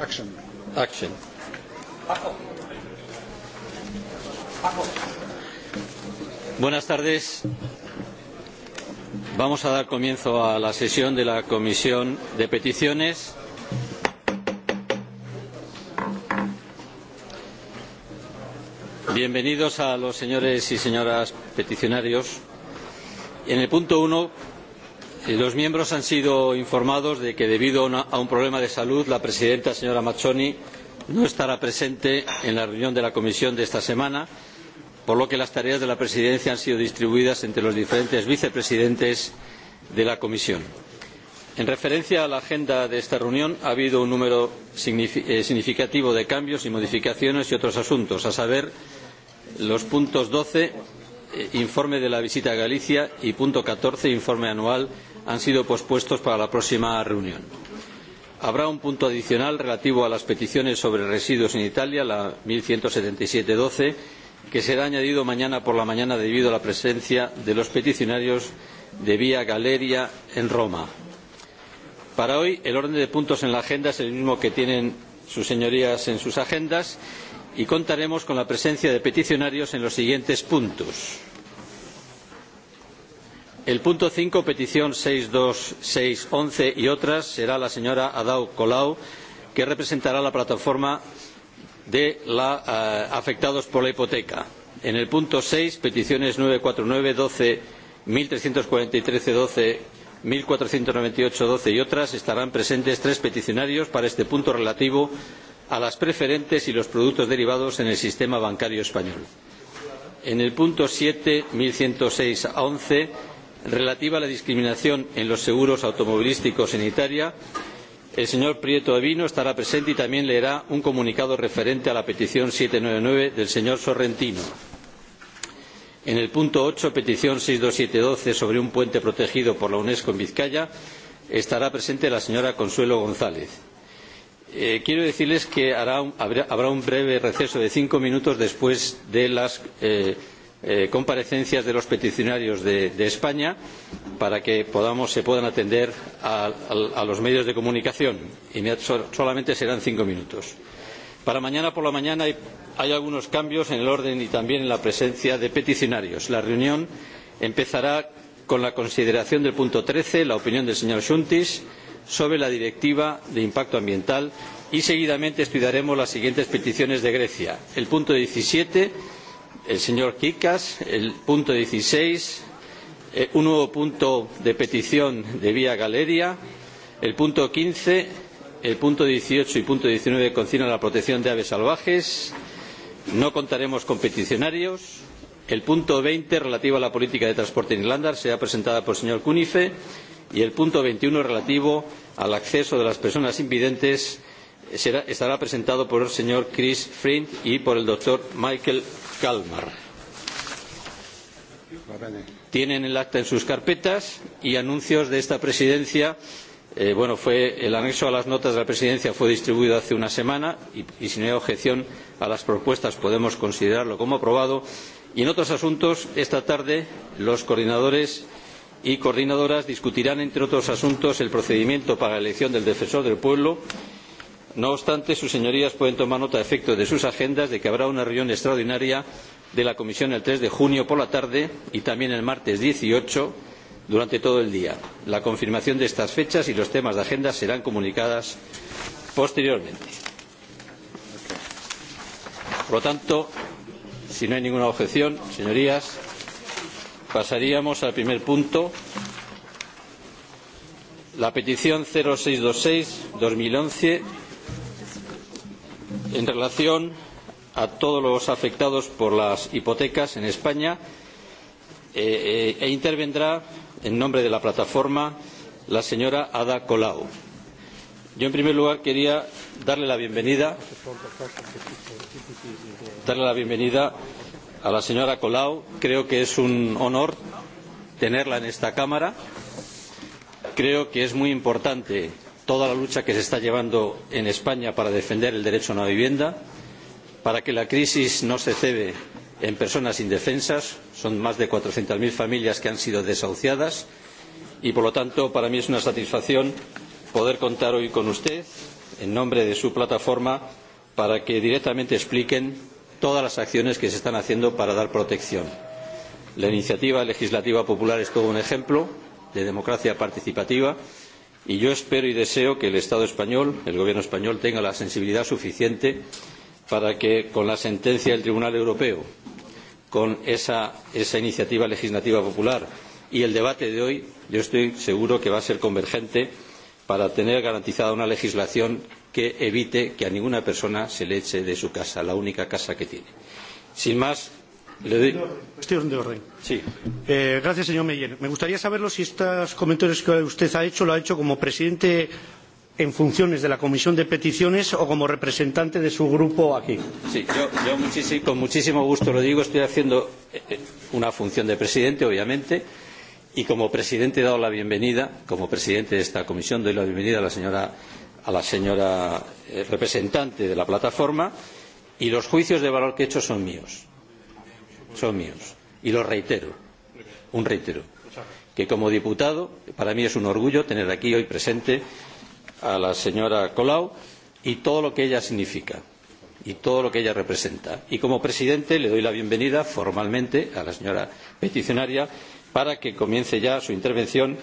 Action. Action. Buenas tardes. Vamos a dar comienzo a la sesión de la Comisión de Peticiones. Bienvenidos a los señores y señoras peticionarios. En el punto uno Eh, los miembros han sido informados de que debido a, una, a un problema de salud la presidenta señora Mazzoni no estará presente en la reunión de la comisión de esta semana, por lo que las tareas de la presidencia han sido distribuidas entre los diferentes vicepresidentes de la comisión. En referencia a la agenda de esta reunión, ha habido un número eh, significativo de cambios y modificaciones y otros asuntos, a saber, los puntos 12, eh, informe de la visita a Galicia, y punto 14, informe anual han sido pospuestos para la próxima reunión. Habrá un punto adicional relativo a las peticiones sobre residuos en Italia, la 1177-12, que será añadido mañana por la mañana debido a la presencia de los peticionarios de Vía Galeria en Roma. Para hoy el orden de puntos en la agenda es el mismo que tienen sus señorías en sus agendas y contaremos con la presencia de peticionarios en los siguientes puntos. El punto 5, petición 62611 y otras, será la señora Adau Colau, que representará la plataforma de la, uh, afectados por la hipoteca. En el punto 6, peticiones 949, 12, 1343, 1312, 1498, 12 y otras, estarán presentes tres peticionarios para este punto relativo a las preferentes y los productos derivados en el sistema bancario español. En el punto 7, 1106 a 11, relativa a la discriminación en los seguros automovilísticos en Italia, el señor Prieto Avino estará presente y también leerá un comunicado referente a la petición 799 del señor Sorrentino. En el punto 8, petición 62712 sobre un puente protegido por la UNESCO en Vizcaya, estará presente la señora Consuelo González. Eh, quiero decirles que hará un, habrá, habrá un breve receso de cinco minutos después de las. Eh, eh, comparecencias de los peticionarios de, de España para que podamos, se puedan atender a, a, a los medios de comunicación. Y solamente serán cinco minutos. Para mañana por la mañana hay, hay algunos cambios en el orden y también en la presencia de peticionarios. La reunión empezará con la consideración del punto 13, la opinión del señor Shuntis sobre la directiva de impacto ambiental y seguidamente estudiaremos las siguientes peticiones de Grecia. El punto 17 el señor Kikas, el punto 16, eh, un nuevo punto de petición de vía galería, el punto 15, el punto 18 y punto 19 concinan la protección de aves salvajes, no contaremos con peticionarios, el punto 20 relativo a la política de transporte en Irlanda será presentada por el señor Cunife y el punto 21 relativo al acceso de las personas invidentes será, estará presentado por el señor Chris Friend y por el doctor Michael Kalmar. Tienen el acta en sus carpetas y anuncios de esta presidencia. Eh, bueno, fue, el anexo a las notas de la presidencia fue distribuido hace una semana y, y si no hay objeción a las propuestas podemos considerarlo como aprobado. Y en otros asuntos, esta tarde los coordinadores y coordinadoras discutirán, entre otros asuntos, el procedimiento para la elección del defensor del pueblo y No obstante, sus señorías pueden tomar nota a efecto de sus agendas de que habrá una reunión extraordinaria de la Comisión el 3 de junio por la tarde y también el martes 18 durante todo el día. La confirmación de estas fechas y los temas de agenda serán comunicadas posteriormente. Por lo tanto, si no hay ninguna objeción, señorías, pasaríamos al primer punto. La petición 0626-2011 en relación a todos los afectados por las hipotecas en España eh, eh, e intervendrá en nombre de la plataforma la señora Ada Colau. Yo, en primer lugar, quería darle la bienvenida, darle la bienvenida a la señora Colau. Creo que es un honor tenerla en esta Cámara. Creo que es muy importante toda la lucha que se está llevando en España para defender el derecho a una vivienda, para que la crisis no se cebe en personas indefensas, son más de 400.000 familias que han sido desahuciadas y, por lo tanto, para mí es una satisfacción poder contar hoy con usted en nombre de su plataforma para que directamente expliquen todas las acciones que se están haciendo para dar protección. La iniciativa legislativa popular es todo un ejemplo de democracia participativa y yo espero y deseo que el Estado español, el Gobierno español, tenga la sensibilidad suficiente para que con la sentencia del Tribunal Europeo, con esa, esa iniciativa legislativa popular y el debate de hoy, yo estoy seguro que va a ser convergente para tener garantizada una legislación que evite que a ninguna persona se le eche de su casa, la única casa que tiene. Sin más, Le doy... Cuestión de orden. Sí. Eh, gracias, señor Meyer. Me gustaría saberlo si estos comentarios que usted ha hecho lo ha hecho como presidente en funciones de la Comisión de Peticiones o como representante de su grupo aquí. Sí, yo, yo muchísimo, con muchísimo gusto lo digo. Estoy haciendo eh, eh, una función de presidente, obviamente, y como presidente he dado la bienvenida, como presidente de esta comisión, doy la bienvenida a la señora, a la señora eh, representante de la plataforma y los juicios de valor que he hecho son míos son míos. Y lo reitero, un reitero, que como diputado para mí es un orgullo tener aquí hoy presente a la señora Colau y todo lo que ella significa y todo lo que ella representa. Y como presidente le doy la bienvenida formalmente a la señora peticionaria para que comience ya su intervención.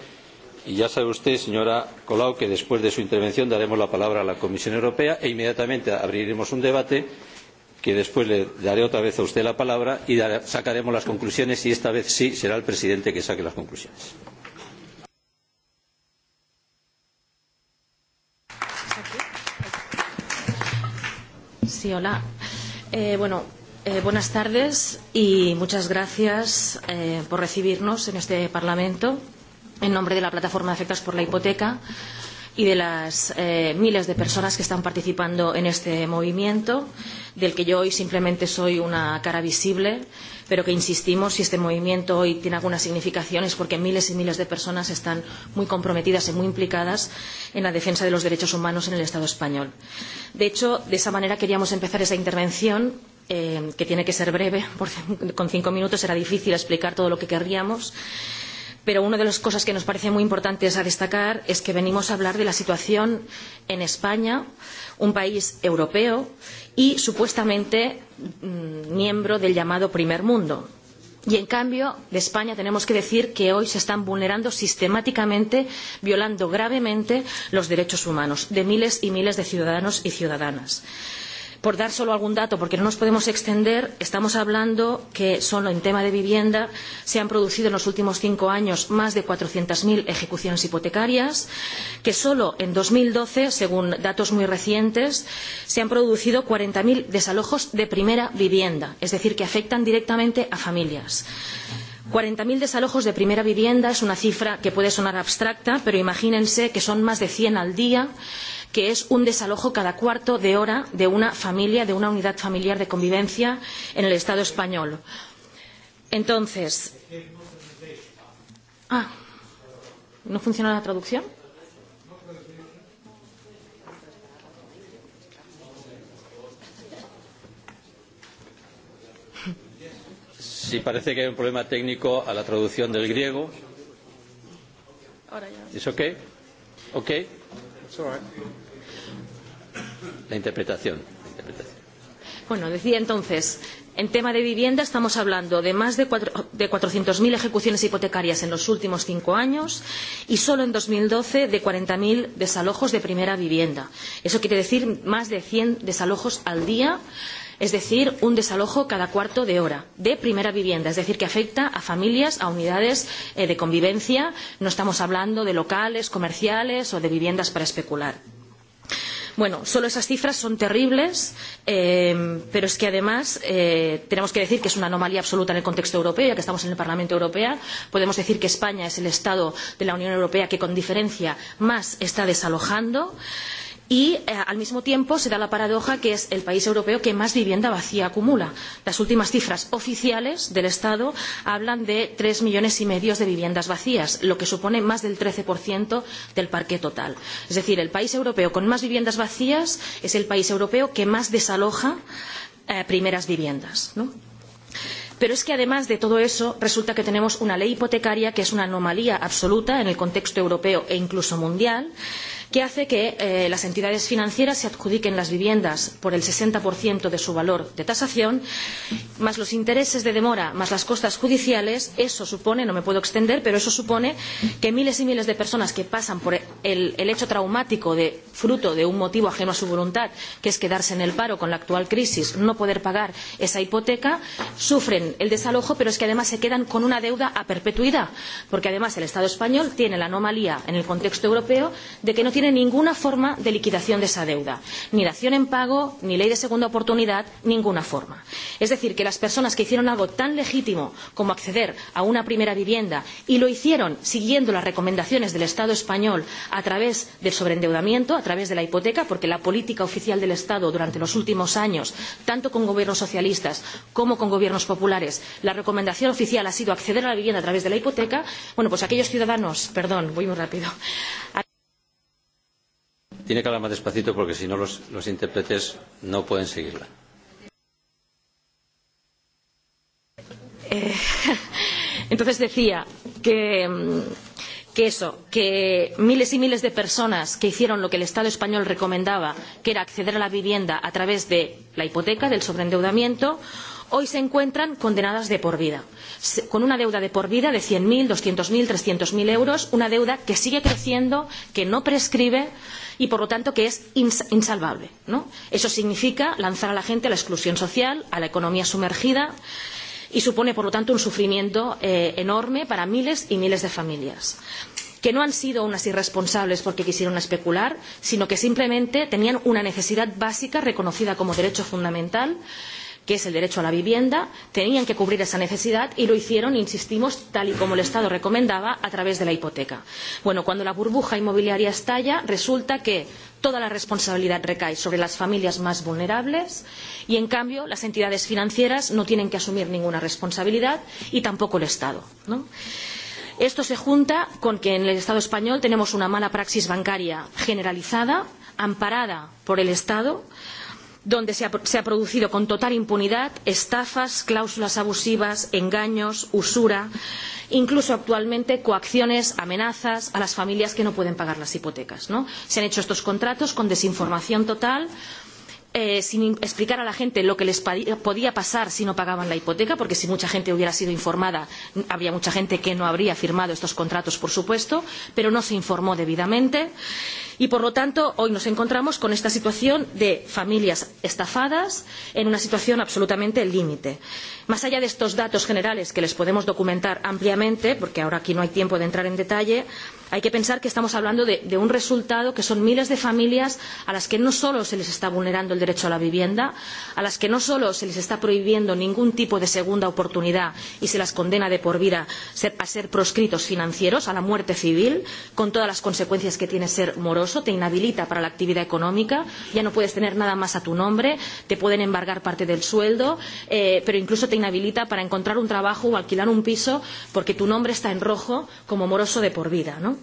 Y ya sabe usted, señora Colau, que después de su intervención daremos la palabra a la Comisión Europea e inmediatamente abriremos un debate que después le daré otra vez a usted la palabra y sacaremos las conclusiones y esta vez sí será el presidente que saque las conclusiones. Sí, hola. Eh, bueno, eh, buenas tardes y muchas gracias eh, por recibirnos en este Parlamento en nombre de la Plataforma de Afectados por la Hipoteca. Eh, y de las eh, miles de personas que están participando en este movimiento, del que yo hoy simplemente soy una cara visible, pero que insistimos, si este movimiento hoy tiene alguna significación es porque miles y miles de personas están muy comprometidas y muy implicadas en la defensa de los derechos humanos en el Estado español. De hecho, de esa manera queríamos empezar esa intervención eh, que tiene que ser breve, porque con cinco minutos será difícil explicar todo lo que querríamos. Eh, pero una de las cosas que nos parece muy importantes a destacar es que venimos a hablar de la situación en España, un país europeo y supuestamente mm, miembro del llamado primer mundo. Y en cambio, de España tenemos que decir que hoy se están vulnerando sistemáticamente, violando gravemente los derechos humanos de miles y miles de ciudadanos y ciudadanas. Eh, por dar solo algún dato, porque no nos podemos extender, estamos hablando que solo en tema de vivienda se han producido en los últimos cinco años más de 400.000 ejecuciones hipotecarias, que solo en 2012, según datos muy recientes, se han producido 40.000 desalojos de primera vivienda, es decir, que afectan directamente a familias. 40.000 desalojos de primera vivienda es una cifra que puede sonar abstracta, pero imagínense que son más de 100 al día que es un desalojo cada cuarto de hora de una familia, de una unidad familiar de convivencia en el Estado español. Entonces. Ah, ¿no funciona la traducción? Sí, parece que hay un problema técnico a la traducción del griego. ¿Es ok? ¿Ok? It's all right. La interpretación. La interpretación. Bueno, decía entonces, en tema de vivienda estamos hablando de más de, cuatro, de 400.000 ejecuciones hipotecarias en los últimos cinco años y solo en 2012 de 40.000 desalojos de primera vivienda. Eso quiere decir más de 100 desalojos al día es decir, un desalojo cada cuarto de hora de primera vivienda, es decir, que afecta a familias, a unidades eh, de convivencia. No estamos hablando de locales, comerciales o de viviendas para especular. Eh, Bueno, solo esas cifras son terribles, eh, pero es que además eh, tenemos que decir que es una anomalía absoluta en el contexto europeo, ya que estamos en el Parlamento Europeo. Podemos decir que España es el Estado de la Unión Europea que con diferencia más está desalojando. Eh, Y eh, al mismo tiempo se da la paradoja que es el país europeo que más vivienda vacía acumula. Las últimas cifras oficiales del Estado hablan de tres millones y medio de viviendas vacías, lo que supone más del 13% del parque total. Es decir, el país europeo con más viviendas vacías es el país europeo que más desaloja eh, primeras viviendas. ¿no? Pero es que además de todo eso, resulta que tenemos una ley hipotecaria que es una anomalía absoluta en el contexto europeo e incluso mundial. Eh, que hace que eh, las entidades financieras se adjudiquen las viviendas por el 60% de su valor de tasación, más los intereses de demora, más las costas judiciales. Eso supone, no me puedo extender, pero eso supone que miles y miles de personas que pasan por el, el hecho traumático de fruto de un motivo ajeno a su voluntad, que es quedarse en el paro con la actual crisis, no poder pagar esa hipoteca, sufren el desalojo, pero es que además se quedan con una deuda a perpetuidad, porque además el Estado español tiene la anomalía en el contexto europeo de que no tiene tiene ninguna forma de liquidación de esa deuda. Ni dación en pago, ni ley de segunda oportunidad, ninguna forma. Es decir, que las personas que hicieron algo tan legítimo como acceder a una primera vivienda y lo hicieron siguiendo las recomendaciones del Estado español a través del sobreendeudamiento, a través de la hipoteca, porque la política oficial del Estado durante los últimos años, tanto con gobiernos socialistas como con gobiernos populares, la recomendación oficial ha sido acceder a la vivienda a través de la hipoteca, bueno, pues aquellos ciudadanos, perdón, voy muy rápido. Tiene que hablar más despacito porque si no los, los intérpretes no pueden seguirla. Eh, entonces decía que, mm, que eso, que miles y miles de personas que hicieron lo que el Estado español recomendaba, que era acceder a la vivienda a través de la hipoteca, del sobreendeudamiento, hoy se encuentran condenadas de por vida, con una deuda de por vida de 100.000, 200.000, 300.000 euros, una deuda que sigue creciendo, que no prescribe y por lo tanto que es insalvable. ¿no? Eso significa lanzar a la gente a la exclusión social, a la economía sumergida y supone por lo tanto un sufrimiento eh, enorme para miles y miles de familias que no han sido unas irresponsables porque quisieron especular, sino que simplemente tenían una necesidad básica reconocida como derecho fundamental eh, que es el derecho a la vivienda, tenían que cubrir esa necesidad y lo hicieron, insistimos, tal y como el Estado recomendaba, a través de la hipoteca. Bueno, cuando la burbuja inmobiliaria estalla, resulta que toda la responsabilidad recae sobre las familias más vulnerables y, en cambio, las entidades financieras no tienen que asumir ninguna responsabilidad y tampoco el Estado. ¿no? Esto se junta con que en el Estado español tenemos una mala praxis bancaria generalizada, amparada por el Estado, donde se ha, se ha producido con total impunidad estafas, cláusulas abusivas, engaños, usura, incluso actualmente coacciones, amenazas a las familias que no pueden pagar las hipotecas. ¿no? Se han hecho estos contratos con desinformación total, eh, sin explicar a la gente lo que les podía pasar si no pagaban la hipoteca, porque si mucha gente hubiera sido informada, habría mucha gente que no habría firmado estos contratos, por supuesto, pero no se informó debidamente. Eh, Y, por lo tanto, hoy nos encontramos con esta situación de familias estafadas en una situación absolutamente límite. Más allá de estos datos generales que les podemos documentar ampliamente, porque ahora aquí no hay tiempo de entrar en detalle, hay que pensar que estamos hablando de, de un resultado que son miles de familias a las que no solo se les está vulnerando el derecho a la vivienda, a las que no solo se les está prohibiendo ningún tipo de segunda oportunidad y se las condena de por vida ser, a ser proscritos financieros, a la muerte civil, con todas las consecuencias que tiene ser moroso moroso te inhabilita para la actividad económica, ya no puedes tener nada más a tu nombre, te pueden embargar parte del sueldo, eh, pero incluso te inhabilita para encontrar un trabajo o alquilar un piso porque tu nombre está en rojo como moroso de por vida, ¿no?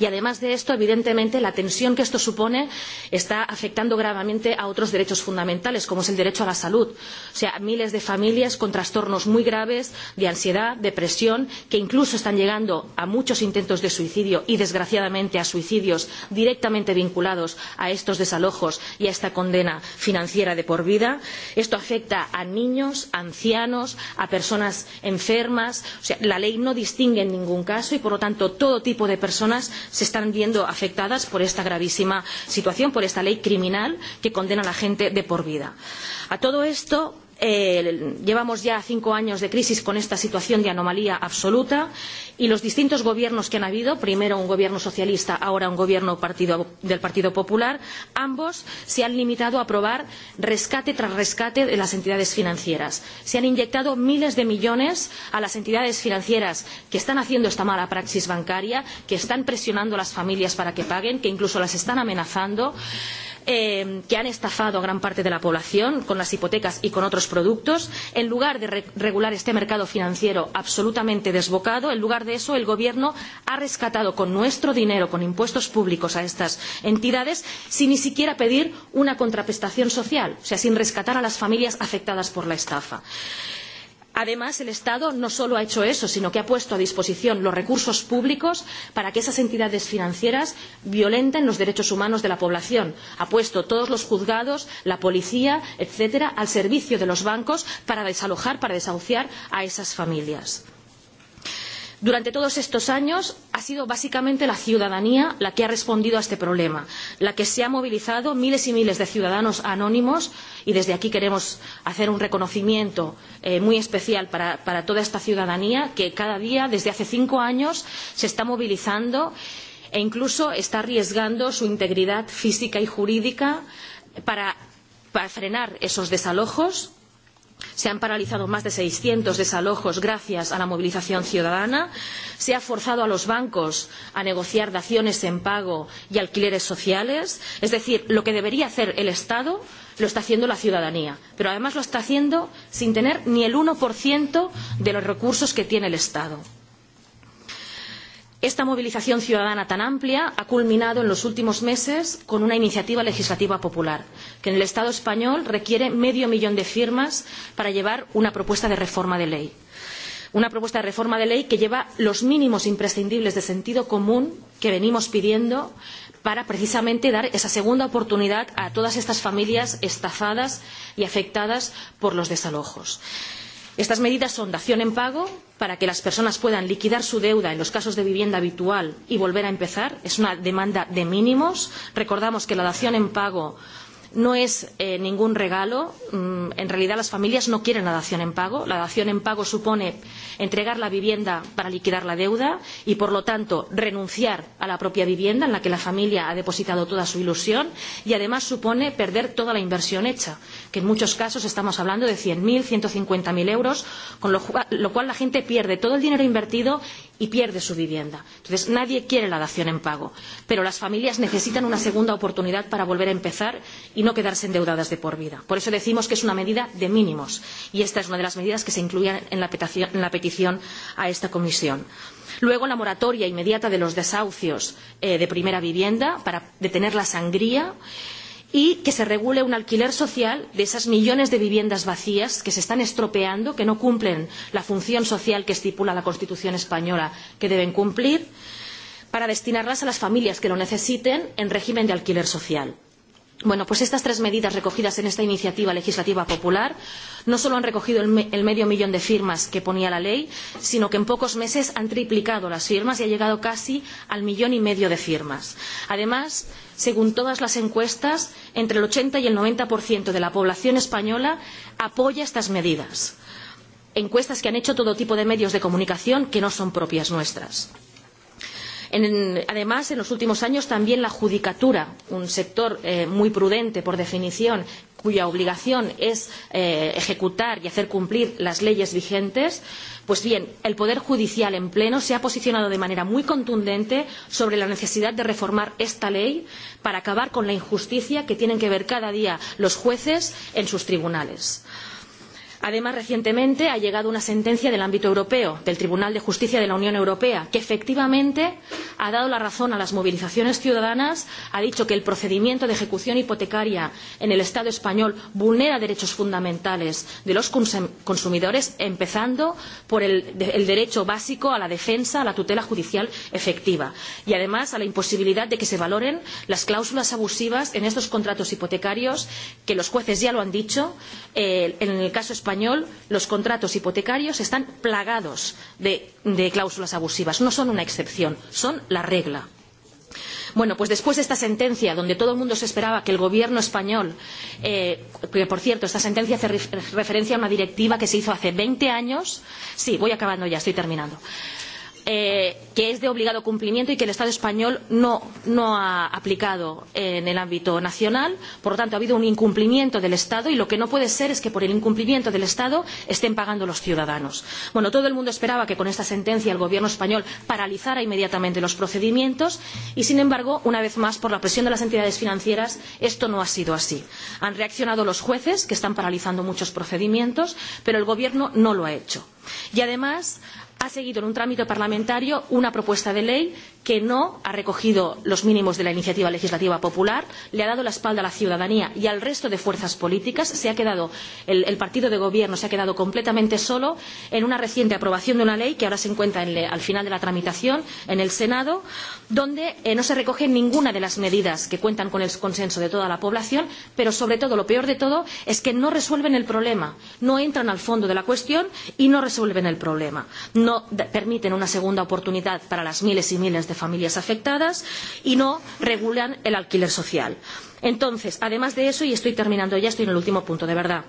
Y además de esto, evidentemente, la tensión que esto supone está afectando gravemente a otros derechos fundamentales, como es el derecho a la salud. O sea, miles de familias con trastornos muy graves de ansiedad, depresión, que incluso están llegando a muchos intentos de suicidio y, desgraciadamente, a suicidios directamente vinculados a estos desalojos y a esta condena financiera de por vida. Esto afecta a niños, a ancianos, a personas enfermas. O sea, la ley no distingue en ningún caso y, por lo tanto, todo tipo de personas se están viendo afectadas por esta gravísima situación, por esta ley criminal que condena a la gente de por vida. A todo esto, Eh, llevamos ya cinco años de crisis con esta situación de anomalía absoluta y los distintos gobiernos que han habido, primero un gobierno socialista, ahora un gobierno partido, del Partido Popular, ambos se han limitado a aprobar rescate tras rescate de las entidades financieras. Se han inyectado miles de millones a las entidades financieras que están haciendo esta mala praxis bancaria, que están presionando a las familias para que paguen, que incluso las están amenazando. Eh, eh, que han estafado a gran parte de la población con las hipotecas y con otros productos. En lugar de re regular este mercado financiero absolutamente desbocado, en lugar de eso, el Gobierno ha rescatado con nuestro dinero, con impuestos públicos a estas entidades, sin ni siquiera pedir una contraprestación social, o sea, sin rescatar a las familias afectadas por la estafa. Eh, Además, el Estado no solo ha hecho eso, sino que ha puesto a disposición los recursos públicos para que esas entidades financieras violenten los derechos humanos de la población. Ha puesto todos los juzgados, la policía, etcétera, al servicio de los bancos para desalojar, para desahuciar a esas familias. Durante todos estos años ha sido básicamente la ciudadanía la que ha respondido a este problema, la que se ha movilizado miles y miles de ciudadanos anónimos y desde aquí queremos hacer un reconocimiento eh, muy especial para, para toda esta ciudadanía que cada día, desde hace cinco años, se está movilizando e incluso está arriesgando su integridad física y jurídica para, para frenar esos desalojos Se han paralizado más de 600 desalojos gracias a la movilización ciudadana. Se ha forzado a los bancos a negociar daciones en pago y alquileres sociales. Es decir, lo que debería hacer el Estado lo está haciendo la ciudadanía. Pero además lo está haciendo sin tener ni el 1% de los recursos que tiene el Estado. Esta movilización ciudadana tan amplia ha culminado en los últimos meses con una iniciativa legislativa popular, que en el Estado español requiere medio millón de firmas para llevar una propuesta de reforma de ley. Una propuesta de reforma de ley que lleva los mínimos imprescindibles de sentido común que venimos pidiendo para precisamente dar esa segunda oportunidad a todas estas familias estafadas y afectadas por los desalojos. Eh, Estas medidas son dación en pago para que las personas puedan liquidar su deuda en los casos de vivienda habitual y volver a empezar. Es una demanda de mínimos. Recordamos que la dación en pago no es eh, ningún regalo. Mm, en realidad las familias no quieren la dación en pago. La dación en pago supone entregar la vivienda para liquidar la deuda y, por lo tanto, renunciar a la propia vivienda en la que la familia ha depositado toda su ilusión y, además, supone perder toda la inversión hecha que en muchos casos estamos hablando de 100.000, 150.000 euros, con lo, lo cual la gente pierde todo el dinero invertido y pierde su vivienda. Entonces, nadie quiere la dación en pago, pero las familias necesitan una segunda oportunidad para volver a empezar y no quedarse endeudadas de por vida. Por eso decimos que es una medida de mínimos y esta es una de las medidas que se incluían en la petición, en la petición a esta comisión. Luego, la moratoria inmediata de los desahucios eh, de primera vivienda para detener la sangría. Eh, y que se regule un alquiler social de esas millones de viviendas vacías que se están estropeando, que no cumplen la función social que estipula la Constitución española que deben cumplir, para destinarlas a las familias que lo necesiten en régimen de alquiler social. Bueno, pues estas tres medidas recogidas en esta iniciativa legislativa popular no solo han recogido el, me el medio millón de firmas que ponía la ley, sino que en pocos meses han triplicado las firmas y ha llegado casi al millón y medio de firmas. Además, según todas las encuestas, entre el 80 y el 90% de la población española apoya estas medidas. Encuestas que han hecho todo tipo de medios de comunicación que no son propias nuestras. En, además, en los últimos años también la judicatura, un sector eh, muy prudente por definición, cuya obligación es eh, ejecutar y hacer cumplir las leyes vigentes, pues bien, el Poder Judicial en pleno se ha posicionado de manera muy contundente sobre la necesidad de reformar esta ley para acabar con la injusticia que tienen que ver cada día los jueces en sus tribunales. Eh, Además, recientemente ha llegado una sentencia del ámbito europeo, del Tribunal de Justicia de la Unión Europea, que efectivamente ha dado la razón a las movilizaciones ciudadanas, ha dicho que el procedimiento de ejecución hipotecaria en el Estado español vulnera derechos fundamentales de los consumidores, empezando por el, el derecho básico a la defensa, a la tutela judicial efectiva y, además, a la imposibilidad de que se valoren las cláusulas abusivas en estos contratos hipotecarios que los jueces ya lo han dicho eh, en el caso español español los contratos hipotecarios están plagados de, de cláusulas abusivas. No son una excepción, son la regla. Bueno, pues después de esta sentencia, donde todo el mundo se esperaba que el gobierno español, eh, que por cierto, esta sentencia hace referencia a una directiva que se hizo hace 20 años, sí, voy acabando ya, estoy terminando. Eh, eh, que es de obligado cumplimiento y que el Estado español no, no ha aplicado en el ámbito nacional. Por lo tanto, ha habido un incumplimiento del Estado y lo que no puede ser es que por el incumplimiento del Estado estén pagando los ciudadanos. Bueno, todo el mundo esperaba que con esta sentencia el Gobierno español paralizara inmediatamente los procedimientos y, sin embargo, una vez más, por la presión de las entidades financieras, esto no ha sido así. Han reaccionado los jueces, que están paralizando muchos procedimientos, pero el Gobierno no lo ha hecho. Y además ha seguido en un trámite parlamentario una propuesta de ley que no ha recogido los mínimos de la iniciativa legislativa popular, le ha dado la espalda a la ciudadanía y al resto de fuerzas políticas. Se ha quedado, el, el partido de gobierno se ha quedado completamente solo en una reciente aprobación de una ley que ahora se encuentra en le, al final de la tramitación en el Senado, donde eh, no se recoge ninguna de las medidas que cuentan con el consenso de toda la población, pero sobre todo, lo peor de todo, es que no resuelven el problema, no entran al fondo de la cuestión y no resuelven el problema. No permiten una segunda oportunidad para las miles y miles de familias afectadas y no regulan el alquiler social. Entonces, además de eso, y estoy terminando ya, estoy en el último punto, de verdad.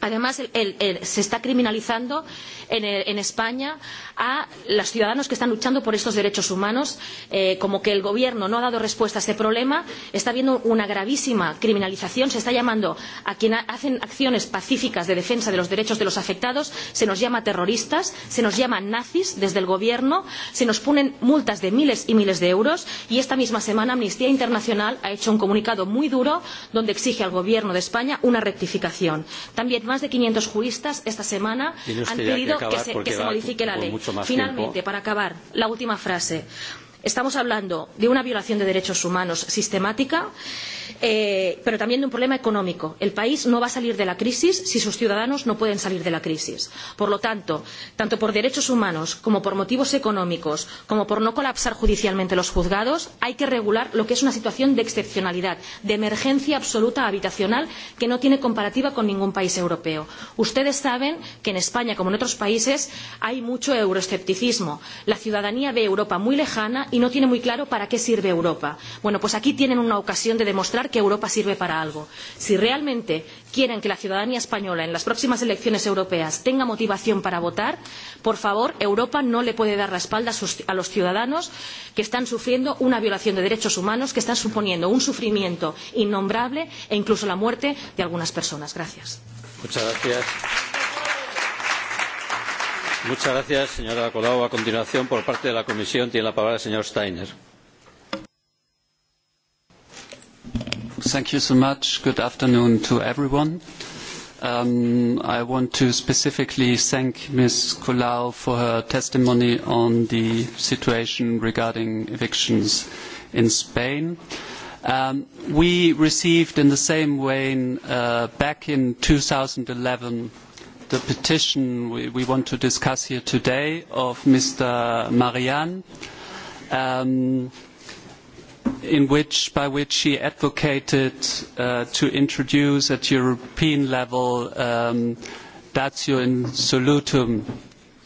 Además, el, el, el, se está criminalizando en, el, en España a los ciudadanos que están luchando por estos derechos humanos, eh, como que el Gobierno no ha dado respuesta a este problema, está habiendo una gravísima criminalización, se está llamando a quienes hacen acciones pacíficas de defensa de los derechos de los afectados, se nos llama terroristas, se nos llama nazis desde el Gobierno, se nos ponen multas de miles y miles de euros y esta misma semana Amnistía Internacional ha hecho un comunicado muy duro donde exige al Gobierno de España una rectificación. También más de 500 juristas esta semana han pedido que, que se, que se modifique la ley. Finalmente, tiempo. para acabar, la última frase. Estamos hablando de una violación de derechos humanos sistemática, eh, pero también de un problema económico. El país no va a salir de la crisis si sus ciudadanos no pueden salir de la crisis. Por lo tanto, tanto por derechos humanos como por motivos económicos, como por no colapsar judicialmente los juzgados, hay que regular lo que es una situación de excepcionalidad, de emergencia absoluta habitacional que no tiene comparativa con ningún país europeo. Ustedes saben que en España, como en otros países, hay mucho euroescepticismo. La ciudadanía ve Europa muy lejana y no tiene muy claro para qué sirve Europa. Bueno, pues aquí tienen una ocasión de demostrar que Europa sirve para algo. Si realmente quieren que la ciudadanía española en las próximas elecciones europeas tenga motivación para votar, por favor, Europa no le puede dar la espalda a, sus, a los ciudadanos que están sufriendo una violación de derechos humanos, que están suponiendo un sufrimiento innombrable e incluso la muerte de algunas personas. Gracias. Muchas gracias. Muchas gracias, señora Colau. A continuación, por parte de la Comisión, tiene la palabra el señor Steiner. Thank you so much. Good afternoon to everyone. Um, I want to specifically thank Ms. Colau for her testimony on the situation regarding evictions in Spain. Um, we received in the same vein uh, back in 2011 the petition we, we want to discuss here today of Mr. Marianne, um, in which, by which he advocated uh, to introduce at European level um, datio in solutum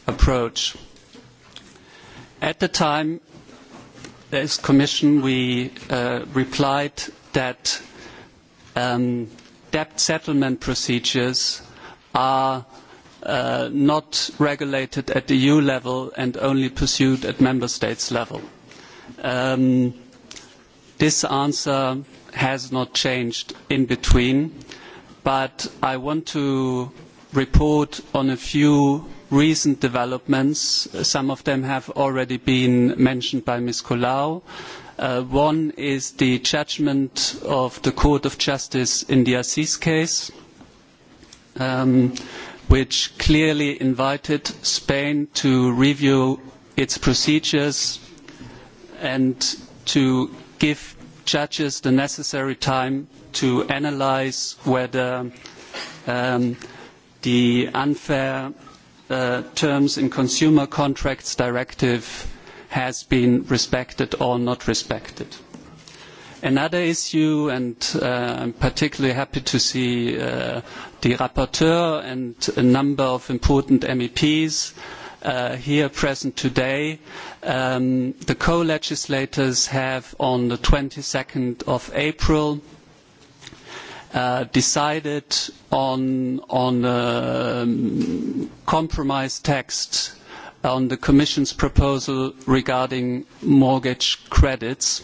approach. At the time, as Commission, we uh, replied that um, debt settlement procedures are uh, not regulated at the EU level and only pursued at member states level. Um, this answer has not changed in between, but I want to report on a few recent developments. Some of them have already been mentioned by Ms. Colau. Uh, one is the judgment of the Court of Justice in the Assis case. Um, which clearly invited Spain to review its procedures and to give judges the necessary time to analyze whether um, the unfair uh, terms in Consumer Contracts Directive has been respected or not respected. Another issue, and uh, I'm particularly happy to see uh, the rapporteur and a number of important MEPs uh, here present today. Um, the co-legislators have on the 22nd of April uh, decided on, on a um, compromise text on the Commission's proposal regarding mortgage credits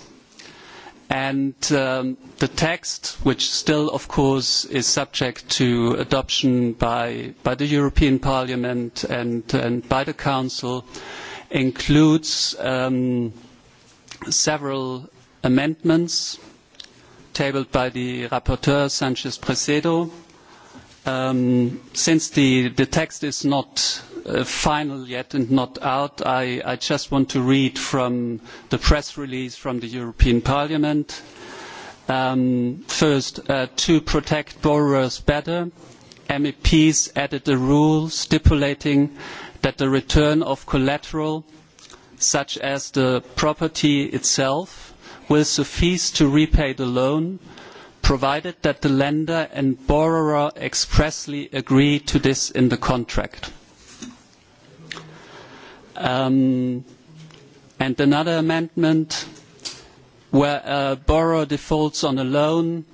and um, the text, which still, of course, is subject to adoption by, by the European Parliament and, and by the Council, includes um, several amendments tabled by the rapporteur, Sanchez Presedo, um, since the, the text is not uh, final yet and not out, I, I just want to read from the press release from the European Parliament. Um, first, uh, to protect borrowers better, MEPs added a rule stipulating that the return of collateral, such as the property itself, will suffice to repay the loan uh, provided that the lender and borrower expressly agree to this in the contract. Um, and another amendment where a borrower defaults on a loan,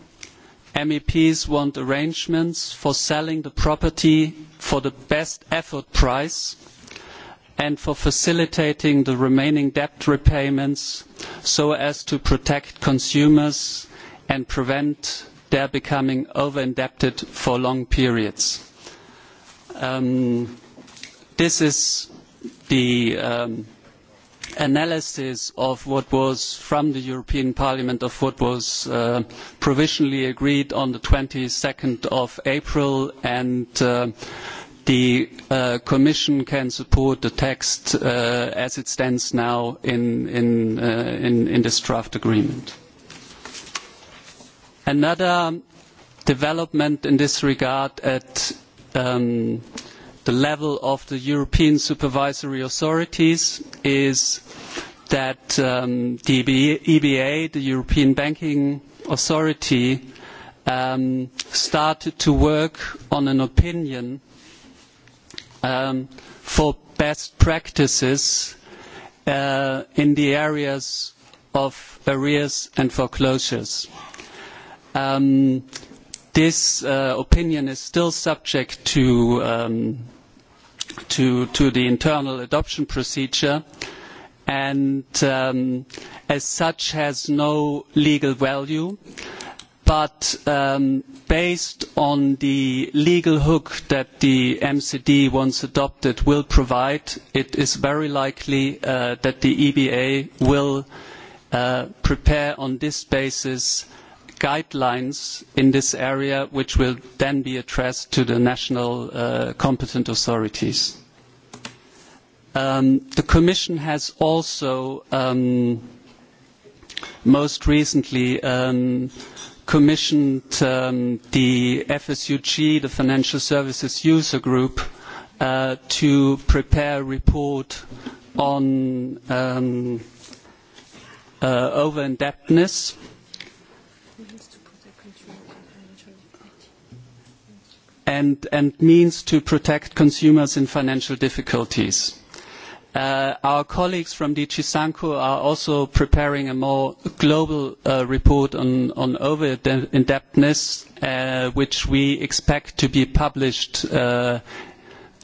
MEPs want arrangements for selling the property for the best effort price and for facilitating the remaining debt repayments so as to protect consumers and prevent their becoming over-indebted for long periods. Um, this is the um, analysis of what was from the European Parliament of what was uh, provisionally agreed on the 22nd of April and uh, the uh, Commission can support the text uh, as it stands now in, in, uh, in, in this draft agreement. Another development in this regard at um, the level of the European supervisory authorities is that um, the EBA, e the European Banking Authority, um, started to work on an opinion um, for best practices uh, in the areas of arrears and foreclosures. Uh, Um, this uh, opinion is still subject to, um, to, to the internal adoption procedure and um, as such has no legal value. But um, based on the legal hook that the MCD, once adopted, will provide, it is very likely uh, that the EBA will uh, prepare on this basis uh, guidelines in this area, which will then be addressed to the national uh, competent authorities. Um, the Commission has also um, most recently um, commissioned um, the FSUG, the Financial Services User Group, uh, to prepare a report on um, uh, over-indebtedness. Uh, and, and means to protect consumers in financial difficulties. Uh, our colleagues from DG Sanko are also preparing a more global uh, report on, on over-indebtedness, uh, which we expect to be published uh,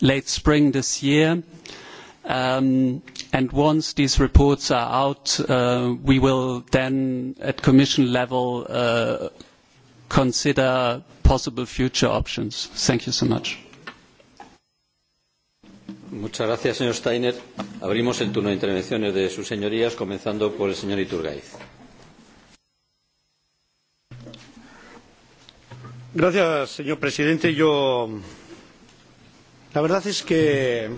late spring this year. Um, once these reports are out, uh, we will then, at commission level, uh, consider possible future options. Thank you so much. Muchas gracias, señor Steiner. Abrimos el turno de intervenciones de sus señorías, comenzando por el señor Iturgaiz. Gracias, señor presidente. Yo, la verdad es que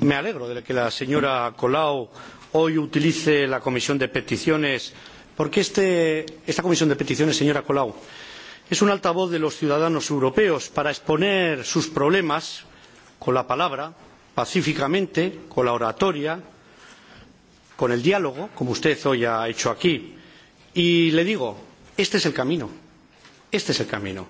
me alegro de que la señora Colau hoy utilice la comisión de peticiones, porque este, esta comisión de peticiones, señora Colau, eh, es un altavoz de los ciudadanos europeos para exponer sus problemas con la palabra pacíficamente con la oratoria con el diálogo como usted hoy ha hecho aquí y le digo este es el camino este es el camino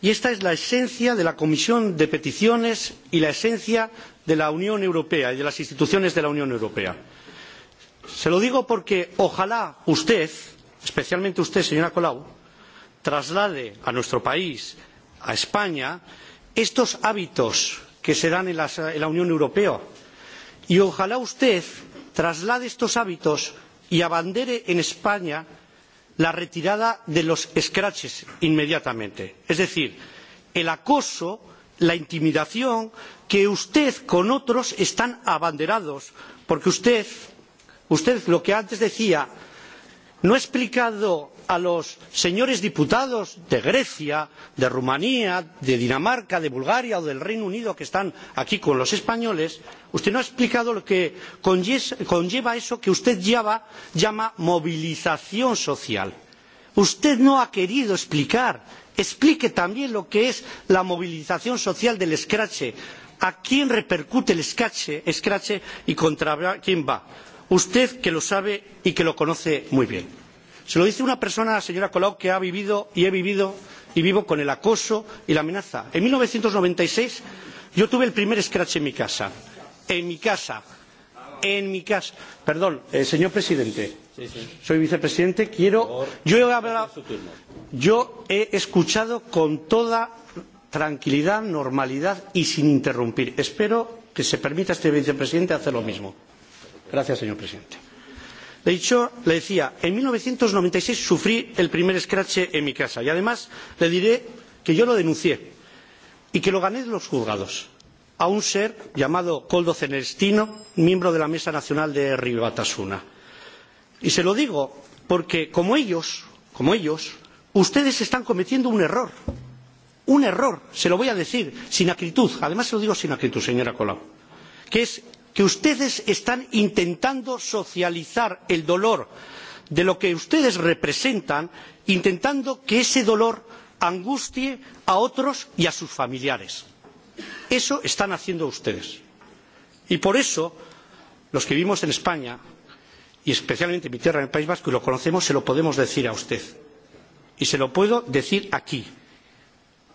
y esta es la esencia de la comisión de peticiones y la esencia de la unión europea y de las instituciones de la unión europea. se lo digo porque ojalá usted especialmente usted señora colau traslade a nuestro país a españa estos hábitos que se dan en, las, en la unión europea y ojalá usted traslade estos hábitos y abandere en españa la retirada de los escraches inmediatamente es decir el acoso la intimidación que usted con otros están abanderados porque usted, usted lo que antes decía no ha explicado a los señores diputados de grecia de rumanía de dinamarca de bulgaria o del reino unido que están aquí con los españoles usted no ha explicado lo que conlleva eso que usted llama movilización social. usted no ha querido explicar explique también lo que es la movilización social del escrache a quién repercute el escrache y contra quién va usted que lo sabe y que lo conoce muy bien se lo dice una persona señora colau que ha vivido y he vivido y vivo con el acoso y la amenaza. en mil novecientos noventa y seis yo tuve el primer scratch en mi casa en mi casa en mi casa perdón eh, señor presidente sí, sí. soy vicepresidente quiero yo he, hablado, yo he escuchado con toda tranquilidad normalidad y sin interrumpir. espero que se permita a este vicepresidente hacer lo mismo. gracias señor presidente. De hecho, le decía, en 1996 sufrí el primer escrache en mi casa y además le diré que yo lo denuncié y que lo gané en los juzgados a un ser llamado koldo celestino miembro de la mesa nacional de herri batasuna. y se lo digo porque como ellos como ellos ustedes están cometiendo un error un error se lo voy a decir sin acritud además se lo digo sin acritud señora colau que es que ustedes están intentando socializar el dolor de lo que ustedes representan intentando que ese dolor angustie a otros y a sus familiares. eso están haciendo ustedes. y por eso los que vivimos en españa y especialmente en mi tierra en el país vasco y lo conocemos se lo podemos decir a usted y se lo puedo decir aquí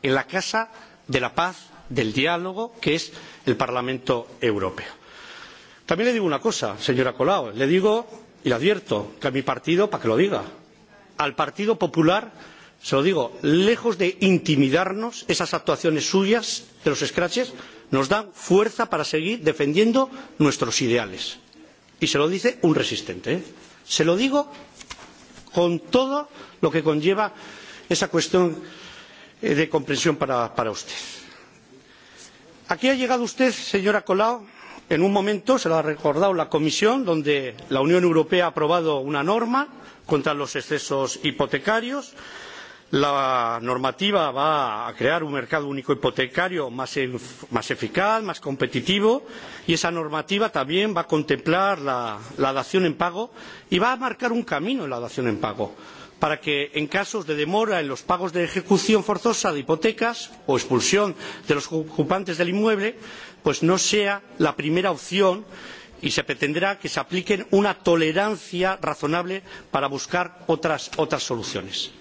en la casa de la paz del diálogo que es el parlamento europeo. También le digo una cosa, señora Colau, le digo y le advierto que a mi partido, para que lo diga, al Partido Popular, se lo digo, lejos de intimidarnos esas actuaciones suyas de los escraches, nos dan fuerza para seguir defendiendo nuestros ideales. Y se lo dice un resistente. ¿eh? Se lo digo con todo lo que conlleva esa cuestión eh, de comprensión para, para usted. Aquí ha llegado usted, señora Colau, en un momento se lo ha recordado la comisión donde la unión europea ha aprobado una norma contra los excesos hipotecarios la normativa va a crear un mercado único hipotecario más, más eficaz más competitivo y esa normativa también va a contemplar la, la dación en pago y va a marcar un camino en la dación en pago para que en casos de demora en los pagos de ejecución forzosa de hipotecas o expulsión de los ocupantes del inmueble pues no sea la primera opción y se pretenderá que se aplique una tolerancia razonable para buscar otras, otras soluciones.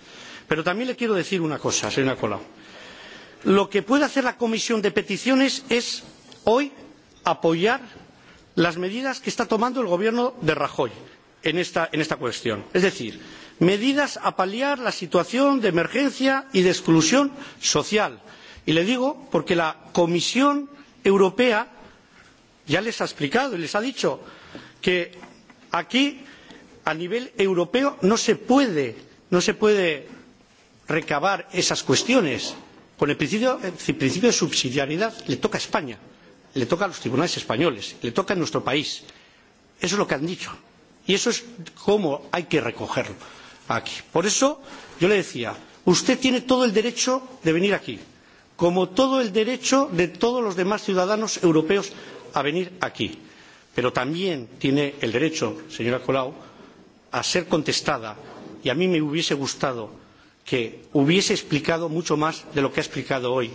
pero también le quiero decir una cosa señora colau lo que puede hacer la comisión de peticiones es hoy apoyar las medidas que está tomando el gobierno de rajoy en esta, en esta cuestión es decir medidas para paliar la situación de emergencia y de exclusión social y le digo porque la comisión Europea ya les ha explicado y les ha dicho que aquí a nivel europeo no se puede, no se puede recabar esas cuestiones. Con el principio, el principio de subsidiariedad le toca a España, le toca a los tribunales españoles, le toca a nuestro país. Eso es lo que han dicho. Y eso es cómo hay que recogerlo aquí. Por eso yo le decía, usted tiene todo el derecho de venir aquí como todo el derecho de todos los demás ciudadanos europeos a venir aquí pero también tiene el derecho señora colau a ser contestada y a mí me hubiese gustado que hubiese explicado mucho más de lo que ha explicado hoy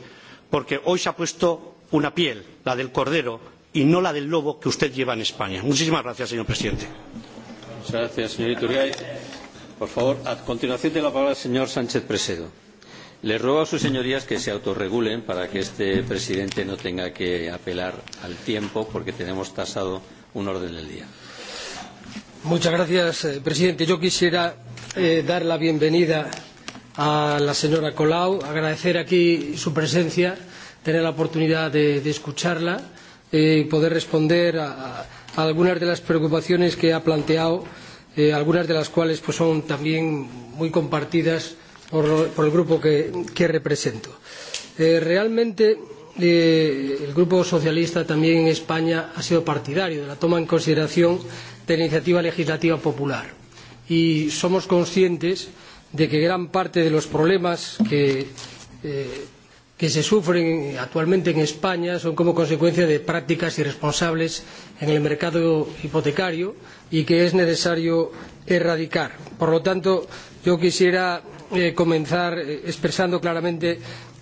porque hoy se ha puesto una piel la del cordero y no la del lobo que usted lleva en españa. muchísimas gracias señor presidente. muchas gracias señor iturgaiz. por favor a continuación tiene la palabra el señor sánchez presedo. Les ruego a sus señorías que se autorregulen para que este presidente no tenga que apelar al tiempo porque tenemos tasado un orden del día. Muchas gracias, eh, presidente. Yo quisiera eh, dar la bienvenida a la señora Colau, agradecer aquí su presencia, tener la oportunidad de, de escucharla y eh, poder responder a, a algunas de las preocupaciones que ha planteado, eh, algunas de las cuales pues, son también muy compartidas por, lo, por el grupo que, que represento. Eh, realmente eh, el Grupo Socialista también en España ha sido partidario de la toma en consideración de la iniciativa legislativa popular y somos conscientes de que gran parte de los problemas que, eh, que se sufren actualmente en España son como consecuencia de prácticas irresponsables en el mercado hipotecario y que es necesario erradicar. Por lo tanto, yo quisiera eh, comenzar eh, expresando claramente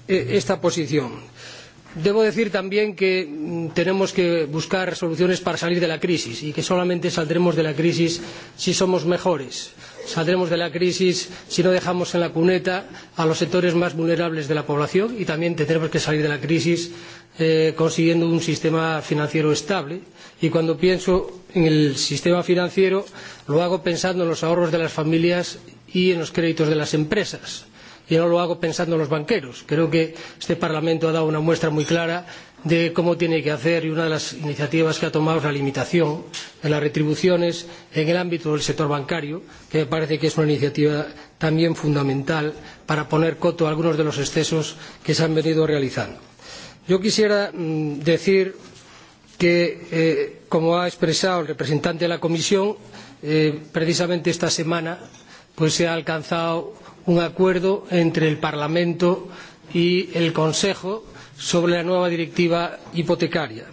eh, esta posición. Debo decir también que mm, tenemos que buscar soluciones para salir de la crisis y que solamente saldremos de la crisis si somos mejores. Saldremos de la crisis si no dejamos en la cuneta a los sectores más vulnerables de la población y también tendremos que salir de la crisis eh, consiguiendo un sistema financiero estable. Y cuando pienso en el sistema financiero lo hago pensando en los ahorros de las familias y en los créditos de las empresas. Yo no lo hago pensando en los banqueros. Creo que este Parlamento ha dado una muestra muy clara de cómo tiene que hacer y una de las iniciativas que ha tomado es la limitación de las retribuciones en el ámbito del sector bancario, que me parece que es una iniciativa también fundamental para poner coto a algunos de los excesos que se han venido realizando. Yo quisiera mm, decir que, eh, como ha expresado el representante de la Comisión, eh, precisamente esta semana eh, pues se ha alcanzado un acuerdo entre el Parlamento y el Consejo sobre la nueva directiva hipotecaria.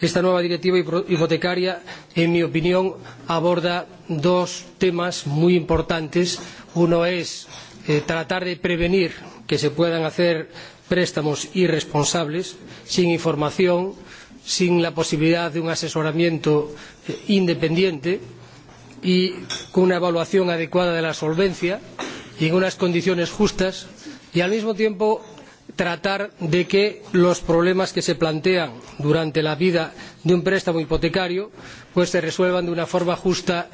Esta nueva directiva hipotecaria, en mi opinión, aborda dos temas muy importantes. Uno es eh, tratar de prevenir que se puedan hacer préstamos irresponsables, sin información, sin la posibilidad de un asesoramiento eh, independiente, y con una evaluación adecuada de la solvencia y en unas condiciones justas y al mismo tiempo tratar de que los problemas que se plantean durante la vida de un préstamo hipotecario pues, se resuelvan de una forma justa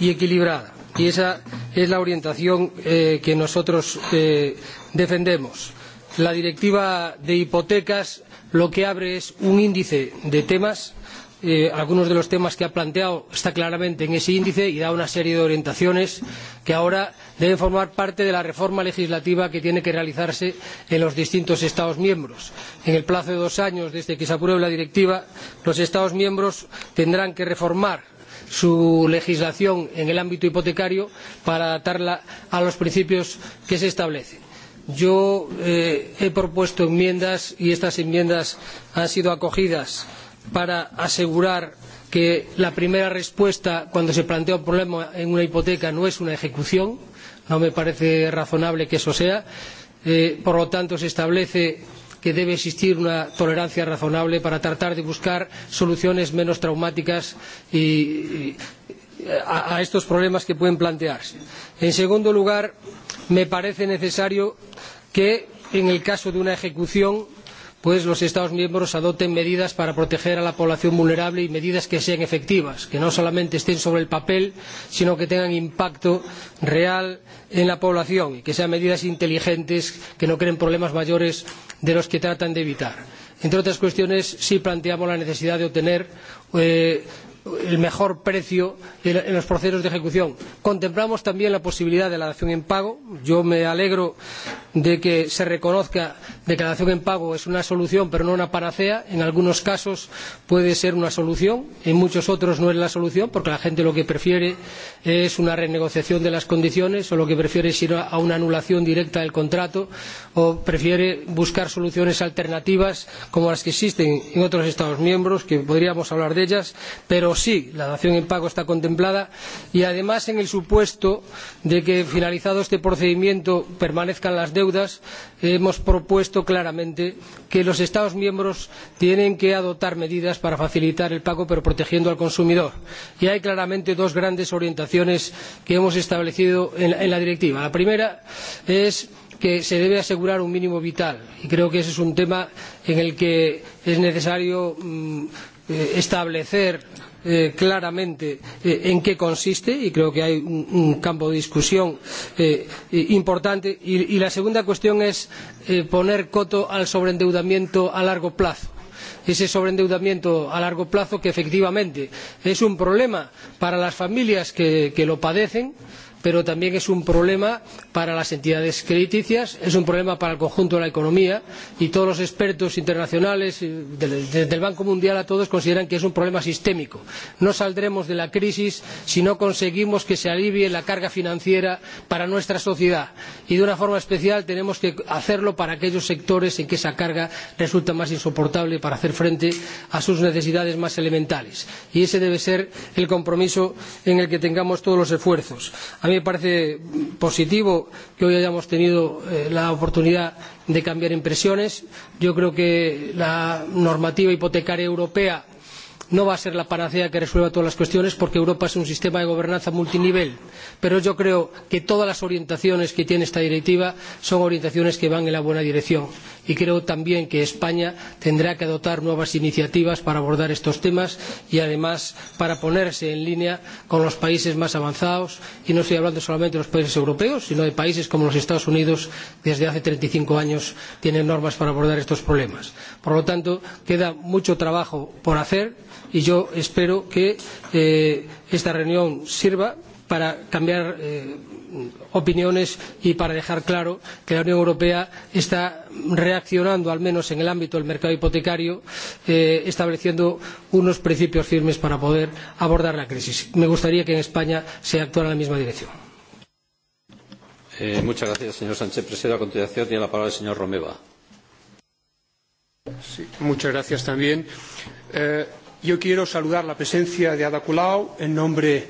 y equilibrada. Y esa es la orientación eh, que nosotros eh, defendemos. La directiva de hipotecas lo que abre es un índice de temas eh, algunos de los temas que ha planteado está claramente en ese índice y da una serie de orientaciones que ahora deben formar parte de la reforma legislativa que tiene que realizarse en los distintos Estados miembros. En el plazo de dos años desde que se apruebe la directiva, los Estados miembros tendrán que reformar su legislación en el ámbito hipotecario para adaptarla a los principios que se establecen yo eh, he propuesto enmiendas y estas enmiendas han sido acogidas para asegurar que la primera respuesta cuando se plantea un problema en una hipoteca no es una ejecución no me parece razonable que eso sea eh, por lo tanto se establece que debe existir una tolerancia razonable para tratar de buscar soluciones menos traumáticas y, y, a, a estos problemas que pueden plantearse. en segundo lugar me parece necesario que en el caso de una ejecución pues los Estados miembros adopten medidas para proteger a la población vulnerable y medidas que sean efectivas, que no solamente estén sobre el papel, sino que tengan impacto real en la población y que sean medidas inteligentes que no creen problemas mayores de los que tratan de evitar. Entre otras cuestiones, sí planteamos la necesidad de obtener eh, el mejor precio en los procesos de ejecución. Contemplamos también la posibilidad de la dación en pago. Yo me alegro de que se reconozca de que la dación en pago es una solución, pero no una panacea. En algunos casos puede ser una solución, en muchos otros no es la solución, porque la gente lo que prefiere es una renegociación de las condiciones o lo que prefiere es ir a una anulación directa del contrato o prefiere buscar soluciones alternativas como las que existen en otros Estados miembros, que podríamos hablar de ellas, pero pero sí la dación en pago está contemplada y además en el supuesto de que finalizado este procedimiento permanezcan las deudas hemos propuesto claramente que los estados miembros tienen que adoptar medidas para facilitar el pago pero protegiendo al consumidor y hay claramente dos grandes orientaciones que hemos establecido en la, en la directiva. la primera es que se debe asegurar un mínimo vital y creo que ese es un tema en el que es necesario mmm, establecer eh, claramente eh, en qué consiste y creo que hay un, un campo de discusión eh, importante. Y, y la segunda cuestión es eh, poner coto al sobreendeudamiento a largo plazo ese sobreendeudamiento a largo plazo que efectivamente es un problema para las familias que, que lo padecen pero también es un problema para las entidades crediticias es un problema para el conjunto de la economía y todos los expertos internacionales eh, desde el banco mundial a todos consideran que es un problema sistémico. no saldremos de la crisis si no conseguimos que se alivie la carga financiera para nuestra sociedad y de una forma especial tenemos que hacerlo para aquellos sectores en que esa carga resulta más insoportable para hacer frente a sus necesidades más elementales y ese debe ser el compromiso en el que tengamos todos los esfuerzos. a mí me parece positivo que hoy hayamos tenido eh, la oportunidad de cambiar impresiones. Yo creo que la normativa hipotecaria europea eh, no va a ser la panacea que resuelva todas las cuestiones porque europa es un sistema de gobernanza multinivel pero yo creo que todas las orientaciones que tiene esta directiva son orientaciones que van en la buena dirección y creo también que españa tendrá que adoptar nuevas iniciativas para abordar estos temas y además para ponerse en línea con los países más avanzados y no estoy hablando solamente de los países europeos sino de países como los estados unidos que desde hace treinta y cinco años tienen normas para abordar estos problemas. por lo tanto queda mucho trabajo por hacer y yo espero que eh, esta reunión sirva para cambiar eh, opiniones y para dejar claro que la Unión Europea está reaccionando, al menos en el ámbito del mercado hipotecario, eh, estableciendo unos principios firmes para poder abordar la crisis. Me gustaría que en España se actuara en la misma dirección. Eh, muchas gracias, señor Sánchez Presedo. A continuación tiene la palabra el señor Romeva. Sí, muchas gracias también. Eh, Yo quiero saludar la presencia de Ada Colau en nombre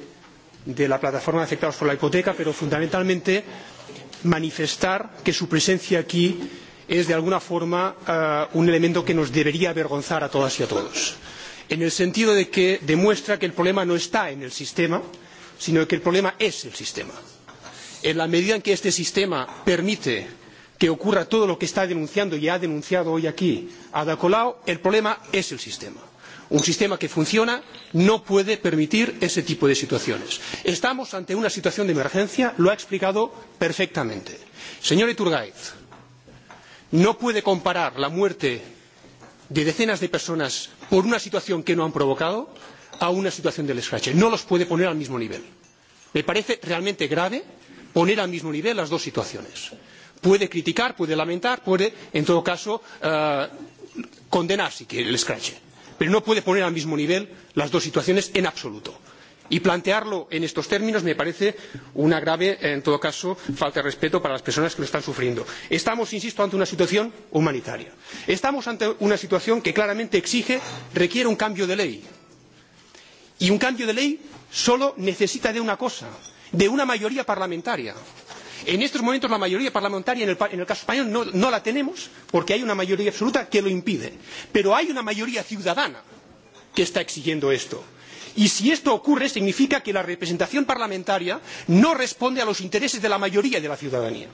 de la plataforma de afectados por la hipoteca, pero fundamentalmente manifestar que su presencia aquí es de alguna forma uh, un elemento que nos debería avergonzar a todas y a todos, en el sentido de que demuestra que el problema no está en el sistema, sino que el problema es el sistema. En la medida en que este sistema permite que ocurra todo lo que está denunciando y ha denunciado hoy aquí Ada Colau, el problema es el sistema Un sistema que funciona no puede permitir ese tipo de situaciones. Estamos ante una situación de emergencia, lo ha explicado perfectamente. Señor Iturgaiz, no puede comparar la muerte de decenas de personas por una situación que no han provocado a una situación del escrache. No los puede poner al mismo nivel. Me parece realmente grave poner al mismo nivel las dos situaciones. Puede criticar, puede lamentar, puede, en todo caso, eh, condenar si quiere el escrache pero no puede poner al mismo nivel las dos situaciones en absoluto y plantearlo en estos términos me parece una grave en todo caso falta de respeto para las personas que lo están sufriendo. estamos insisto ante una situación humanitaria estamos ante una situación que claramente exige requiere un cambio de ley y un cambio de ley solo necesita de una cosa de una mayoría parlamentaria. En estos momentos la mayoría parlamentaria en el, en el caso español no, no la tenemos porque hay una mayoría absoluta que lo impide. Pero hay una mayoría ciudadana que está exigiendo esto. Y si esto ocurre, significa que la representación parlamentaria no responde a los intereses de la mayoría de la ciudadanía.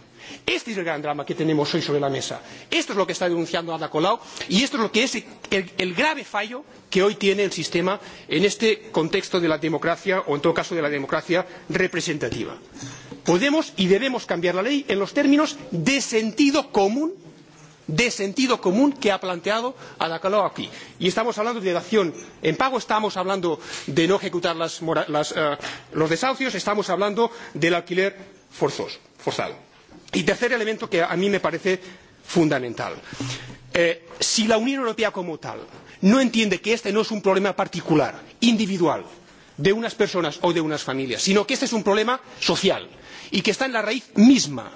Este es el gran drama que tenemos hoy sobre la mesa. Esto es lo que está denunciando Ada Colau y esto es lo que es el, el grave fallo que hoy tiene el sistema en este contexto de la democracia o, en todo caso, de la democracia representativa podemos y debemos cambiar la ley en los términos de sentido común de sentido común que ha planteado Adacaló aquí. Y estamos hablando de dación en pago, estamos hablando de no ejecutar las, las, uh, los desahucios, estamos hablando del alquiler forzoso, forzado. Y tercer elemento que a mí me parece fundamental. Eh, si la Unión Europea como tal no entiende que este no es un problema particular, individual, de unas personas o de unas familias, sino que este es un problema social, y que está en la raíz misma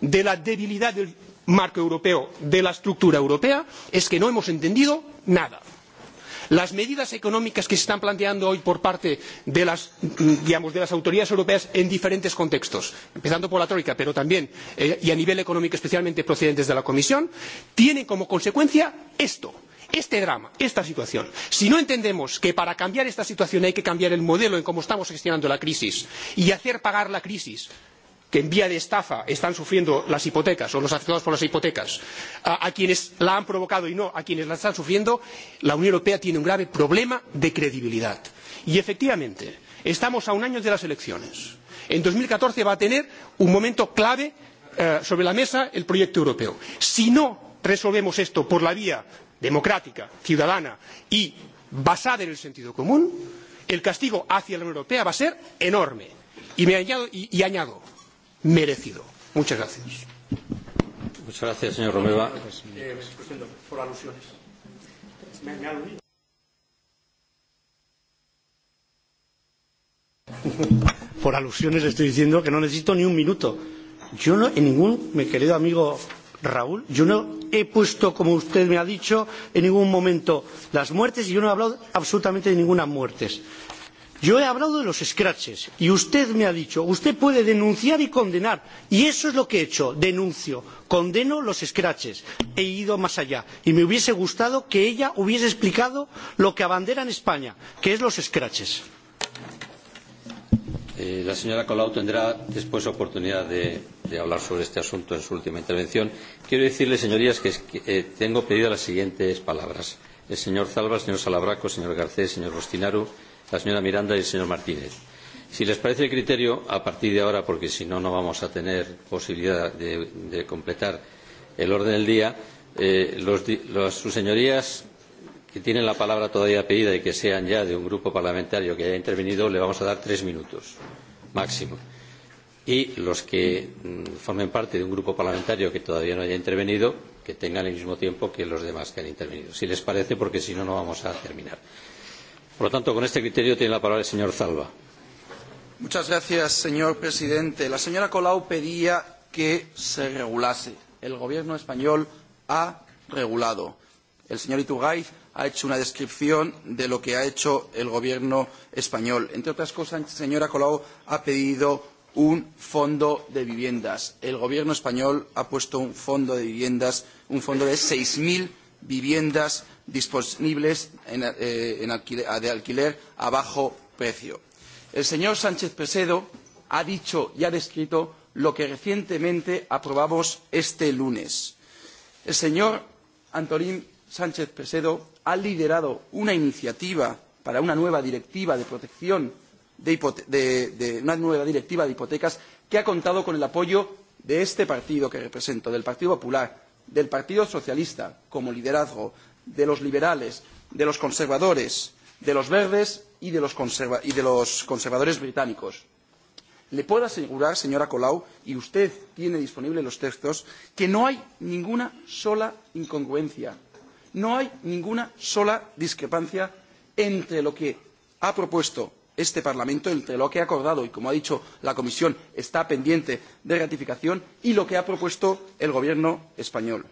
de la debilidad del marco europeo, de la estructura europea, es que no hemos entendido nada. Las medidas económicas que se están planteando hoy por parte de las, mm, digamos, de las autoridades europeas en diferentes contextos, empezando por la Troika, pero también eh, y a nivel económico, especialmente procedentes de la Comisión, tienen como consecuencia esto, este drama, esta situación. Si no entendemos que para cambiar esta situación hay que cambiar el modelo en cómo estamos gestionando la crisis y hacer pagar la crisis que en vía de estafa están sufriendo las hipotecas o los afectados por las hipotecas a, a quienes la han provocado y no a quienes la están sufriendo, la Unión Europea tiene un grave problema de credibilidad. Y efectivamente, estamos a un año de las elecciones. En 2014 va a tener un momento clave eh, sobre la mesa el proyecto europeo. Si no resolvemos esto por la vía democrática, ciudadana y basada en el sentido común, el castigo hacia la Unión Europea va a ser enorme. Y, me añado, y, y añado, merecido. Muchas gracias. Muchas gracias, señor Romeva. Eh, por alusiones. Me, me aludido. Por alusiones le estoy diciendo que no necesito ni un minuto. Yo no, en ningún, mi querido amigo Raúl, yo no he puesto, como usted me ha dicho, en ningún momento las muertes y yo no he hablado absolutamente de ninguna muertes. Yo he hablado de los scratches y usted me ha dicho, usted puede denunciar y condenar. Y eso es lo que he hecho, denuncio, condeno los scratches. He ido más allá y me hubiese gustado que ella hubiese explicado lo que abandera en España, que es los scratches. Eh, la señora Colau tendrá después oportunidad de, de hablar sobre este asunto en su última intervención. Quiero decirle, señorías, que eh, tengo pedidas las siguientes palabras. El señor Zalba, el señor Salabraco, el señor Garcés, el señor Bostinaru la señora Miranda y el señor Martínez. Si les parece el criterio, a partir de ahora, porque si no, no vamos a tener posibilidad de, de completar el orden del día, eh, los, los, sus señorías que tienen la palabra todavía pedida y que sean ya de un grupo parlamentario que haya intervenido, le vamos a dar tres minutos máximo. Y los que mm, formen parte de un grupo parlamentario que todavía no haya intervenido, que tengan el mismo tiempo que los demás que han intervenido. Si les parece, porque si no, no vamos a terminar. Por lo tanto, con este criterio tiene la palabra el señor Zalba. Muchas gracias, señor presidente. La señora Colau pedía que se regulase. El gobierno español ha regulado. El señor Iturgaiz ha hecho una descripción de lo que ha hecho el gobierno español. Entre otras cosas, señora Colau ha pedido un fondo de viviendas. El gobierno español ha puesto un fondo de viviendas, un fondo de 6.000 viviendas disponibles en, eh, en alquiler, de alquiler a bajo precio. El señor Sánchez Presedo ha dicho y ha descrito lo que recientemente aprobamos este lunes. El señor Antolín Sánchez Presedo ha liderado una iniciativa para una nueva directiva de protección de, de, de una nueva directiva de hipotecas que ha contado con el apoyo de este partido que represento, del Partido Popular, del Partido Socialista como liderazgo, de los liberales, de los conservadores, de los verdes y de los, conserva y de los conservadores británicos. Le puedo asegurar, señora Colau, y usted tiene disponibles los textos, que no hay ninguna sola incongruencia, no hay ninguna sola discrepancia entre lo que ha propuesto este Parlamento, entre lo que ha acordado y, como ha dicho la Comisión, está pendiente de ratificación, y lo que ha propuesto el Gobierno español.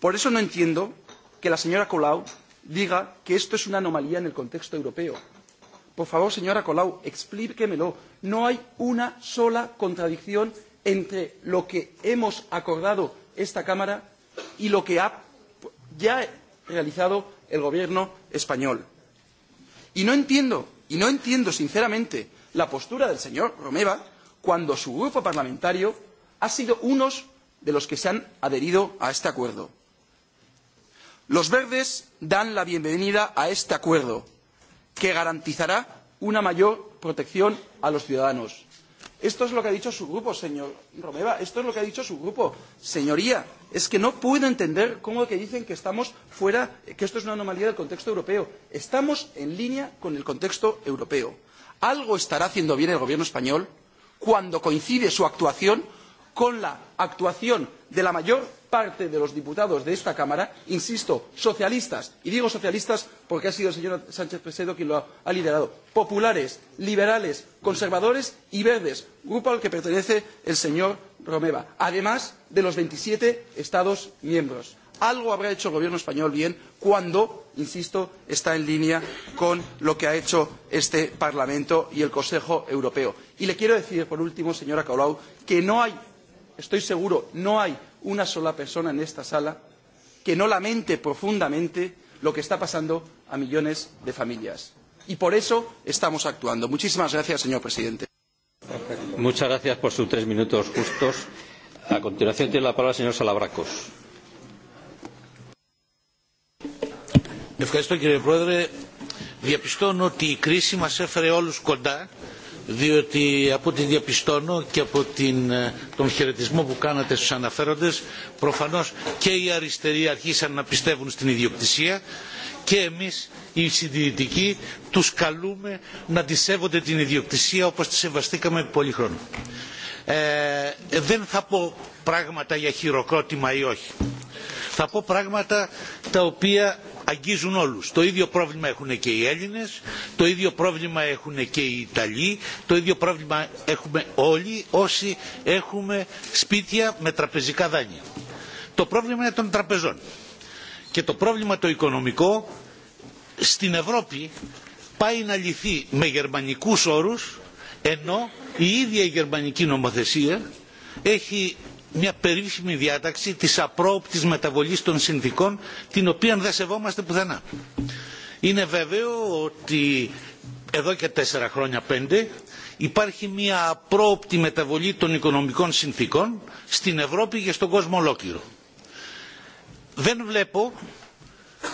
Por eso no entiendo que la señora Colau diga que esto es una anomalía en el contexto europeo. Por favor, señora Colau, explíquemelo. No hay una sola contradicción entre lo que hemos acordado esta Cámara y lo que ha ya realizado el Gobierno español. Y no entiendo, y no entiendo sinceramente la postura del señor Romeva cuando su grupo parlamentario ha sido uno de los que se han adherido a este acuerdo. Los verdes dan la bienvenida a este acuerdo, que garantizará una mayor protección a los ciudadanos. Esto es lo que ha dicho su grupo, señor Romeva. Esto es lo que ha dicho su grupo. Señoría, es que no puedo entender cómo que dicen que estamos fuera, que esto es una anomalía del contexto europeo. Estamos en línea con el contexto europeo. Algo estará haciendo bien el gobierno español cuando coincide su actuación con la actuación de la mayor parte de los diputados de esta Cámara, insisto, socialistas, y digo socialistas porque ha sido el señor Sánchez Presedo quien lo ha liderado, populares, liberales, conservadores y verdes, grupo al que pertenece el señor Romeva, además de los 27 Estados miembros. Algo habrá hecho el gobierno español bien cuando, insisto, está en línea con lo que ha hecho este Parlamento y el Consejo Europeo. Y le quiero decir, por último, señora Colau, que no hay estoy seguro, no hay una sola persona en esta sala que no lamente profundamente lo que está pasando a millones de familias. Y por eso estamos actuando. Muchísimas gracias, señor presidente. Muchas gracias por sus tres minutos justos. A continuación tiene la palabra el señor Salabracos. Ευχαριστώ κύριε Πρόεδρε. Διαπιστώνω ότι η κρίση μας έφερε όλους κοντά διότι από ό,τι διαπιστώνω και από την, τον χαιρετισμό που κάνατε στους αναφέροντες προφανώς και οι αριστεροί αρχίσαν να πιστεύουν στην ιδιοκτησία και εμείς οι συντηρητικοί τους καλούμε να τη σέβονται την ιδιοκτησία όπως τη σεβαστήκαμε πολύ χρόνο. Ε, δεν θα πω πράγματα για χειροκρότημα ή όχι θα πω πράγματα τα οποία αγγίζουν όλους. Το ίδιο πρόβλημα έχουν και οι Έλληνες, το ίδιο πρόβλημα έχουν και οι Ιταλοί, το ίδιο πρόβλημα έχουμε όλοι όσοι έχουμε σπίτια με τραπεζικά δάνεια. Το πρόβλημα είναι των τραπεζών. Και το πρόβλημα το οικονομικό στην Ευρώπη πάει να λυθεί με γερμανικούς όρους ενώ η ίδια η γερμανική νομοθεσία έχει μια περίφημη διάταξη της απρόοπτης μεταβολής των συνθήκων την οποία δεν σεβόμαστε πουθενά. Είναι βέβαιο ότι εδώ και τέσσερα χρόνια πέντε υπάρχει μια απρόοπτη μεταβολή των οικονομικών συνθήκων στην Ευρώπη και στον κόσμο ολόκληρο. Δεν βλέπω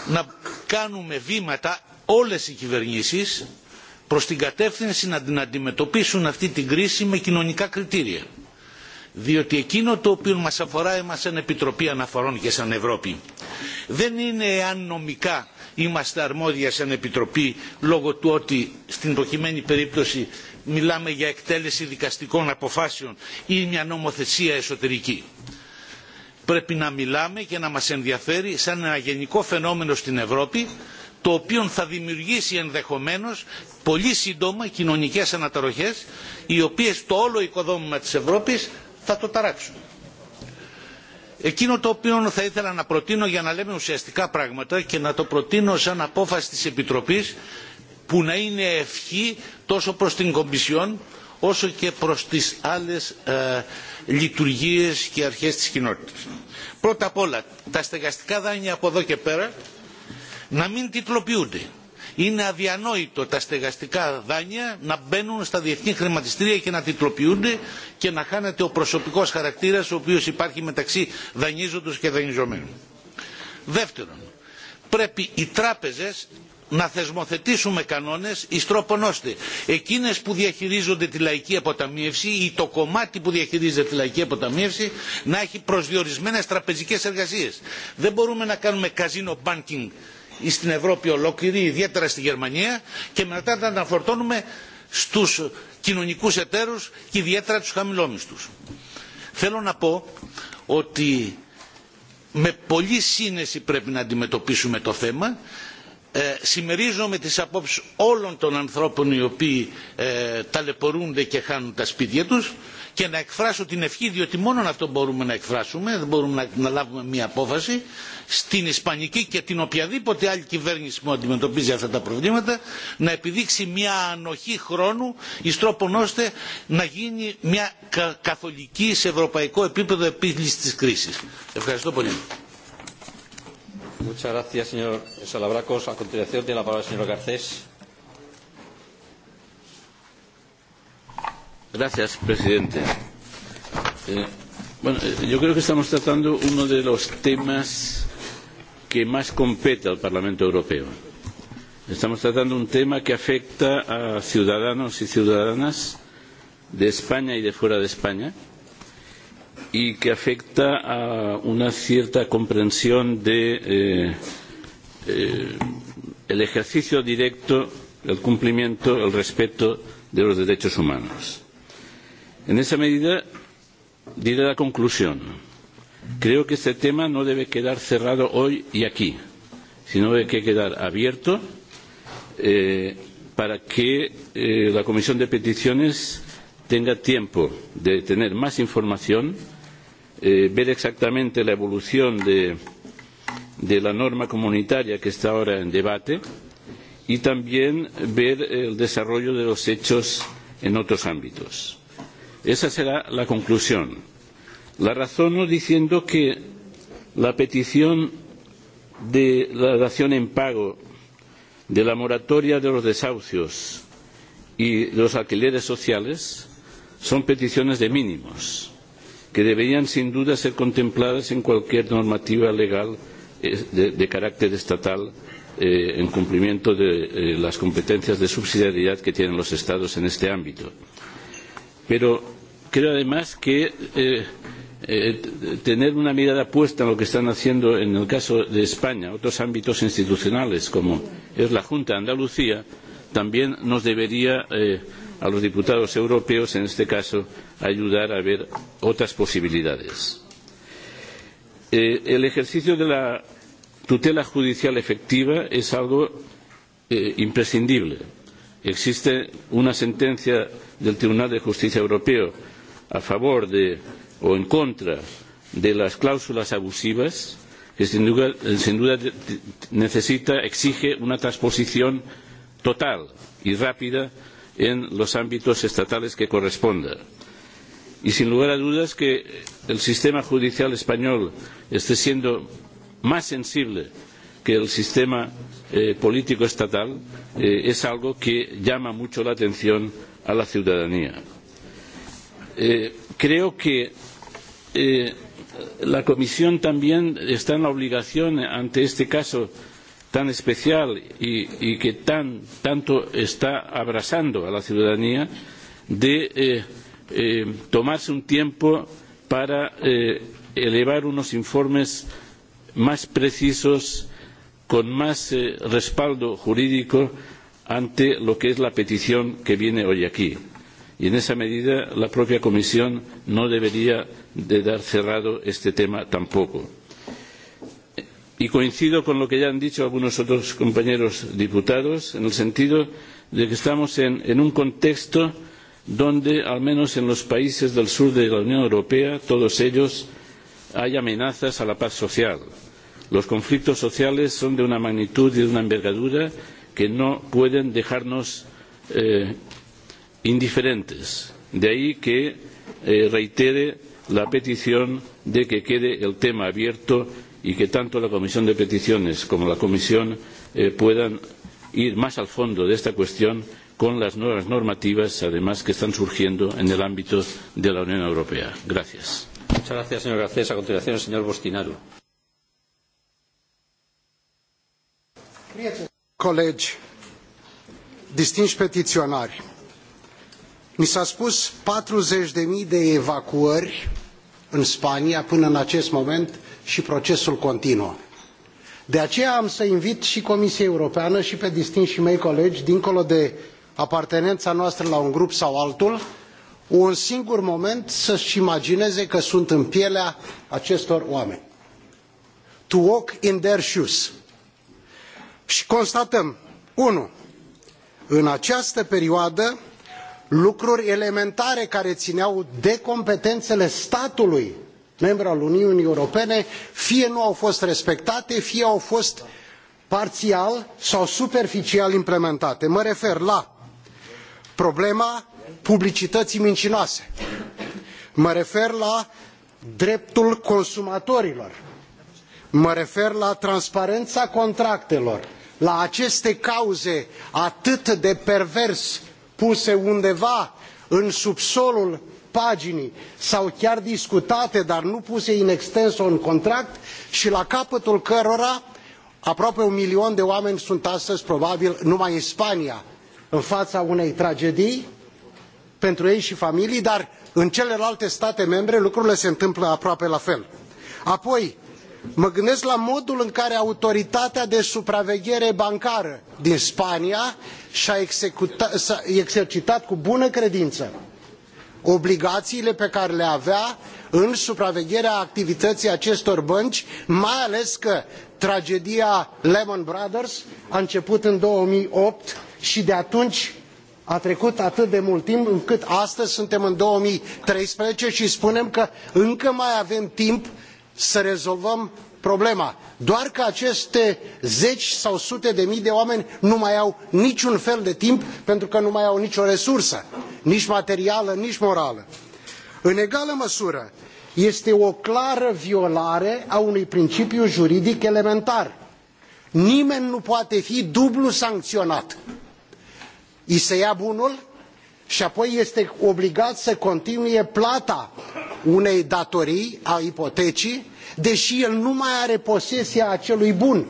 να κάνουμε βήματα όλες οι κυβερνήσεις προς την κατεύθυνση να την αντιμετωπίσουν αυτή την κρίση με κοινωνικά κριτήρια διότι εκείνο το οποίο μας αφορά εμάς σαν Επιτροπή Αναφορών και σαν Ευρώπη δεν είναι εάν νομικά είμαστε αρμόδια σαν Επιτροπή λόγω του ότι στην προκειμένη περίπτωση μιλάμε για εκτέλεση δικαστικών αποφάσεων ή μια νομοθεσία εσωτερική. Πρέπει να μιλάμε και να μας ενδιαφέρει σαν ένα γενικό φαινόμενο στην Ευρώπη το οποίο θα δημιουργήσει ενδεχομένως πολύ σύντομα κοινωνικές αναταροχές οι οποίες το όλο οικοδόμημα της Ευρώπης θα το ταράξουν. Εκείνο το οποίο θα ήθελα να προτείνω για να λέμε ουσιαστικά πράγματα και να το προτείνω σαν απόφαση της Επιτροπής που να είναι ευχή τόσο προς την Κομισιόν όσο και προς τις άλλες ε, λειτουργίες και αρχές της κοινότητας. Πρώτα απ' όλα, τα στεγαστικά δάνεια από εδώ και πέρα να μην τιτλοποιούνται Είναι αδιανόητο τα στεγαστικά δάνεια να μπαίνουν στα διεθνή χρηματιστήρια και να τυπλοποιούνται και να χάνεται ο προσωπικός χαρακτήρας ο οποίος υπάρχει μεταξύ δανείζοντος και δανειζομένου. Δεύτερον, πρέπει οι τράπεζες να θεσμοθετήσουμε κανόνες εις τρόπον ώστε εκείνες που διαχειρίζονται τη λαϊκή αποταμίευση ή το κομμάτι που διαχειρίζεται τη λαϊκή αποταμίευση να έχει προσδιορισμένες τραπεζικές εργασίες. Δεν μπορούμε να κάνουμε καζίνο banking στην Ευρώπη ολόκληρη, ιδιαίτερα στη Γερμανία και μετά να τα φορτώνουμε στους κοινωνικούς εταίρους και ιδιαίτερα τους χαμηλόμισθους. Θέλω να πω ότι με πολλή σύνεση πρέπει να αντιμετωπίσουμε το θέμα. Ε, συμμερίζομαι τις απόψεις όλων των ανθρώπων οι οποίοι ε, ταλαιπωρούνται και χάνουν τα σπίτια τους και να εκφράσω την ευχή, διότι μόνο αυτό μπορούμε να εκφράσουμε, δεν μπορούμε να, να λάβουμε μία απόφαση, στην Ισπανική και την οποιαδήποτε άλλη κυβέρνηση που αντιμετωπίζει αυτά τα προβλήματα, να επιδείξει μία ανοχή χρόνου, εις τρόπον ώστε να γίνει μια καθολική σε ευρωπαϊκό επίπεδο επίλυση της κρίσης. Ευχαριστώ πολύ. Muchas gracias, señor Salabracos. A continuación tiene la palabra el señor Garcés. Gracias, presidente. Eh, bueno, eh, yo creo que estamos tratando uno de los temas que más compete al Parlamento Europeo. Estamos tratando un tema que afecta a ciudadanos y ciudadanas de España y de fuera de España y que afecta a una cierta comprensión de eh, eh, el ejercicio directo, el cumplimiento, el respeto de los derechos humanos. En esa medida, diré la conclusión. Creo que este tema no debe quedar cerrado hoy y aquí, sino debe que quedar abierto eh, para que eh, la Comisión de Peticiones tenga tiempo de tener más información, eh, ver exactamente la evolución de, de la norma comunitaria que está ahora en debate y también ver el desarrollo de los hechos en otros ámbitos Esa será la conclusión. La razono diciendo que la petición de la dación en pago, de la moratoria de los desahucios y de los alquileres sociales son peticiones de mínimos que deberían sin duda ser contempladas en cualquier normativa legal eh, de, de carácter estatal eh, en cumplimiento de eh, las competencias de subsidiariedad que tienen los Estados en este ámbito. Pero creo además que eh, eh, tener una mirada puesta en lo que están haciendo en el caso de España, otros ámbitos institucionales como es la Junta de Andalucía, también nos debería eh, a los diputados europeos, en este caso, ayudar a ver otras posibilidades. Eh, el ejercicio de la tutela judicial efectiva es algo eh, imprescindible. Existe una sentencia del Tribunal de Justicia Europeo a favor de, o en contra de las cláusulas abusivas, que sin duda, sin duda necesita, exige una transposición total y rápida en los ámbitos estatales que corresponda. Y sin lugar a dudas que el sistema judicial español esté siendo más sensible que el sistema eh, político estatal eh, es algo que llama mucho la atención a la ciudadanía. Eh, creo que eh, la Comisión también está en la obligación ante este caso tan especial y, y que tan, tanto está abrazando a la ciudadanía de eh, eh, tomarse un tiempo para eh, elevar unos informes más precisos, con más eh, respaldo jurídico ante lo que es la petición que viene hoy aquí y en esa medida la propia Comisión no debería de dar cerrado este tema tampoco. Y coincido con lo que ya han dicho algunos otros compañeros diputados en el sentido de que estamos en, en un contexto donde, al menos en los países del sur de la Unión Europea, todos ellos, hay amenazas a la paz social. Los conflictos sociales son de una magnitud y de una envergadura que no pueden dejarnos eh, indiferentes. De ahí que eh, reitere la petición de que quede el tema abierto y que tanto la Comisión de Peticiones como la Comisión eh, puedan ir más al fondo de esta cuestión con las nuevas normativas, además, que están surgiendo en el ámbito de la Unión Europea. Gracias. Muchas gracias, señor Garcés. A continuación, el señor Bostinaru. Colegi, distinși petiționari, Mi s-a spus 40.000 de evacuări în Spania până în acest moment și procesul continuă. De aceea am să invit și Comisia Europeană și pe distinși mei colegi, dincolo de apartenența noastră la un grup sau altul, un singur moment să-și imagineze că sunt în pielea acestor oameni. To walk in their shoes. Și constatăm, 1. În această perioadă, lucruri elementare care ineau de competenele statului membru al uniunii europene fie nu au fost respectate fie au fost parial sau superficial implementate mă refer la problema publicităii mincinoase mă refer la dreptul consumatorilor mă refer la transparena contractelor la aceste cauze atât de pervers ascunse undeva în subsolul paginii sau chiar discutate dar nu puse in extenso în contract i la capătul cărora aproape un milion de oameni sunt astăzi probabil numai în spania în faa unei tragedii pentru ei i familii dar în celelalte state membre lucrurile se întâmplă aproape la fel. apoi mă gândesc la modul în care autoritatea de supraveghere bancară din spania i a exercitat cu bună credină obligaiile pe care le avea în supravegherea activităii acestor bănci mai ales că tragedia lehman brothers a început în două mii opt i de atunci a trecut atât de mult timp încât astăzi suntem în două mii treisprezece i spunem că încă mai avem timp să rezolvăm problema doar că aceste zeci sau sute de mii de oameni nu mai au niciun fel de timp pentru că nu mai au nicio resursă nici materială nici morală. în egală măsură este o clară violare a unui principiu juridic elementar nimeni nu poate fi dublu sancionat i se ia bunul și apoi este obligat să continue plata unei datorii a ipotecii dei el nu mai are posesia acelui bun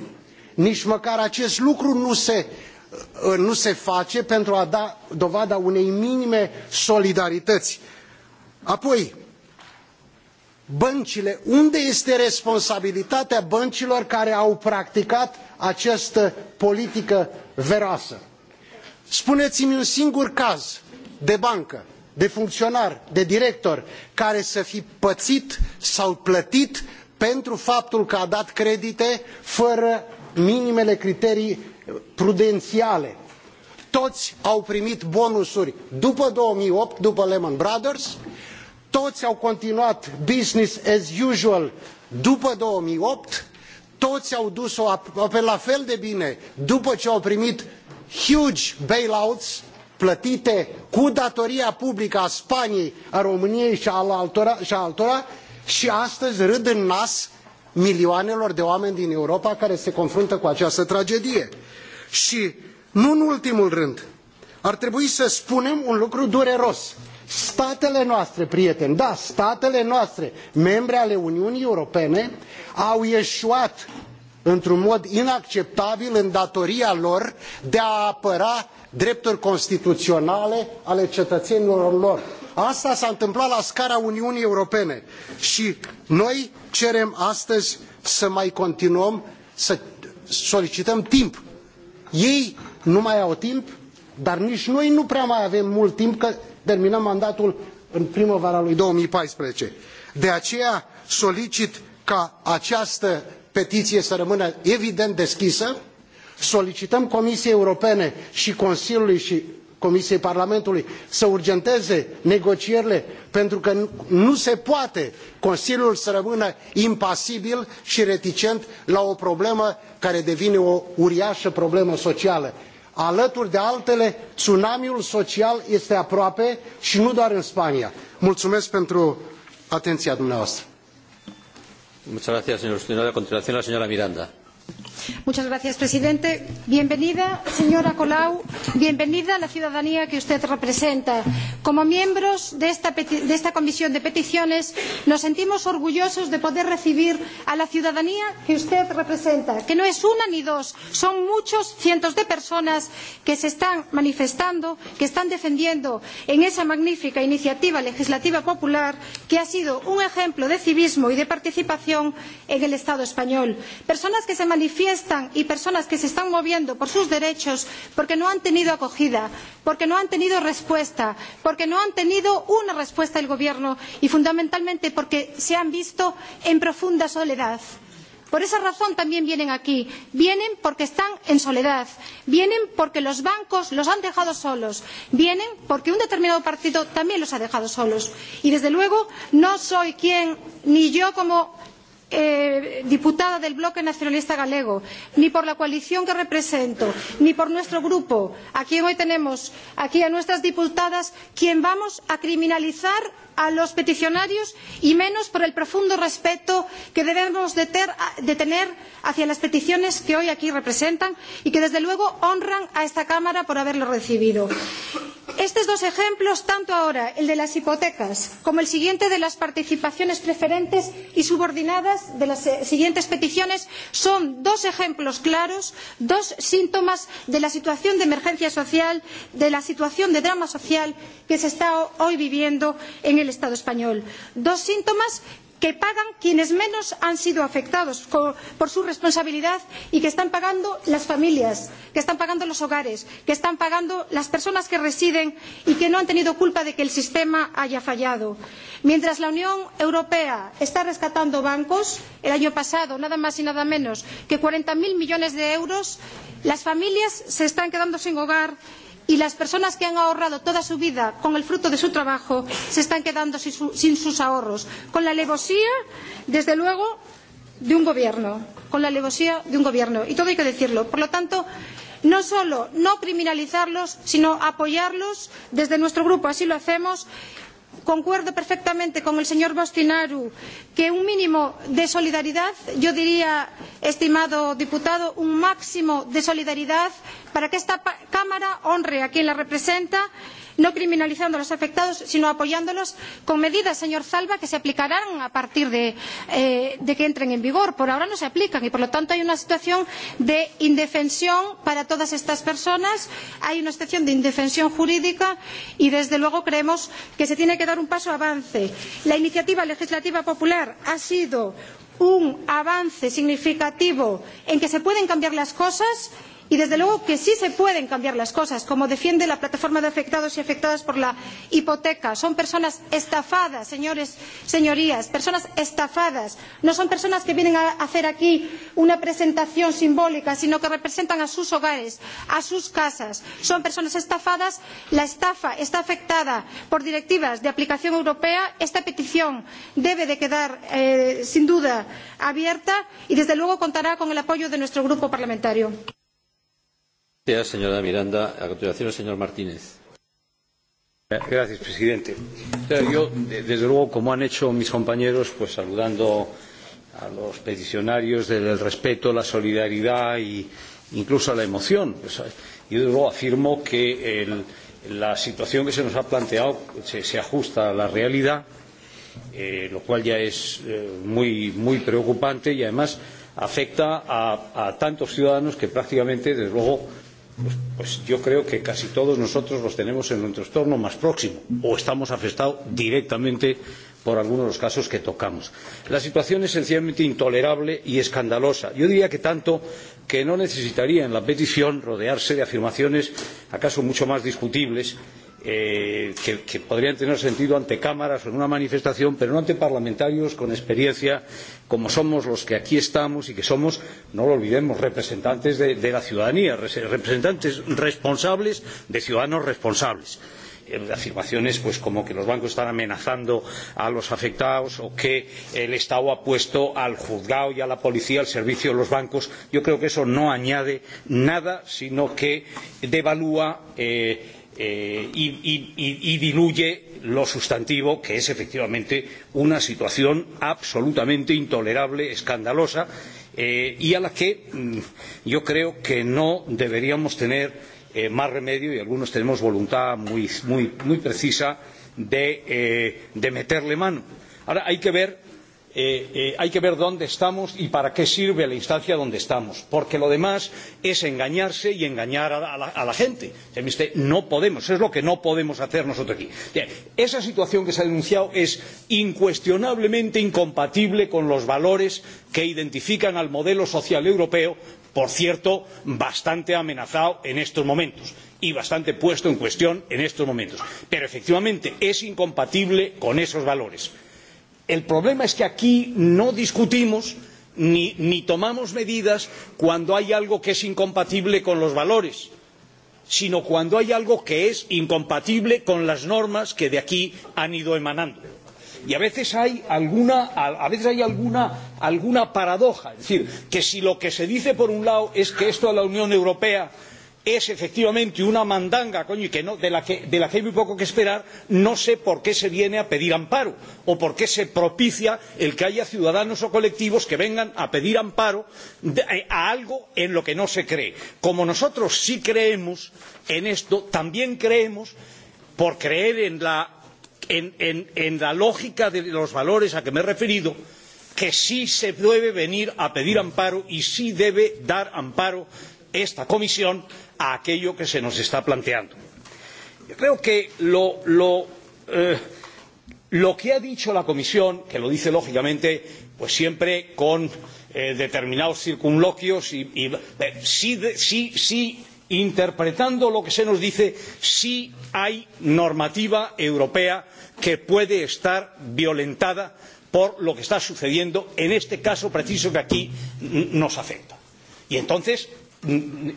nici măcar acest lucru nu se, uh, nu se face pentru a da dovada unei minime solidarităi. apoi băncile unde este responsabilitatea băncilor care au practicat această politică veroasă? spuneți mi un singur caz de bancă de funcționar de director care să fi pățit sau plătit pentru faptul că a dat credite fără minimele criterii prudeniale. toi au primit bonusuri după două mii opt după lehman brothers toi au continuat business as usual după două mii opt toi au dus o pe la fel de bine după ce au primit huge bail outs plătite cu datoria publică a spaniei a româniei i a altora, altora i astăzi râd în nas milioanelor de oameni din europa care se confruntă cu această tragedie. i nu în ultimul rând ar trebui să spunem un lucru dureros statele noastre prieteni da statele noastre membre ale uniunii europene au euat într un mod inacceptabil în datoria lor de a apăra drepturi constituționale ale cetățenilor lor. Asta s-a întâmplat la scara Uniunii Europene și noi cerem astăzi să mai continuăm să solicităm timp. Ei nu mai au timp, dar nici noi nu prea mai avem mult timp că terminăm mandatul în primăvara lui 2014. De aceea solicit ca această petiție să rămână evident deschisă, solicităm comisiei europene i consiliului i comisiei parlamentului să urgenteze negocierile pentru că nu se poate consiliul să rămână impasibil i reticent la o problemă care devine o uriaă problemă socială. alături de altele tsunamiul social este aproape i nu doar în spania. mulumesc pentru atenia dumneavoastră. Muchas gracias, presidente. Bienvenida, señora Colau. Bienvenida a la ciudadanía que usted representa. Como miembros de esta, de esta comisión de peticiones, nos sentimos orgullosos de poder recibir a la ciudadanía que usted representa, que no es una ni dos, son muchos cientos de personas que se están manifestando, que están defendiendo en esa magnífica iniciativa legislativa popular que ha sido un ejemplo de civismo y de participación en el Estado español. Personas que se manifiestan manifiestan y personas que se están moviendo por sus derechos porque no han tenido acogida, porque no han tenido respuesta, porque no han tenido una respuesta del Gobierno y fundamentalmente porque se han visto en profunda soledad. Por esa razón también vienen aquí. Vienen porque están en soledad. Vienen porque los bancos los han dejado solos. Vienen porque un determinado partido también los ha dejado solos. Y desde luego no soy quien, ni yo como eh, diputada del Bloque Nacionalista Galego, ni por la coalición que represento, ni por nuestro grupo, a quien hoy tenemos aquí a nuestras diputadas, quien vamos a criminalizar a los peticionarios y menos por el profundo respeto que debemos de, ter, de tener hacia las peticiones que hoy aquí representan y que desde luego honran a esta Cámara por haberlo recibido. Estos dos ejemplos, tanto ahora el de las hipotecas como el siguiente de las participaciones preferentes y subordinadas de las eh, siguientes peticiones, son dos ejemplos claros, dos síntomas de la situación de emergencia social, de la situación de drama social que se está hoy viviendo en el Estado español. Dos síntomas que pagan quienes menos han sido afectados por su responsabilidad y que están pagando las familias, que están pagando los hogares, que están pagando las personas que residen y que no han tenido culpa de que el sistema haya fallado. Mientras la Unión Europea está rescatando bancos, el año pasado nada más y nada menos que 40.000 millones de euros, las familias se están quedando sin hogar y las personas que han ahorrado toda su vida con el fruto de su trabajo se están quedando sin, su, sin sus ahorros, con la alevosía, desde luego, de un gobierno, con la alevosía de un gobierno. Y todo hay que decirlo. Por lo tanto, no solo no criminalizarlos, sino apoyarlos. Desde nuestro grupo así lo hacemos Concuerdo perfectamente con el señor Bostinaru que un mínimo de solidaridad, yo diría, estimado diputado, un máximo de solidaridad para que esta Cámara honre a quien la representa no criminalizando a los afectados, sino apoyándolos con medidas, señor Zalba, que se aplicarán a partir de, eh, de que entren en vigor. Por ahora no se aplican y, por lo tanto, hay una situación de indefensión para todas estas personas, hay una situación de indefensión jurídica y, desde luego, creemos que se tiene que dar un paso avance. La iniciativa legislativa popular ha sido un avance significativo en que se pueden cambiar las cosas Y desde luego que sí se pueden cambiar las cosas, como defiende la plataforma de afectados y afectadas por la hipoteca. Son personas estafadas, señores, señorías, personas estafadas. No son personas que vienen a hacer aquí una presentación simbólica, sino que representan a sus hogares, a sus casas. Son personas estafadas. La estafa está afectada por directivas de aplicación europea. Esta petición debe de quedar, eh, sin duda, abierta y desde luego contará con el apoyo de nuestro grupo parlamentario. Gracias, señora Miranda. A continuación, el señor Martínez. Gracias, presidente. Yo, desde luego, como han hecho mis compañeros, pues saludando a los peticionarios del respeto, la solidaridad e incluso a la emoción. Pues, yo, desde luego, afirmo que el, la situación que se nos ha planteado se, se ajusta a la realidad, eh, lo cual ya es eh, muy, muy preocupante y, además, afecta a, a tantos ciudadanos que prácticamente, desde luego, pues, pues yo creo que casi todos nosotros los tenemos en nuestro entorno más próximo o estamos afectados directamente por algunos de los casos que tocamos. La situación es sencillamente intolerable y escandalosa. Yo diría que tanto que no necesitaría en la petición rodearse de afirmaciones acaso mucho más discutibles eh, que, que podrían tener sentido ante cámaras o en una manifestación, pero no ante parlamentarios con experiencia como somos los que aquí estamos y que somos, no lo olvidemos, representantes de, de la ciudadanía, representantes responsables de ciudadanos responsables eh, afirmaciones pues como que los bancos están amenazando a los afectados o que el Estado ha puesto al juzgado y a la policía al servicio de los bancos, yo creo que eso no añade nada, sino que devalúa eh, eh, y, y, y, y diluye lo sustantivo, que es efectivamente una situación absolutamente intolerable, escandalosa, eh, y a la que mm, yo creo que no deberíamos tener eh, más remedio, y algunos tenemos voluntad muy, muy, muy precisa, de, eh, de meterle mano. Ahora hay que ver eh, eh, hay que ver dónde estamos y para qué sirve la instancia donde estamos, porque lo demás es engañarse y engañar a la, a la, a la gente. Usted, no podemos, es lo que no podemos hacer nosotros aquí. Bien, esa situación que se ha denunciado es incuestionablemente incompatible con los valores que identifican al modelo social europeo, por cierto, bastante amenazado en estos momentos y bastante puesto en cuestión en estos momentos. Pero efectivamente es incompatible con esos valores El problema es que aquí no discutimos ni, ni tomamos medidas cuando hay algo que es incompatible con los valores, sino cuando hay algo que es incompatible con las normas que de aquí han ido emanando. Y a veces hay alguna, a veces hay alguna, alguna paradoja, es decir, que si lo que se dice por un lado es que esto a la Unión Europea es efectivamente una mandanga coño, y que no, de, la que, de la que hay muy poco que esperar, no sé por qué se viene a pedir amparo o por qué se propicia el que haya ciudadanos o colectivos que vengan a pedir amparo de, eh, a algo en lo que no se cree. Como nosotros sí creemos en esto, también creemos, por creer en la, en, en, en la lógica de los valores a que me he referido, que sí se debe venir a pedir amparo y sí debe dar amparo esta comisión a aquello que se nos está planteando. Yo creo que lo, lo, eh, lo que ha dicho la Comisión, que lo dice lógicamente, pues siempre con eh, determinados circunloquios y, y eh, sí, de, sí, sí interpretando lo que se nos dice, sí hay normativa europea que puede estar violentada por lo que está sucediendo en este caso preciso que aquí nos afecta. Y entonces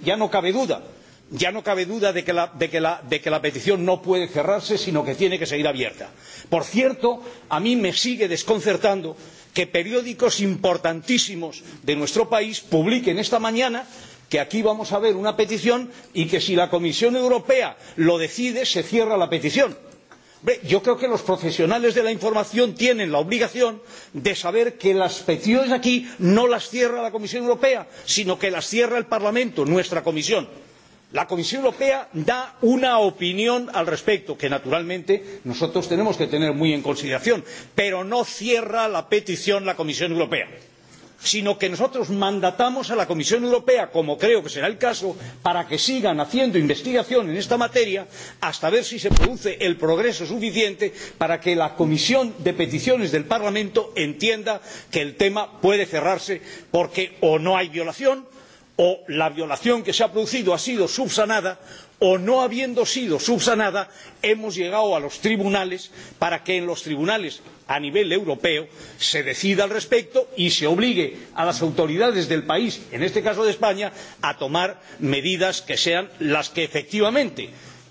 ya no cabe duda ya no cabe duda de que, la, de, que la, de que la petición no puede cerrarse sino que tiene que seguir abierta. por cierto a mí me sigue desconcertando que periódicos importantísimos de nuestro país publiquen esta mañana que aquí vamos a ver una petición y que si la comisión europea lo decide se cierra la petición Yo creo que los profesionales de la información tienen la obligación de saber que las peticiones aquí no las cierra la Comisión Europea, sino que las cierra el Parlamento, nuestra Comisión. La Comisión Europea da una opinión al respecto, que naturalmente nosotros tenemos que tener muy en consideración, pero no cierra la petición la Comisión Europea sino que nosotros mandatamos a la Comisión Europea, como creo que será el caso, para que sigan haciendo investigación en esta materia hasta ver si se produce el progreso suficiente para que la Comisión de Peticiones del Parlamento entienda que el tema puede cerrarse porque o no hay violación o la violación que se ha producido ha sido subsanada o no habiendo sido subsanada, hemos llegado a los tribunales para que en los tribunales a nivel europeo se decida al respecto y se obligue a las autoridades del país, en este caso de España, a tomar medidas que sean las que efectivamente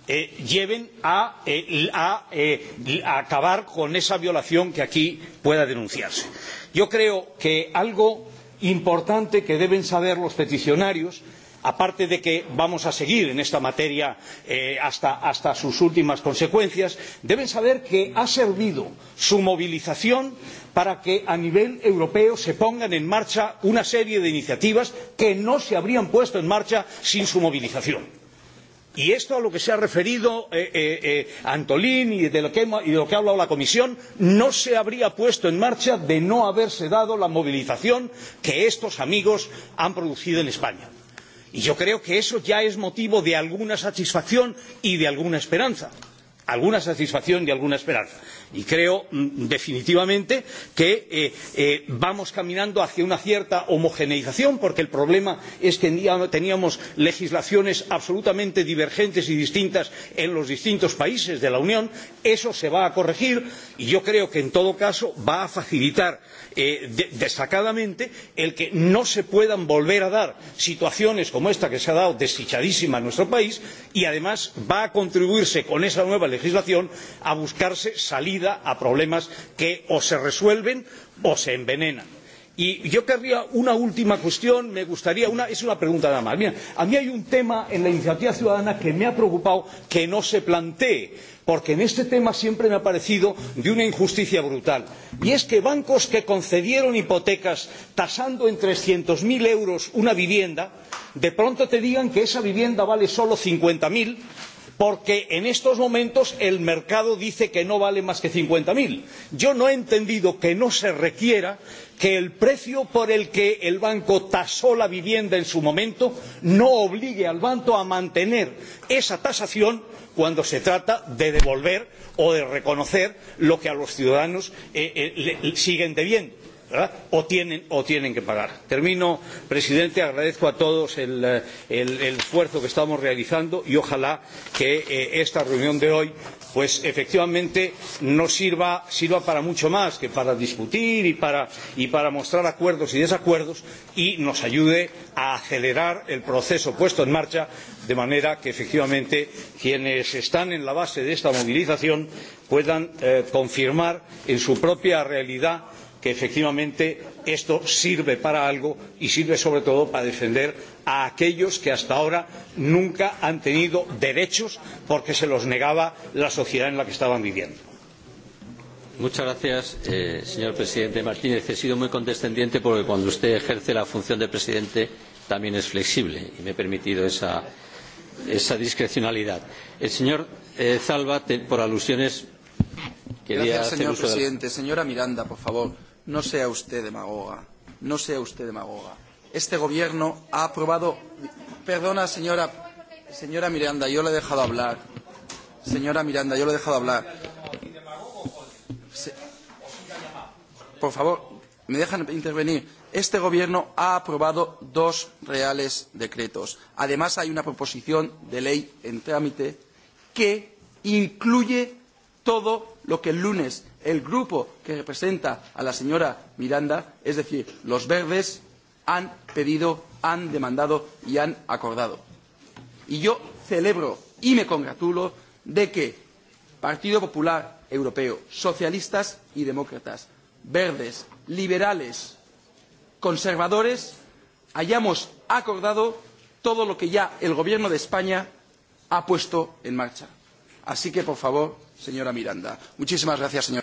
eh, lleven a, eh, a, eh, a acabar con esa violación que aquí pueda denunciarse. Yo creo que algo importante que deben saber los peticionarios aparte de que vamos a seguir en esta materia eh, hasta, hasta sus últimas consecuencias, deben saber que ha servido su movilización para que a nivel europeo se pongan en marcha una serie de iniciativas que no se habrían puesto en marcha sin su movilización. Y esto a lo que se ha referido eh, eh, eh, Antolín y de, lo que, y de lo que ha hablado la Comisión no se habría puesto en marcha de no haberse dado la movilización que estos amigos han producido en España. Y yo creo que eso ya es motivo de alguna satisfacción y de alguna esperanza. Alguna satisfacción y alguna esperanza y creo mm, definitivamente que eh, eh, vamos caminando hacia una cierta homogeneización porque el problema es que teníamos legislaciones absolutamente divergentes y distintas en los distintos países de la unión eso se va a corregir y yo creo que en todo caso va a facilitar eh, de, destacadamente el que no se puedan volver a dar situaciones como esta que se ha dado desdichadísima en nuestro país y además va a contribuirse con esa nueva legislación a buscarse salidas salida a problemas que o se resuelven o se envenenan. Y yo querría una última cuestión, me gustaría una, es una pregunta nada más. Mira, a mí hay un tema en la iniciativa ciudadana que me ha preocupado que no se plantee, porque en este tema siempre me ha parecido de una injusticia brutal. Y es que bancos que concedieron hipotecas tasando en 300.000 euros una vivienda, de pronto te digan que esa vivienda vale solo 50.000 porque en estos momentos el mercado dice que no vale más que cincuenta mil. yo no he entendido que no se requiera que el precio por el que el banco tasó la vivienda en su momento no obligue al banco a mantener esa tasación cuando se trata de devolver o de reconocer lo que a los ciudadanos eh, eh, siguen debiendo. ¿verdad? o tienen o tienen que pagar. Termino, presidente, agradezco a todos el, el, el esfuerzo que estamos realizando y ojalá que eh, esta reunión de hoy pues efectivamente no sirva, sirva para mucho más que para discutir y para, y para mostrar acuerdos y desacuerdos y nos ayude a acelerar el proceso puesto en marcha de manera que efectivamente quienes están en la base de esta movilización puedan eh, confirmar en su propia realidad que efectivamente esto sirve para algo y sirve sobre todo para defender a aquellos que hasta ahora nunca han tenido derechos porque se los negaba la sociedad en la que estaban viviendo. Muchas gracias, eh, señor presidente Martínez. He sido muy condescendiente porque cuando usted ejerce la función de presidente también es flexible y me he permitido esa, esa discrecionalidad. El señor eh, Zalba, te, por alusiones, Quería Gracias, señor uso presidente. De... Señora Miranda, por favor, no sea usted demagoga. No sea usted demagoga. Este gobierno ha aprobado. Perdona, señora, señora Miranda, yo le he dejado hablar. Señora Miranda, yo le he dejado hablar. Se... Por favor, me dejan intervenir. Este Gobierno ha aprobado dos reales decretos. Además, hay una proposición de ley en trámite que incluye todo lo que el lunes el grupo que representa a la señora Miranda, es decir, los verdes, han pedido, han demandado y han acordado. Y yo celebro y me congratulo de que Partido Popular Europeo, socialistas y demócratas, verdes, liberales, conservadores, hayamos acordado todo lo que ya el Gobierno de España ha puesto en marcha. Así que, por favor, señora Miranda. Muchísimas gracias, señor.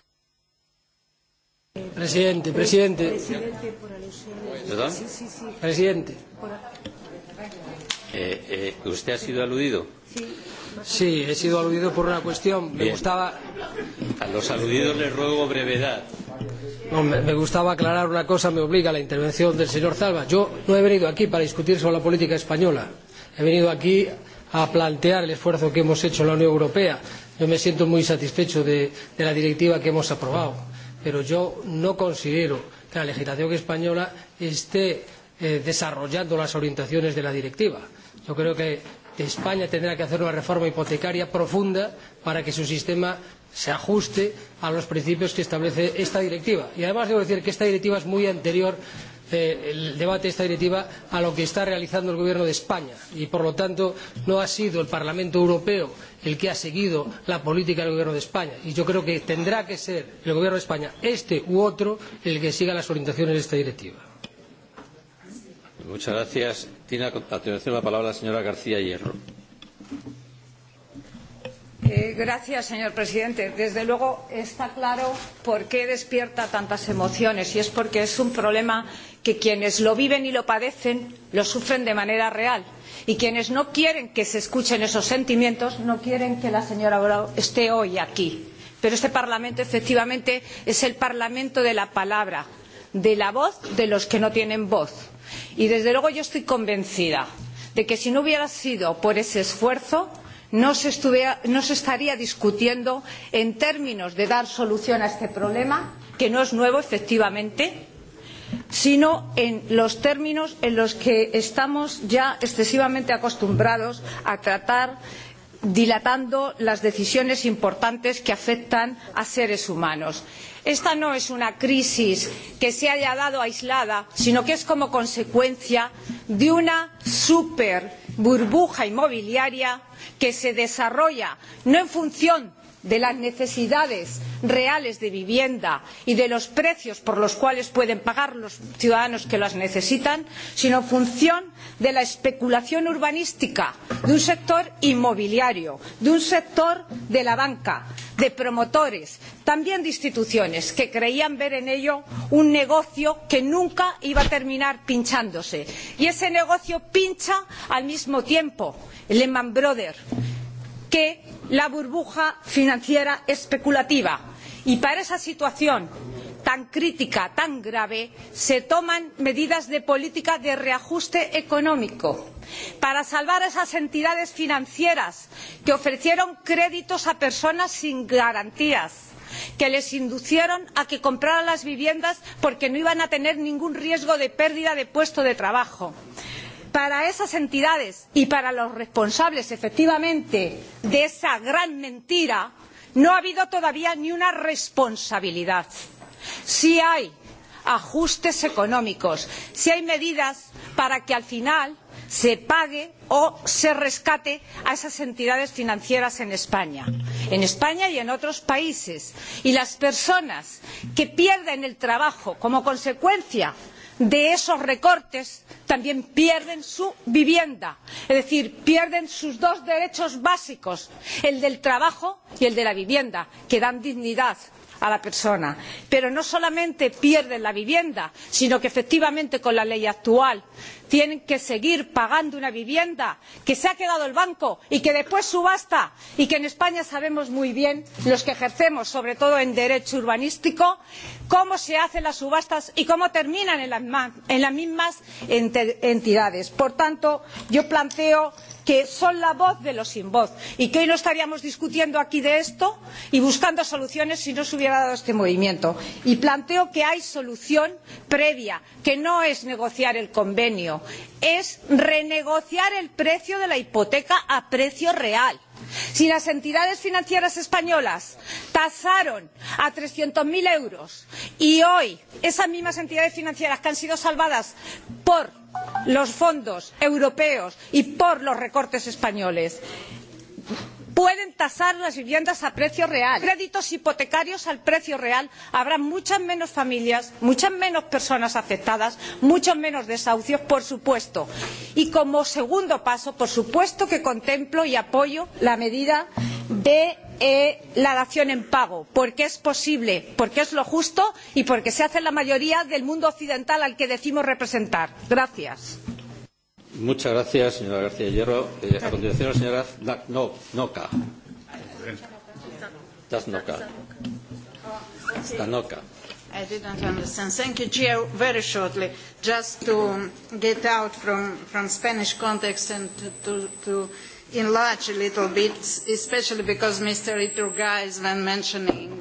Presidente, presidente. Presidente. Por ¿Perdón? Sí, sí, sí. Presidente. Eh, eh, ¿Usted ha sido aludido? Sí, he sido aludido por una cuestión. Bien. Me gustaba. A los aludidos les ruego brevedad. No, me, me gustaba aclarar una cosa, me obliga a la intervención del señor Zalba. Yo no he venido aquí para discutir sobre la política española. He venido aquí a plantear el esfuerzo que hemos hecho en la Unión Europea Yo me siento muy satisfecho de, de la directiva que hemos aprobado, pero yo no considero que la legislación española esté eh, desarrollando las orientaciones de la directiva. Yo creo que España tendrá que hacer una reforma hipotecaria profunda para que su sistema se ajuste a los principios que establece esta directiva. Y además debo decir que esta directiva es muy anterior a eh, el debate de esta directiva a lo que está realizando el Gobierno de España y, por lo tanto, no ha sido el Parlamento Europeo el que ha seguido la política del Gobierno de España. Y yo creo que tendrá que ser el Gobierno de España, este u otro, el que siga las orientaciones de esta directiva. Muchas gracias. Tiene a continuación la palabra la señora García Hierro. Eh, gracias, señor presidente. Desde luego está claro por qué despierta tantas emociones y es porque es un problema que quienes lo viven y lo padecen lo sufren de manera real y quienes no quieren que se escuchen esos sentimientos no quieren que la señora Bravo esté hoy aquí. Pero este Parlamento efectivamente es el Parlamento de la palabra, de la voz de los que no tienen voz. Y desde luego yo estoy convencida de que si no hubiera sido por ese esfuerzo no se, estuviera, no se estaría discutiendo en términos de dar solución a este problema, que no es nuevo efectivamente, sino en los términos en los que estamos ya excesivamente acostumbrados a tratar dilatando las decisiones importantes que afectan a seres humanos. Esta no es una crisis que se haya dado aislada, sino que es como consecuencia de una super burbuja inmobiliaria que se desarrolla no en función de las necesidades reales de vivienda y de los precios por los cuales pueden pagar los ciudadanos que las necesitan, sino en función de la especulación urbanística de un sector inmobiliario, de un sector de la banca, de promotores, también de instituciones que creían ver en ello un negocio que nunca iba a terminar pinchándose. Y ese negocio pincha al mismo tiempo Lehman Brothers, que la burbuja financiera especulativa. Y para esa situación tan crítica, tan grave, se toman medidas de política de reajuste económico para salvar a esas entidades financieras que ofrecieron créditos a personas sin garantías que les inducieron a que compraran las viviendas porque no iban a tener ningún riesgo de pérdida de puesto de trabajo para esas entidades y para los responsables efectivamente de esa gran mentira no ha habido todavía ni una responsabilidad. Sí hay ajustes económicos, sí hay medidas para que al final se pague o se rescate a esas entidades financieras en España, en España y en otros países. Y las personas que pierden el trabajo como consecuencia de de esos recortes también pierden su vivienda es decir pierden sus dos derechos básicos el del trabajo y el de la vivienda que dan dignidad a a la persona. Pero no solamente pierden la vivienda, sino que efectivamente con la ley actual tienen que seguir pagando una vivienda que se ha quedado el banco y que después subasta y que en España sabemos muy bien los que ejercemos, sobre todo en derecho urbanístico, cómo se hacen las subastas y cómo terminan en las, en las mismas entidades. Por tanto, yo planteo que son la voz de los sin voz y que hoy no estaríamos discutiendo aquí de esto y buscando soluciones si no se hubiera dado este movimiento. Y planteo que hay solución previa, que no es negociar el convenio, es renegociar el precio de la hipoteca a precio real si las entidades financieras españolas tasaron a trescientos cero euros y hoy esas mismas entidades financieras que han sido salvadas por los fondos europeos y por los recortes españoles pueden tasar las viviendas a precio real créditos hipotecarios al precio real habrá muchas menos familias muchas menos personas afectadas muchos menos desahucios por supuesto y como segundo paso por supuesto que contemplo y apoyo la medida de eh, la dación en pago porque es posible porque es lo justo y porque se hace en la mayoría del mundo occidental al que decimos representar. gracias. Muchas gracias, señora García Hierro. Eh, a continuación, la señora no, Noca. Tasnoca. Stanoca. I didn't understand. Thank you, Gio. Very shortly, just to get out from, from Spanish context and to, to, to enlarge a little bit, especially because Mr. Iturgaiz, when mentioning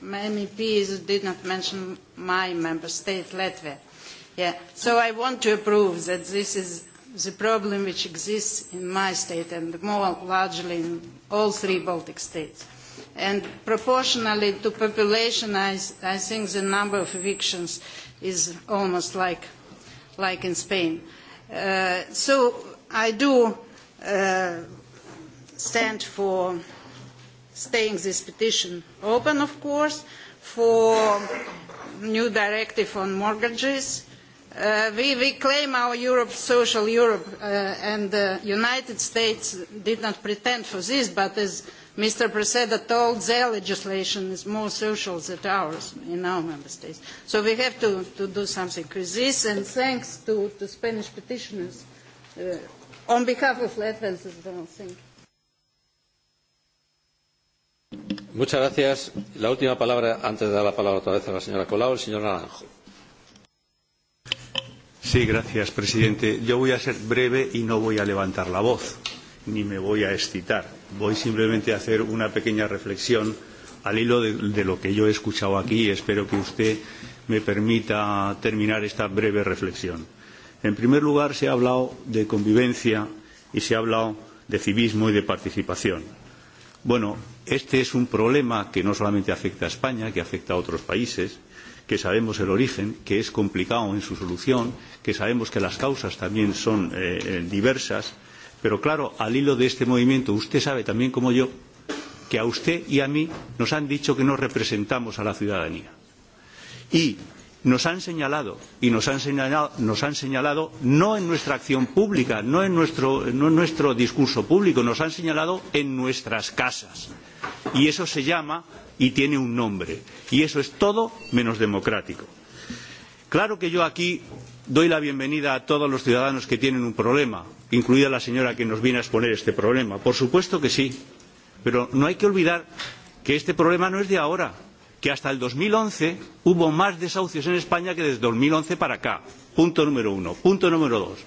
MEPs, did not mention my member state, Latvia. Yeah. So I want to approve that this is the problem which exists in my state and more largely in all three Baltic states. And proportionally to population, I, I think the number of evictions is almost like, like in Spain. Uh, so I do uh, stand for staying this petition open, of course, for new directive on mortgages, Uh, we, we claim our Europe, social Europe, uh, and the uh, United States did not pretend for this, but as Mr. Preseda told, their legislation is more social than ours in our member states. So we have to, to do something with this, and thanks to, to Spanish petitioners uh, on behalf of Latvians as well. Thank you. Muchas gracias. La última palabra, antes de dar la palabra otra vez a la señora Colau, el señor Naranjo. Sí, gracias, presidente. Yo voy a ser breve y no voy a levantar la voz, ni me voy a excitar. Voy simplemente a hacer una pequeña reflexión al hilo de, de lo que yo he escuchado aquí. Espero que usted me permita terminar esta breve reflexión. En primer lugar, se ha hablado de convivencia y se ha hablado de civismo y de participación. Bueno, este es un problema que no solamente afecta a España, que afecta a otros países, que sabemos el origen, que es complicado en su solución, que sabemos que las causas también son eh, eh, diversas, pero claro, al hilo de este movimiento, usted sabe también como yo que a usted y a mí nos han dicho que no representamos a la ciudadanía. Y nos han señalado y nos han señalado, nos han señalado no en nuestra acción pública, no en, nuestro, no en nuestro discurso público, nos han señalado en nuestras casas. Y eso se llama y tiene un nombre. Y eso es todo menos democrático. Claro que yo aquí doy la bienvenida a todos los ciudadanos que tienen un problema, incluida la señora que nos viene a exponer este problema. Por supuesto que sí. Pero no hay que olvidar que este problema no es de ahora que hasta el 2011 hubo más desahucios en España que desde 2011 para acá. Punto número uno. Punto número dos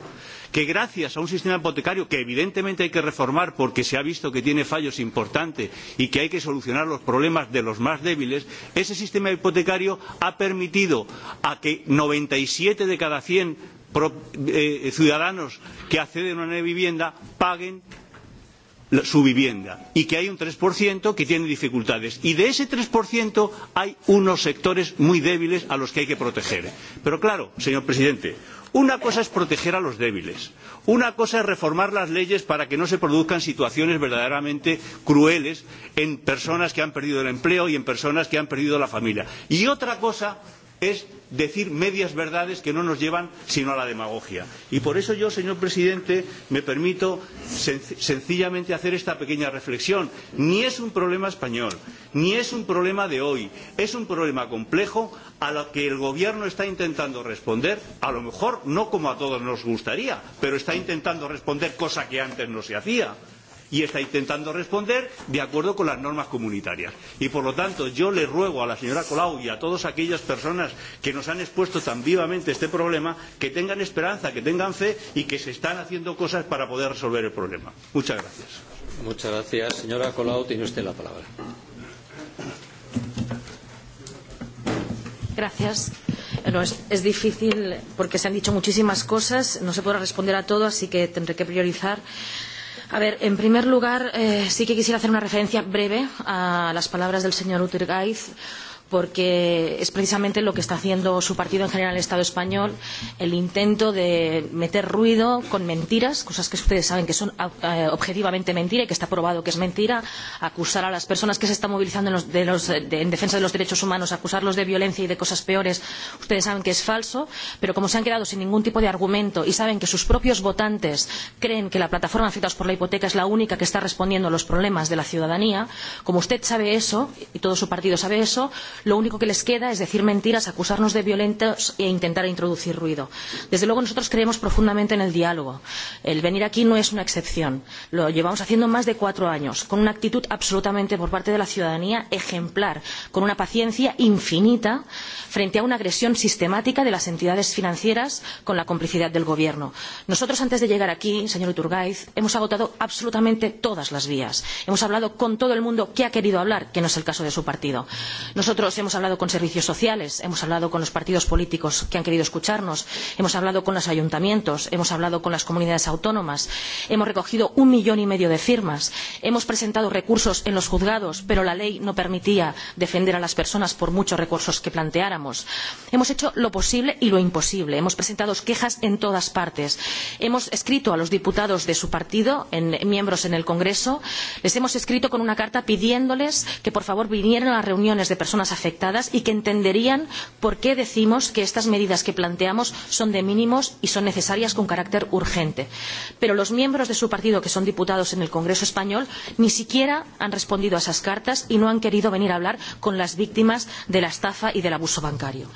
que gracias a un sistema hipotecario que evidentemente hay que reformar porque se ha visto que tiene fallos importantes y que hay que solucionar los problemas de los más débiles ese sistema hipotecario ha permitido a que noventa y siete de cada cien eh, ciudadanos que acceden a una vivienda paguen su vivienda y que hay un 3% que tiene dificultades. Y de ese 3% hay unos sectores muy débiles a los que hay que proteger. Pero claro, señor presidente, una cosa es proteger a los débiles, una cosa es reformar las leyes para que no se produzcan situaciones verdaderamente crueles en personas que han perdido el empleo y en personas que han perdido la familia. Y otra cosa es decir medias verdades que no nos llevan sino a la demagogia. Y por eso yo, señor presidente, me permito sen sencillamente hacer esta pequeña reflexión. Ni es un problema español, ni es un problema de hoy, es un problema complejo a lo que el Gobierno está intentando responder, a lo mejor no como a todos nos gustaría, pero está intentando responder cosa que antes no se hacía y está intentando responder de acuerdo con las normas comunitarias. Y por lo tanto, yo le ruego a la señora Colau y a todas aquellas personas que nos han expuesto tan vivamente este problema que tengan esperanza, que tengan fe y que se están haciendo cosas para poder resolver el problema. Muchas gracias. Muchas gracias. Señora Colau, tiene usted la palabra. Gracias. Bueno, es, es difícil porque se han dicho muchísimas cosas, no se podrá responder a todo, así que tendré que priorizar. Eh, A ver, en primer lugar, eh, sí que quisiera hacer una referencia breve a las palabras del señor Utergaiz porque es precisamente lo que está haciendo su partido en general el Estado español, el intento de meter ruido con mentiras, cosas que ustedes saben que son ah, eh, objetivamente mentira y que está probado que es mentira, acusar a las personas que se están movilizando en, los, de los, de, en defensa de los derechos humanos, acusarlos de violencia y de cosas peores, ustedes saben que es falso, pero como se han quedado sin ningún tipo de argumento y saben que sus propios votantes creen que la plataforma afectados por la hipoteca es la única que está respondiendo a los problemas de la ciudadanía, como usted sabe eso y todo su partido sabe eso, lo único que les queda es decir mentiras, acusarnos de violentos e intentar introducir ruido. Desde luego nosotros creemos profundamente en el diálogo. El venir aquí no es una excepción. Lo llevamos haciendo más de cuatro años, con una actitud absolutamente por parte de la ciudadanía ejemplar, con una paciencia infinita frente a una agresión sistemática de las entidades financieras con la complicidad del Gobierno. Nosotros, antes de llegar aquí, señor Iturgaiz, hemos agotado absolutamente todas las vías. Hemos hablado con todo el mundo que ha querido hablar, que no es el caso de su partido. Nosotros nosotros, hemos hablado con servicios sociales, hemos hablado con los partidos políticos que han querido escucharnos, hemos hablado con los ayuntamientos, hemos hablado con las comunidades autónomas, hemos recogido un millón y medio de firmas, hemos presentado recursos en los juzgados, pero la ley no permitía defender a las personas por muchos recursos que planteáramos. Hemos hecho lo posible y lo imposible, hemos presentado quejas en todas partes, hemos escrito a los diputados de su partido, en, miembros en el Congreso, les hemos escrito con una carta pidiéndoles que por favor vinieran a las reuniones de personas afectadas y que entenderían por qué decimos que estas medidas que planteamos son de mínimos y son necesarias con carácter urgente. Pero los miembros de su partido, que son diputados en el Congreso español, ni siquiera han respondido a esas cartas y no han querido venir a hablar con las víctimas de la estafa y del abuso bancario.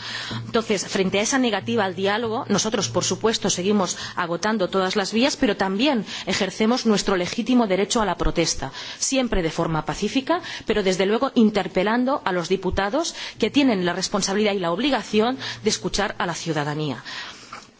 Entonces, frente a esa negativa al diálogo, nosotros, por supuesto, seguimos agotando todas las vías, pero también ejercemos nuestro legítimo derecho a la protesta, siempre de forma pacífica, pero desde luego interpelando a los diputados privados que tienen la responsabilidad y la obligación de escuchar a la ciudadanía.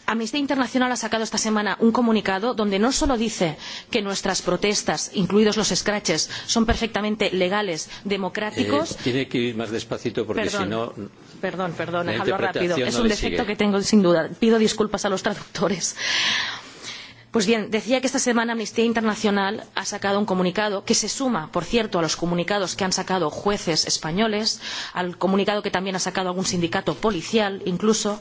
Amnistía Internacional ha sacado esta semana un comunicado donde no solo dice que nuestras protestas, incluidos los escraches, son perfectamente legales, democráticos. Eh, tiene que ir más despacito porque perdón, si no. Perdón, perdón, hablo rápido. Es no un defecto sigue. que tengo sin duda. Pido disculpas a los traductores. Eh, Pues bien, decía que esta semana Amnistía Internacional ha sacado un comunicado que se suma, por cierto, a los comunicados que han sacado jueces españoles, al comunicado que también ha sacado algún sindicato policial incluso,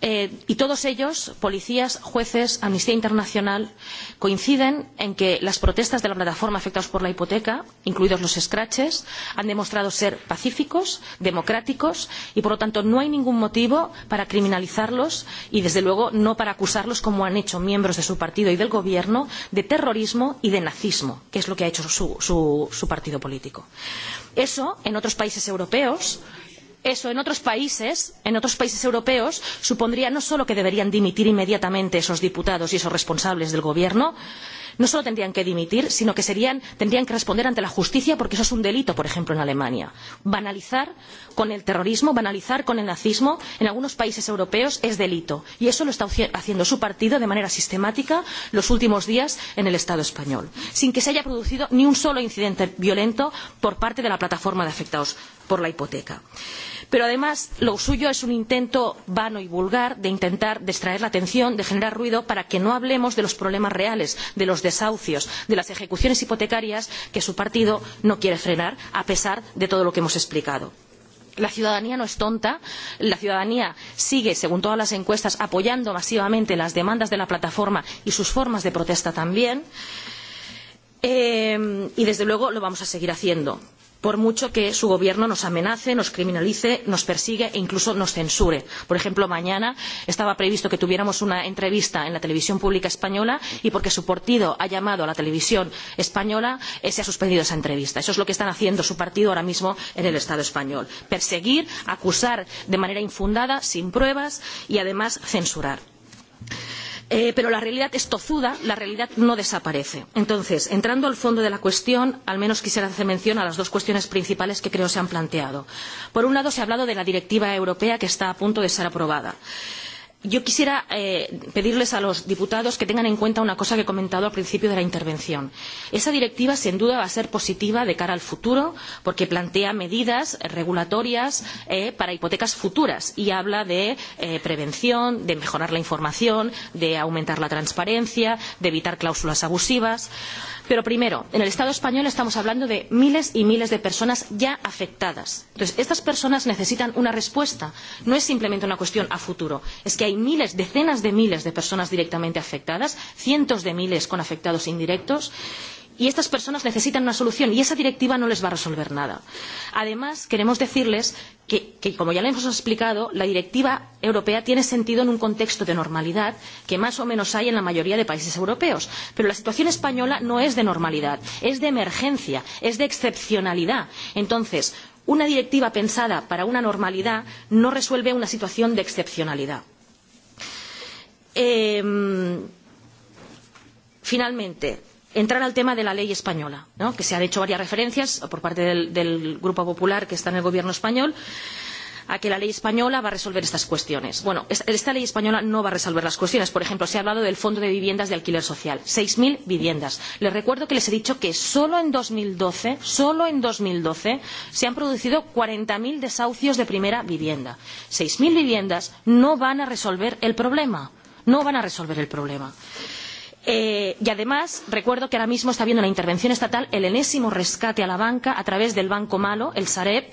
Eh, y todos ellos, policías, jueces, Amnistía Internacional, coinciden en que las protestas de la plataforma afectados por la hipoteca, incluidos los escraches, han demostrado ser pacíficos, democráticos y, por lo tanto, no hay ningún motivo para criminalizarlos y, desde luego, no para acusarlos, como han hecho miembros de su partido y del Gobierno, de terrorismo y de nazismo, que es lo que ha hecho su, su, su partido político. Eso, en otros países europeos, eso en otros países, en otros países europeos, supondría no solo que deberían dimitir inmediatamente esos diputados y esos responsables del gobierno, sino no solo tendrían que dimitir, sino que serían, tendrían que responder ante la justicia porque eso es un delito, por ejemplo, en Alemania. Banalizar con el terrorismo, banalizar con el nazismo en algunos países europeos es delito. Y eso lo está haciendo su partido de manera sistemática los últimos días en el Estado español, sin que se haya producido ni un solo incidente violento por parte de la plataforma de afectados por la hipoteca. Eh, Pero además lo suyo es un intento vano y vulgar de intentar distraer la atención, de generar ruido para que no hablemos de los problemas reales, de los desahucios, de las ejecuciones hipotecarias que su partido no quiere frenar a pesar de todo lo que hemos explicado. La ciudadanía no es tonta, la ciudadanía sigue, según todas las encuestas, apoyando masivamente las demandas de la plataforma y sus formas de protesta también. Eh, y desde luego lo vamos a seguir haciendo por mucho que su gobierno nos amenace, nos criminalice, nos persigue e incluso nos censure. Por ejemplo, mañana estaba previsto que tuviéramos una entrevista en la televisión pública española y porque su partido ha llamado a la televisión española eh, se ha suspendido esa entrevista. Eso es lo que están haciendo su partido ahora mismo en el Estado español. Perseguir, acusar de manera infundada, sin pruebas y además censurar. Thank you. Eh, pero la realidad es tozuda, la realidad no desaparece. Entonces, entrando al fondo de la cuestión, al menos quisiera hacer mención a las dos cuestiones principales que creo se han planteado. Por un lado, se ha hablado de la directiva europea que está a punto de ser aprobada. Eh, yo quisiera eh, pedirles a los diputados que tengan en cuenta una cosa que he comentado al principio de la intervención. Esa directiva, sin duda, va a ser positiva de cara al futuro porque plantea medidas regulatorias eh, para hipotecas futuras y habla de eh, prevención, de mejorar la información, de aumentar la transparencia, de evitar cláusulas abusivas. Eh, Pero primero, en el Estado español estamos hablando de miles y miles de personas ya afectadas. Entonces, estas personas necesitan una respuesta. No es simplemente una cuestión a futuro. Es que hay miles, decenas de miles de personas directamente afectadas, cientos de miles con afectados indirectos y estas personas necesitan una solución y esa directiva no les va a resolver nada. Además, queremos decirles que, que, como ya le hemos explicado, la directiva europea tiene sentido en un contexto de normalidad que más o menos hay en la mayoría de países europeos. Pero la situación española no es de normalidad, es de emergencia, es de excepcionalidad. Entonces, una directiva pensada para una normalidad no resuelve una situación de excepcionalidad. Eh, finalmente, entrar al tema de la ley española, ¿no? que se han hecho varias referencias por parte del, del Grupo Popular que está en el Gobierno español a que la ley española va a resolver estas cuestiones. Bueno, esta, esta ley española no va a resolver las cuestiones. Por ejemplo, se ha hablado del Fondo de Viviendas de Alquiler Social. 6.000 viviendas. Les recuerdo que les he dicho que solo en 2012, solo en 2012, se han producido 40.000 desahucios de primera vivienda. 6.000 viviendas no van a resolver el problema. No van a resolver el problema. Eh, Eh, y además, recuerdo que ahora mismo está habiendo una intervención estatal, el enésimo rescate a la banca a través del Banco Malo, el Sareb,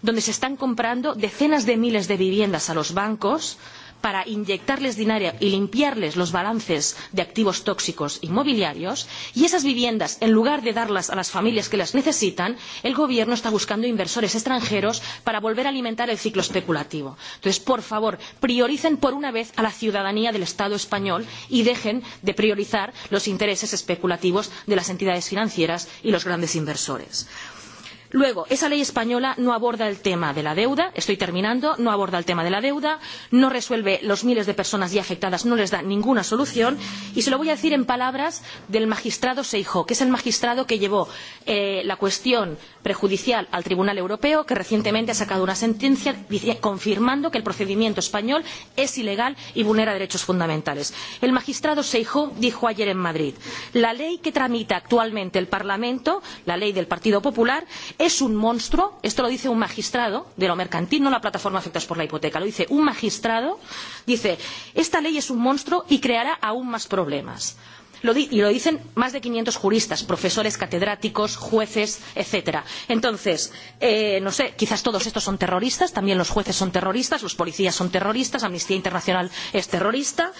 donde se están comprando decenas de miles de viviendas a los bancos para inyectarles dinero y limpiarles los balances de activos tóxicos inmobiliarios y esas viviendas, en lugar de darlas a las familias que las necesitan, el Gobierno está buscando inversores extranjeros para volver a alimentar el ciclo especulativo. Entonces, por favor, prioricen por una vez a la ciudadanía del Estado español y dejen de priorizar los intereses especulativos de las entidades financieras y los grandes inversores. Gracias Luego, esa ley española no aborda el tema de la deuda, estoy terminando, no aborda el tema de la deuda, no resuelve los miles de personas ya afectadas, no les da ninguna solución. Y se lo voy a decir en palabras del magistrado Seijo, que es el magistrado que llevó eh, la cuestión prejudicial al Tribunal Europeo, que recientemente ha sacado una sentencia confirmando que el procedimiento español es ilegal y vulnera derechos fundamentales. El magistrado Seijo dijo ayer en Madrid, la ley que tramita actualmente el Parlamento, la ley del Partido Popular, es un monstruo, esto lo dice un magistrado de lo mercantil, no la plataforma afectados por la hipoteca, lo dice un magistrado, dice, esta ley es un monstruo y creará aún más problemas. Lo di y lo dicen más de 500 juristas, profesores, catedráticos, jueces, etc. Entonces, eh, no sé, quizás todos estos son terroristas, también los jueces son terroristas, los policías son terroristas, Amnistía Internacional es terrorista.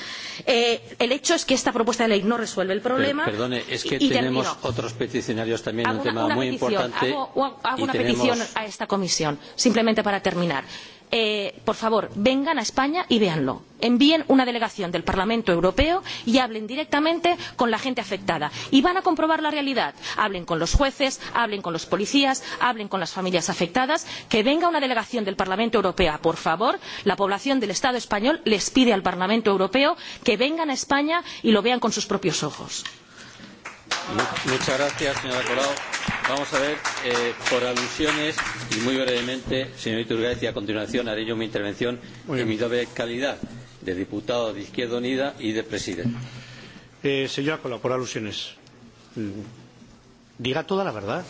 Eh, el hecho es que esta propuesta de ley no resuelve el problema. Pero, perdone, es que y, tenemos y termino. otros peticionarios también, hago un una, tema una muy petición, importante. Hago, hago una tenemos... petición a esta comisión, simplemente para terminar eh, por favor, vengan a España y véanlo. Envíen una delegación del Parlamento Europeo y hablen directamente con la gente afectada. Y van a comprobar la realidad. Hablen con los jueces, hablen con los policías, hablen con las familias afectadas. Que venga una delegación del Parlamento Europeo, por favor. La población del Estado español les pide al Parlamento Europeo que vengan a España y lo vean con sus propios ojos. Muchas gracias, señora Colau. Vamos a ver, eh, por alusiones y muy brevemente, señor Iturgaiz, y a continuación haré yo mi intervención en mi doble calidad de diputado de Izquierda Unida y de presidente. Eh, señora Colau, por alusiones, mm, diga toda la verdad.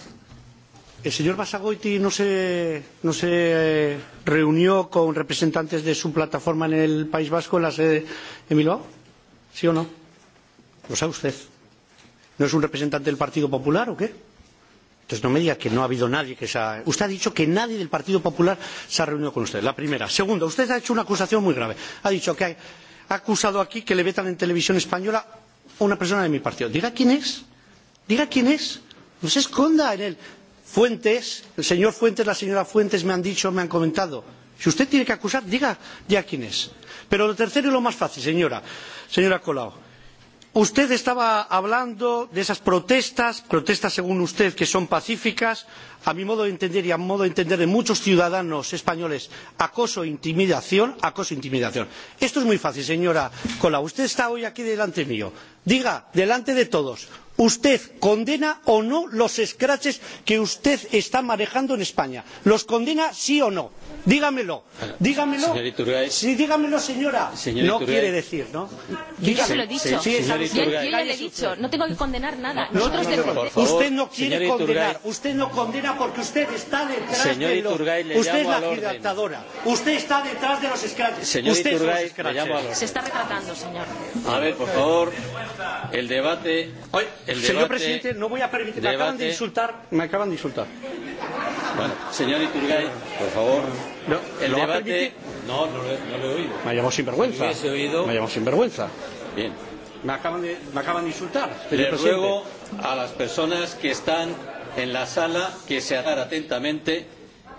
¿El señor Basagoiti no se, no se eh, reunió con representantes de su plataforma en el País Vasco en la sede en Bilbao? ¿Sí o no? Lo sabe usted no es un representante del Partido Popular o qué? Entonces no me diga que no ha habido nadie que se ha... Usted ha dicho que nadie del Partido Popular se ha reunido con usted. La primera. Segunda, usted ha hecho una acusación muy grave. Ha dicho que ha acusado aquí que le vetan en televisión española a una persona de mi partido. Diga quién es. Diga quién es. No se esconda en él. Fuentes, el señor Fuentes, la señora Fuentes me han dicho, me han comentado. Si usted tiene que acusar, diga ya quién es. Pero lo tercero y lo más fácil, señora, señora Colau usted estaba hablando de esas protestas protestas según usted que son pacíficas a mi modo de entender y a modo de entender de muchos ciudadanos españoles acoso e intimidación acoso e intimidación. esto es muy fácil señora colau usted está hoy aquí delante mío diga delante de todos usted condena o no los escraches que usted está manejando en españa? los condena sí o no? dígamelo. dígamelo. Señor Iturgaiz. Sí, dígamelo, señora. Señor no Iturgaiz. quiere decir, ¿no? Dígame. Yo ya se lo he dicho. Sí, señor yo, yo ya le he dicho. No tengo que condenar nada. No, Nosotros no, no, no, no. Por usted no quiere señor condenar. Iturgaiz. Usted no condena porque usted está detrás señor de los... Iturgaiz, le usted llamo es la redactadora. Usted está detrás de los escraches. Señor usted Iturgaiz, es los escraches. Le llamo a los... Se está retratando, señor. A ver, por favor, el debate... Hoy, el debate, Señor presidente, no voy a permitir. Debate, me acaban de insultar. Me acaban de insultar. Bueno, señor Iturgay, por favor. No, el ¿lo debate. Permite? No, no, no lo he oído. Me ha llamado sinvergüenza. Si oído... Me ha llamado sinvergüenza. Bien. Me acaban de, me acaban de insultar. Le presidente. ruego a las personas que están en la sala que se hagan atentamente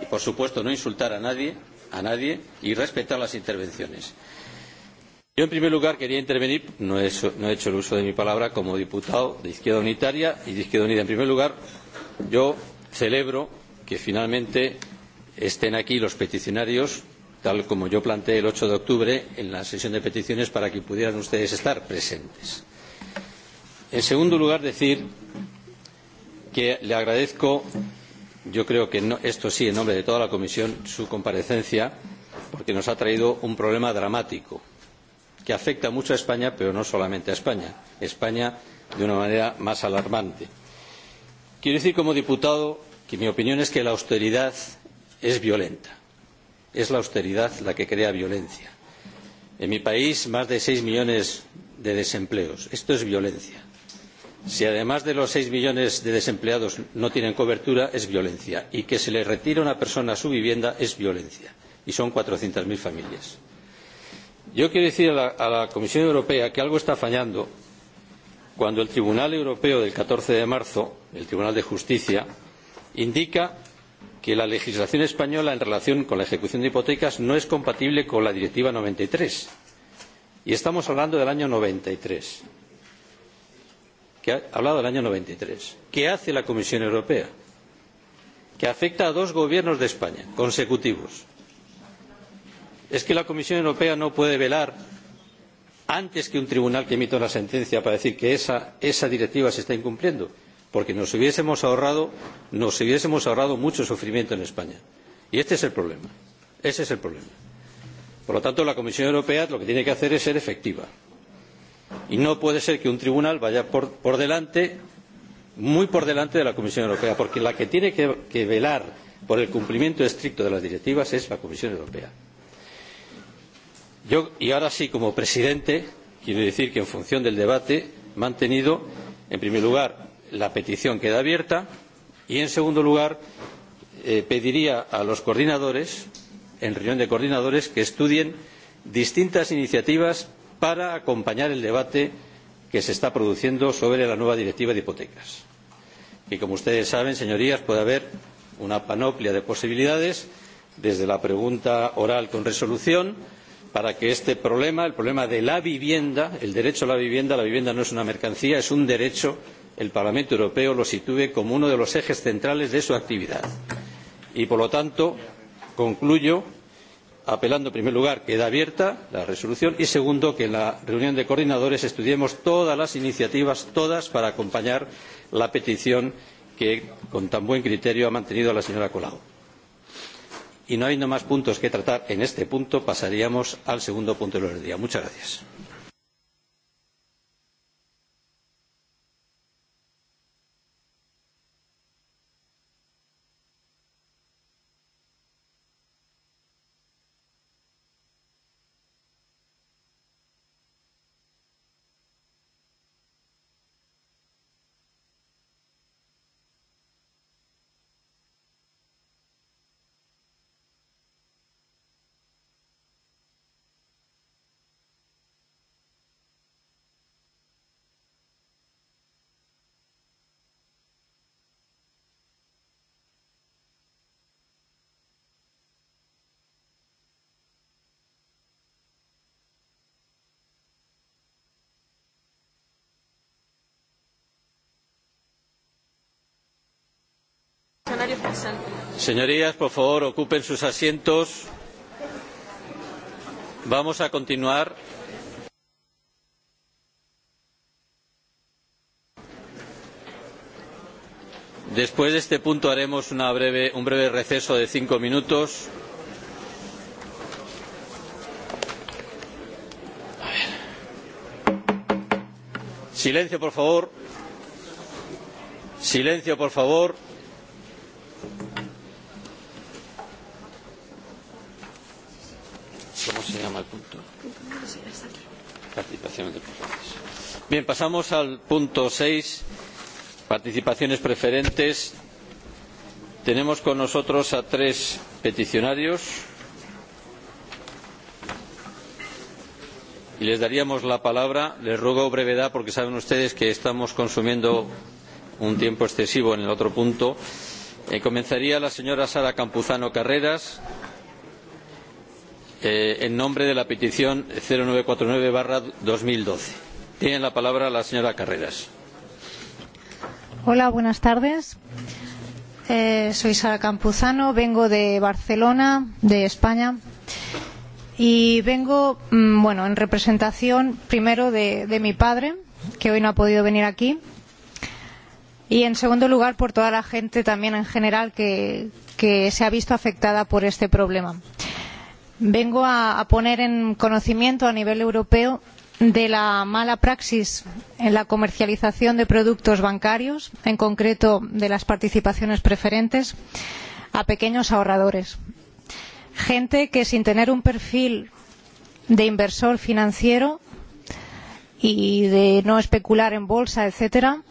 y, por supuesto, no insultar a nadie, a nadie y respetar las intervenciones. Yo, en primer lugar, quería intervenir, no he, hecho, no he hecho el uso de mi palabra, como diputado de Izquierda Unitaria y de Izquierda Unida. En primer lugar, yo celebro que finalmente estén aquí los peticionarios, tal como yo planteé el 8 de octubre en la sesión de peticiones, para que pudieran ustedes estar presentes. En segundo lugar, decir que le agradezco, yo creo que no, esto sí, en nombre de toda la Comisión, su comparecencia, porque nos ha traído un problema dramático que afecta mucho a España, pero no solamente a España, España de una manera más alarmante. Quiero decir como diputado que mi opinión es que la austeridad es violenta. Es la austeridad la que crea violencia. En mi país, más de 6 millones de desempleos. Esto es violencia. Si además de los 6 millones de desempleados no tienen cobertura, es violencia. Y que se le retire a una persona a su vivienda es violencia. Y son 400.000 familias Yo quiero decir a la, a la Comisión Europea que algo está fallando cuando el Tribunal Europeo del 14 de marzo, el Tribunal de Justicia, indica que la legislación española en relación con la ejecución de hipotecas no es compatible con la Directiva 93. Y estamos hablando del año 93. Que ha hablado del año 93. ¿Qué hace la Comisión Europea? Que afecta a dos gobiernos de España consecutivos es que la Comisión Europea no puede velar antes que un tribunal que emita una sentencia para decir que esa, esa directiva se está incumpliendo, porque nos hubiésemos, ahorrado, nos hubiésemos ahorrado mucho sufrimiento en España. Y este es el problema. Ese es el problema. Por lo tanto, la Comisión Europea lo que tiene que hacer es ser efectiva. Y no puede ser que un tribunal vaya por, por delante, muy por delante de la Comisión Europea, porque la que tiene que, que velar por el cumplimiento estricto de las directivas es la Comisión Europea. Yo, y ahora sí, como presidente, quiero decir que en función del debate he mantenido, en primer lugar, la petición queda abierta y, en segundo lugar, eh, pediría a los coordinadores, en reunión de coordinadores, que estudien distintas iniciativas para acompañar el debate que se está produciendo sobre la nueva directiva de hipotecas. Y como ustedes saben, señorías, puede haber una panoplia de posibilidades, desde la pregunta oral con resolución, para que este problema el problema de la vivienda el derecho a la vivienda la vivienda no es una mercancía es un derecho el parlamento europeo lo sitúe como uno de los ejes centrales de su actividad. y por lo tanto concluyo apelando en primer lugar a que quede abierta la resolución y en segundo lugar a que en la reunión de coordinadores estudiemos todas las iniciativas todas para acompañar la petición que con tan buen criterio ha mantenido la señora colau y no habiendo más puntos que tratar en este punto pasaríamos al segundo punto del orden del día. muchas gracias. Señorías, por favor, ocupen sus asientos. Vamos a continuar. Después de este punto haremos una breve, un breve receso de cinco minutos. Silencio, por favor. Silencio, por favor. al punto. Participaciones de preferentes. Bien, pasamos al punto 6, participaciones preferentes. Tenemos con nosotros a tres peticionarios y les daríamos la palabra. Les ruego brevedad porque saben ustedes que estamos consumiendo un tiempo excesivo en el otro punto. Eh, comenzaría la señora Sara Campuzano Carreras, eh, en nombre de la petición 0949-2012. Tiene la palabra la señora Carreras. Hola, buenas tardes. Eh, soy Sara Campuzano, vengo de Barcelona, de España, y vengo, mmm, bueno, en representación primero de, de mi padre, que hoy no ha podido venir aquí, y en segundo lugar por toda la gente también en general que, que se ha visto afectada por este problema. Eh, vengo a, a poner en conocimiento a nivel europeo de la mala praxis en la comercialización de productos bancarios, en concreto de las participaciones preferentes, a pequeños ahorradores. Gente que sin tener un perfil de inversor financiero y de no especular en bolsa, etcétera,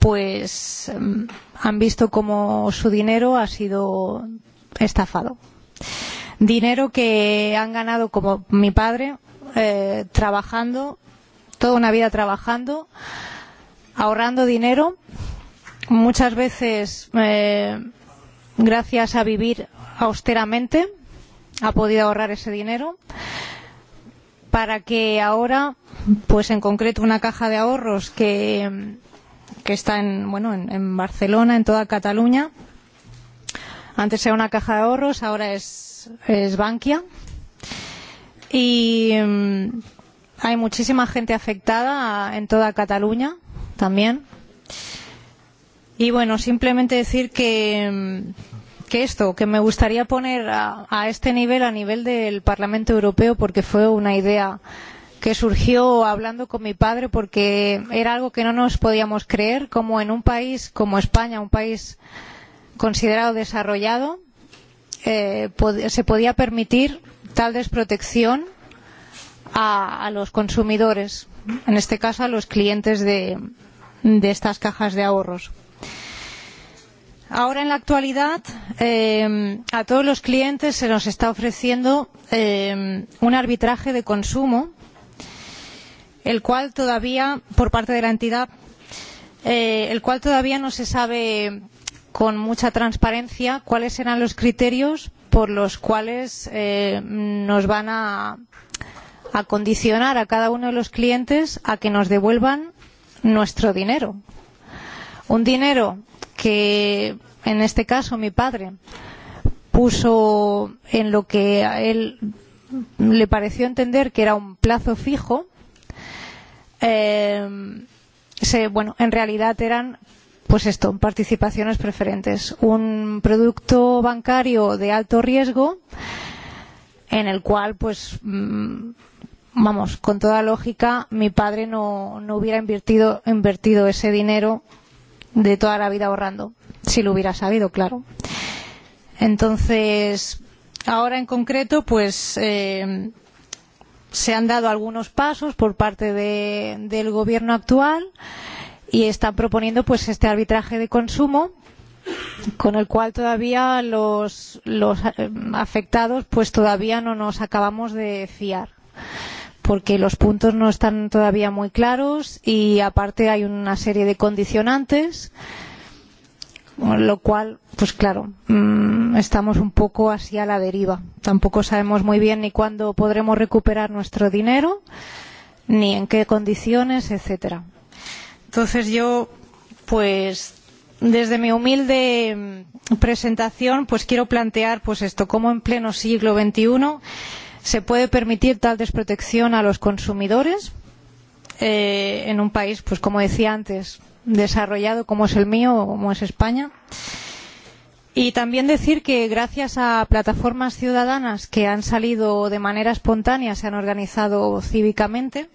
pues mm, han visto cómo su dinero ha sido estafado. Eh, dinero que han ganado como mi padre eh, trabajando toda una vida trabajando ahorrando dinero muchas veces eh, gracias a vivir austeramente ha podido ahorrar ese dinero para que ahora pues en concreto una caja de ahorros que, que está en, bueno, en, en Barcelona, en toda Cataluña. Antes era una caja de ahorros, ahora es es, es Bankia. Y mmm, hay muchísima gente afectada en toda Cataluña también. Y bueno, simplemente decir que, mm, que esto, que me gustaría poner a, a este nivel, a nivel del Parlamento Europeo, porque fue una idea que surgió hablando con mi padre porque era algo que no nos podíamos creer, como en un país como España, un país considerado desarrollado, eh, se podía permitir tal desprotección a, a los consumidores, en este caso a los clientes de, de estas cajas de ahorros. Ahora, en la actualidad, eh, a todos los clientes se nos está ofreciendo eh, un arbitraje de consumo, el cual todavía, por parte de la entidad, eh, el cual todavía no se sabe con mucha transparencia cuáles serán los criterios por los cuales eh, nos van a, a condicionar a cada uno de los clientes a que nos devuelvan nuestro dinero. Un dinero que, en este caso, mi padre puso en lo que a él le pareció entender que era un plazo fijo. Eh, se, bueno, en realidad eran pues esto, participaciones preferentes. Un producto bancario de alto riesgo en el cual, pues, mmm, vamos, con toda lógica, mi padre no, no hubiera invertido, invertido ese dinero de toda la vida ahorrando, si lo hubiera sabido, claro. Entonces, ahora en concreto, pues eh, se han dado algunos pasos por parte de, del gobierno actual. Eh, y están proponiendo pues este arbitraje de consumo con el cual todavía los, los eh, afectados pues todavía no nos acabamos de fiar porque los puntos no están todavía muy claros y aparte hay una serie de condicionantes lo cual pues claro mm, estamos un poco así a la deriva tampoco sabemos muy bien ni cuándo podremos recuperar nuestro dinero ni en qué condiciones etcétera. Entonces yo, pues, desde mi humilde mm, presentación, pues quiero plantear pues esto, cómo en pleno siglo XXI se puede permitir tal desprotección a los consumidores eh, en un país, pues como decía antes, desarrollado como es el mío o como es España. Y también decir que gracias a plataformas ciudadanas que han salido de manera espontánea, se han organizado cívicamente, eh,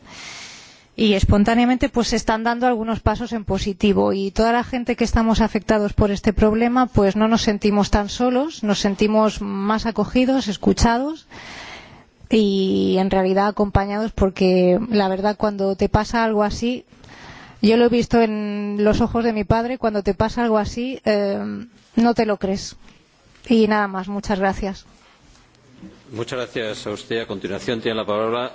y espontáneamente pues se están dando algunos pasos en positivo y toda la gente que estamos afectados por este problema pues no nos sentimos tan solos, nos sentimos más acogidos, escuchados y en realidad acompañados porque la verdad cuando te pasa algo así yo lo he visto en los ojos de mi padre cuando te pasa algo así eh, no te lo crees y nada más muchas gracias muchas gracias a usted a continuación tiene la palabra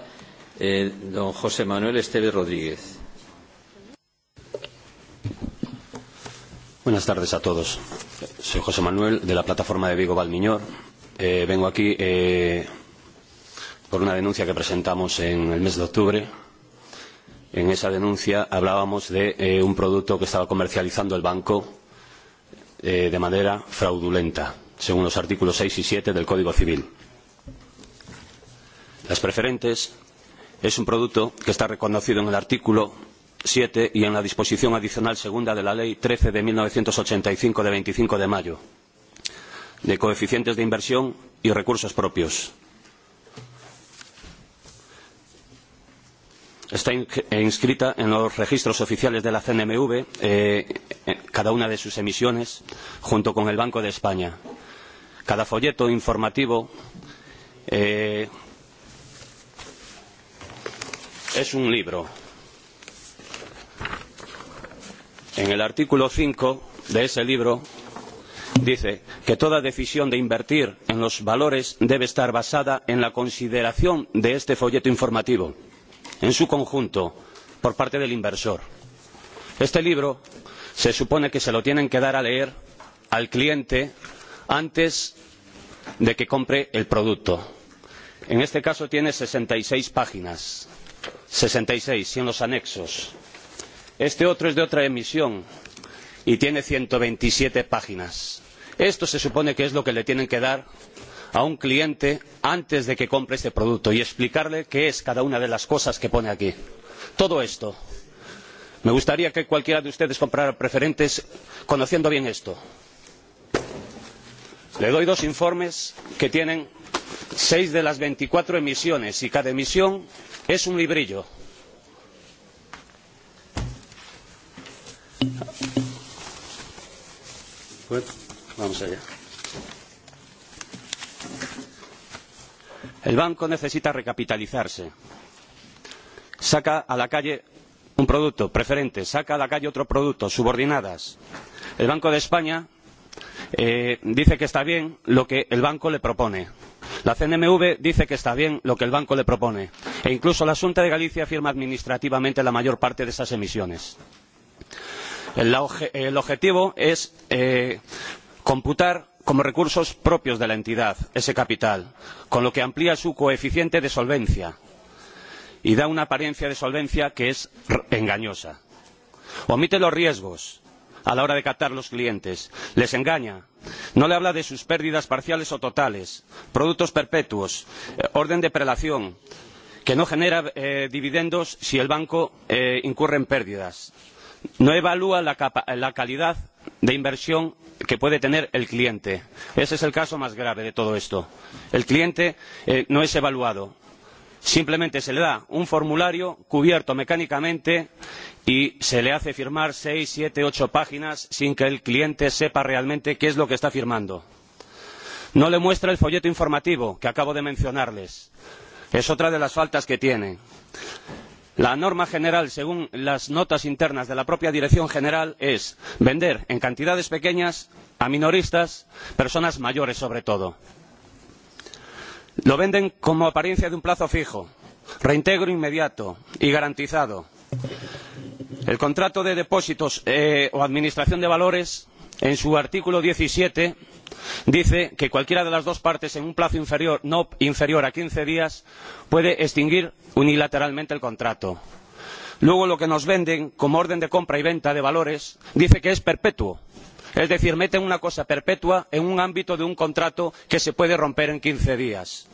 eh, don José Manuel Esteves Rodríguez. Buenas tardes a todos. Soy José Manuel de la plataforma de Vigo Valmiñor. Eh, vengo aquí eh, por una denuncia que presentamos en el mes de octubre. En esa denuncia hablábamos de eh, un producto que estaba comercializando el banco eh, de manera fraudulenta, según los artículos 6 y 7 del Código Civil. Las preferentes es un producto que está reconocido en el artículo 7 y en la disposición adicional segunda de la Ley 13 de 1985 de 25 de mayo de coeficientes de inversión y recursos propios. Está eh, inscrita en los registros oficiales de la CNMV eh, eh, cada una de sus emisiones junto con el Banco de España. Cada folleto informativo eh, es un libro. En el artículo 5 de ese libro dice que toda decisión de invertir en los valores debe estar basada en la consideración de este folleto informativo, en su conjunto, por parte del inversor. Este libro se supone que se lo tienen que dar a leer al cliente antes de que compre el producto. En este caso tiene 66 páginas sesenta y seis y en los anexos. este otro es de otra emisión y tiene ciento veintisiete páginas. esto se supone que es lo que le tienen que dar a un cliente antes de que compre este producto y explicarle qué es cada una de las cosas que pone aquí. todo esto. me gustaría que cualquiera de ustedes comprara preferentes conociendo bien esto. le doy dos informes que tienen seis de las veinticuatro emisiones y cada emisión es un librillo. Bueno, vamos allá. El banco necesita recapitalizarse. Saca a la calle un producto preferente, saca a la calle otro producto, subordinadas. El Banco de España eh, dice que está bien lo que el banco le propone. La CNMV dice que está bien lo que el banco le propone. E incluso la Junta de Galicia firma administrativamente la mayor parte de esas emisiones. El, el objetivo es eh, computar como recursos propios de la entidad ese capital, con lo que amplía su coeficiente de solvencia y da una apariencia de solvencia que es engañosa. Omite los riesgos a la hora de captar los clientes. Les engaña. No le habla de sus pérdidas parciales o totales, productos perpetuos, eh, orden de prelación, que no genera eh, dividendos si el banco eh, incurre en pérdidas. No evalúa la, capa, la calidad de inversión que puede tener el cliente. Ese es el caso más grave de todo esto. El cliente eh, no es evaluado simplemente se le da un formulario cubierto mecánicamente y se le hace firmar seis siete ocho páginas sin que el cliente sepa realmente qué es lo que está firmando. no le muestra el folleto informativo que acabo de mencionarles es otra de las faltas que tiene. la norma general según las notas internas de la propia dirección general es vender en cantidades pequeñas a minoristas personas mayores sobre todo lo venden como apariencia de un plazo fijo reintegro inmediato y garantizado. el contrato de depósitos eh, o administración de valores en su artículo diecisiete dice que cualquiera de las dos partes en un plazo inferior, no inferior a quince días puede extinguir unilateralmente el contrato. luego lo que nos venden como orden de compra y venta de valores dice que es perpetuo es decir meten una cosa perpetua en un ámbito de un contrato que se puede romper en quince días.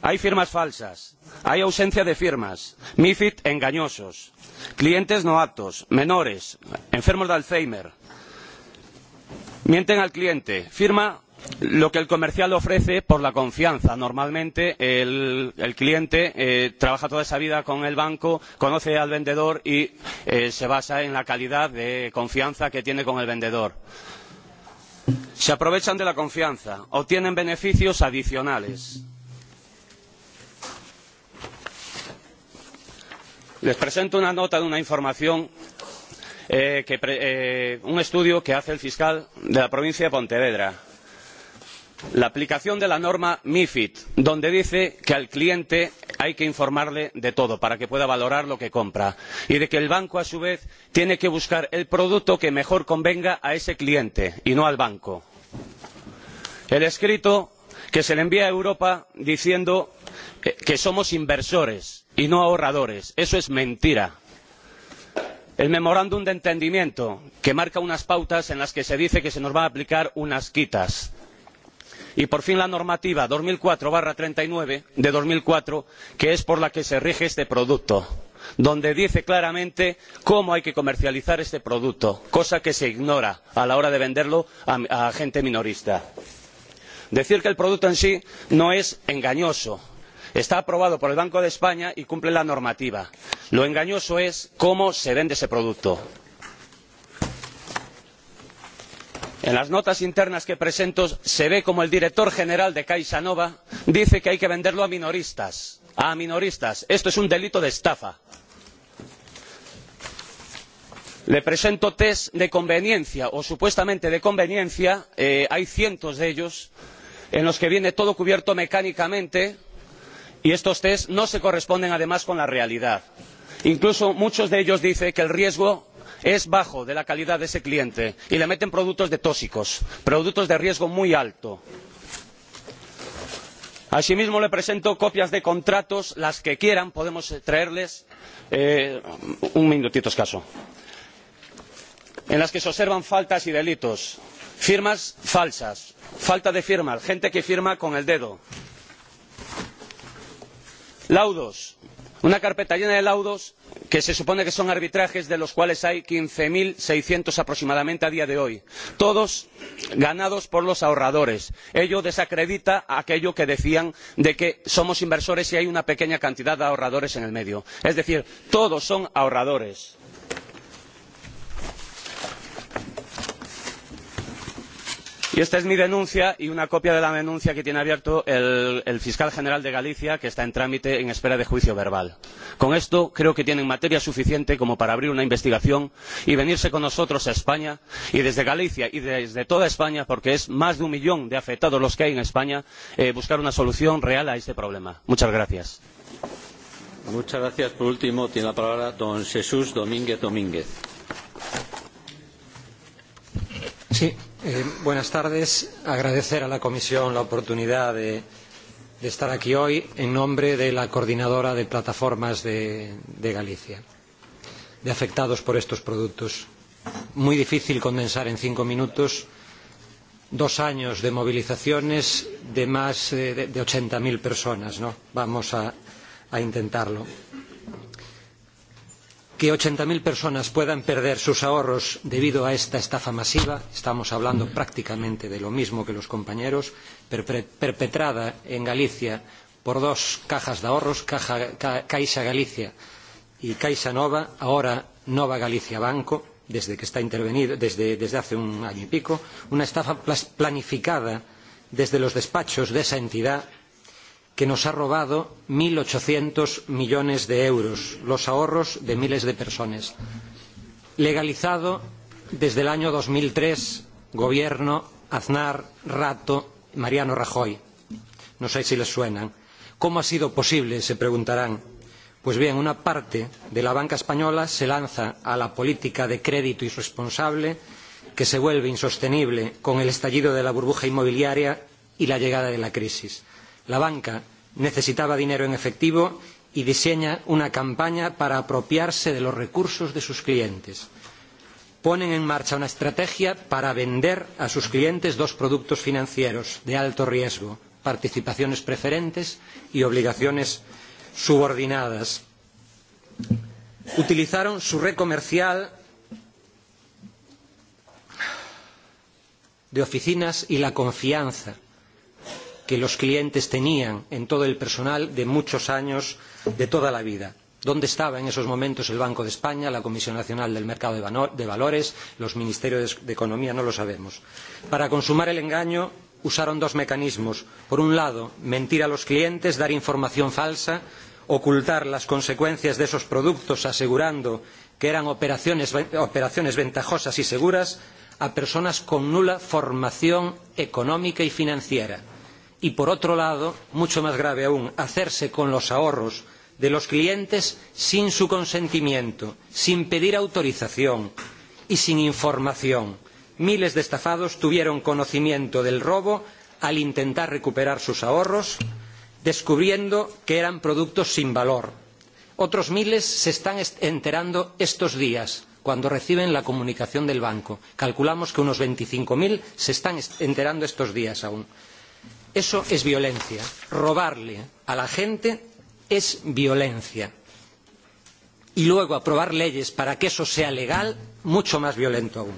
hay firmas falsas hay ausencia de firmas mifid engañosos clientes no aptos menores enfermos de alzheimer mienten al cliente firma lo que el comercial ofrece por la confianza. Normalmente el, el cliente eh, trabaja toda esa vida con el banco, conoce al vendedor y eh, se basa en la calidad de confianza que tiene con el vendedor. Se aprovechan de la confianza, obtienen beneficios adicionales. Les presento una nota de una información eh, que, eh, un estudio que hace el fiscal de la provincia de Pontevedra la aplicación de la norma mifid donde dice que al cliente hay que informarle de todo para que pueda valorar lo que compra y de que el banco a su vez tiene que buscar el producto que mejor convenga a ese cliente y no al banco. el escrito que se le envía a europa diciendo que somos inversores y no ahorradores eso es mentira el memorándum de entendimiento que marca unas pautas en las que se dice que se nos van a aplicar unas quitas y por fin la normativa dos mil cuatro treinta y nueve de dos mil cuatro que es por la que se rige este producto donde dice claramente cómo hay que comercializar este producto cosa que se ignora a la hora de venderlo a gente minorista. decir que el producto en sí no es engañoso está aprobado por el banco de españa y cumple la normativa. lo engañoso es cómo se vende ese producto. en las notas internas que presento se ve cómo el director general de caixanova dice que hay que venderlo a minoristas. a minoristas. esto es un delito de estafa. le presento tests de conveniencia o supuestamente de conveniencia eh, hay cientos de ellos en los que viene todo cubierto mecánicamente y estos tests no se corresponden además con la realidad. incluso muchos de ellos dicen que el riesgo es bajo de la calidad de ese cliente y le meten productos de tóxicos productos de riesgo muy alto. asimismo le presento copias de contratos las que quieran podemos eh, traerles eh, un minutito escaso en las que se observan faltas y delitos firmas falsas falta de firmas gente que firma con el dedo laudos una carpeta llena de laudos que se supone que son arbitrajes de los cuales hay quince seiscientos aproximadamente a día de hoy todos ganados por los ahorradores. ello desacredita aquello que decían de que somos inversores y hay una pequeña cantidad de ahorradores en el medio. es decir todos son ahorradores. y esta es mi denuncia y una copia de la denuncia que tiene abierta el, el fiscal general de galicia que está en trámite en espera de juicio verbal. con esto creo que tienen materia suficiente como para abrir una investigación y venirse con nosotros a españa y desde galicia y desde toda españa porque es más de un millón de afectados los que hay en españa eh, buscar una solución real a este problema. muchas gracias. Muchas gracias. Por último, tiene la palabra don Jesús Domínguez Domínguez. Sí, Eh, buenas tardes. Agradecer a la Comisión la oportunidad de, de estar aquí hoy en nombre de la coordinadora de plataformas de, de Galicia, de afectados por estos productos. Muy difícil condensar en cinco minutos dos años de movilizaciones de más eh, de, de 80.000 personas. ¿no? Vamos a, a intentarlo. Eh, que 80.000 personas puedan perder sus ahorros debido a esta estafa masiva, estamos hablando prácticamente de lo mismo que los compañeros, perpetrada en Galicia por dos cajas de ahorros, Caja, Ca, Caixa Galicia y Caixa Nova, ahora Nova Galicia Banco, desde que está intervenido, desde, desde hace un año y pico, una estafa planificada desde los despachos de esa entidad que nos ha robado 1.800 millones de euros, los ahorros de miles de personas. Legalizado desde el año 2003, gobierno Aznar, Rato, Mariano Rajoy. No sé si les suenan. ¿Cómo ha sido posible? Se preguntarán. Pues bien, una parte de la banca española se lanza a la política de crédito irresponsable que se vuelve insostenible con el estallido de la burbuja inmobiliaria y la llegada de la crisis La banca necesitaba dinero en efectivo y diseña una campaña para apropiarse de los recursos de sus clientes. Ponen en marcha una estrategia para vender a sus clientes dos productos financieros de alto riesgo, participaciones preferentes y obligaciones subordinadas. Utilizaron su red comercial de oficinas y la confianza que los clientes tenían en todo el personal de muchos años, de toda la vida. ¿Dónde estaba en esos momentos el Banco de España, la Comisión Nacional del Mercado de Valores, los Ministerios de Economía? No lo sabemos. Para consumar el engaño usaron dos mecanismos. Por un lado, mentir a los clientes, dar información falsa, ocultar las consecuencias de esos productos asegurando que eran operaciones, operaciones ventajosas y seguras a personas con nula formación económica y financiera y, por otro lado, mucho más grave aún, hacerse con los ahorros de los clientes sin su consentimiento, sin pedir autorización y sin información. Miles de estafados tuvieron conocimiento del robo al intentar recuperar sus ahorros, descubriendo que eran productos sin valor. Otros miles se están enterando estos días cuando reciben la comunicación del banco. Calculamos que unos 25.000 se están enterando estos días aún. Eso es violencia. Robarle a la gente es violencia. Y luego aprobar leyes para que eso sea legal, mucho más violento aún.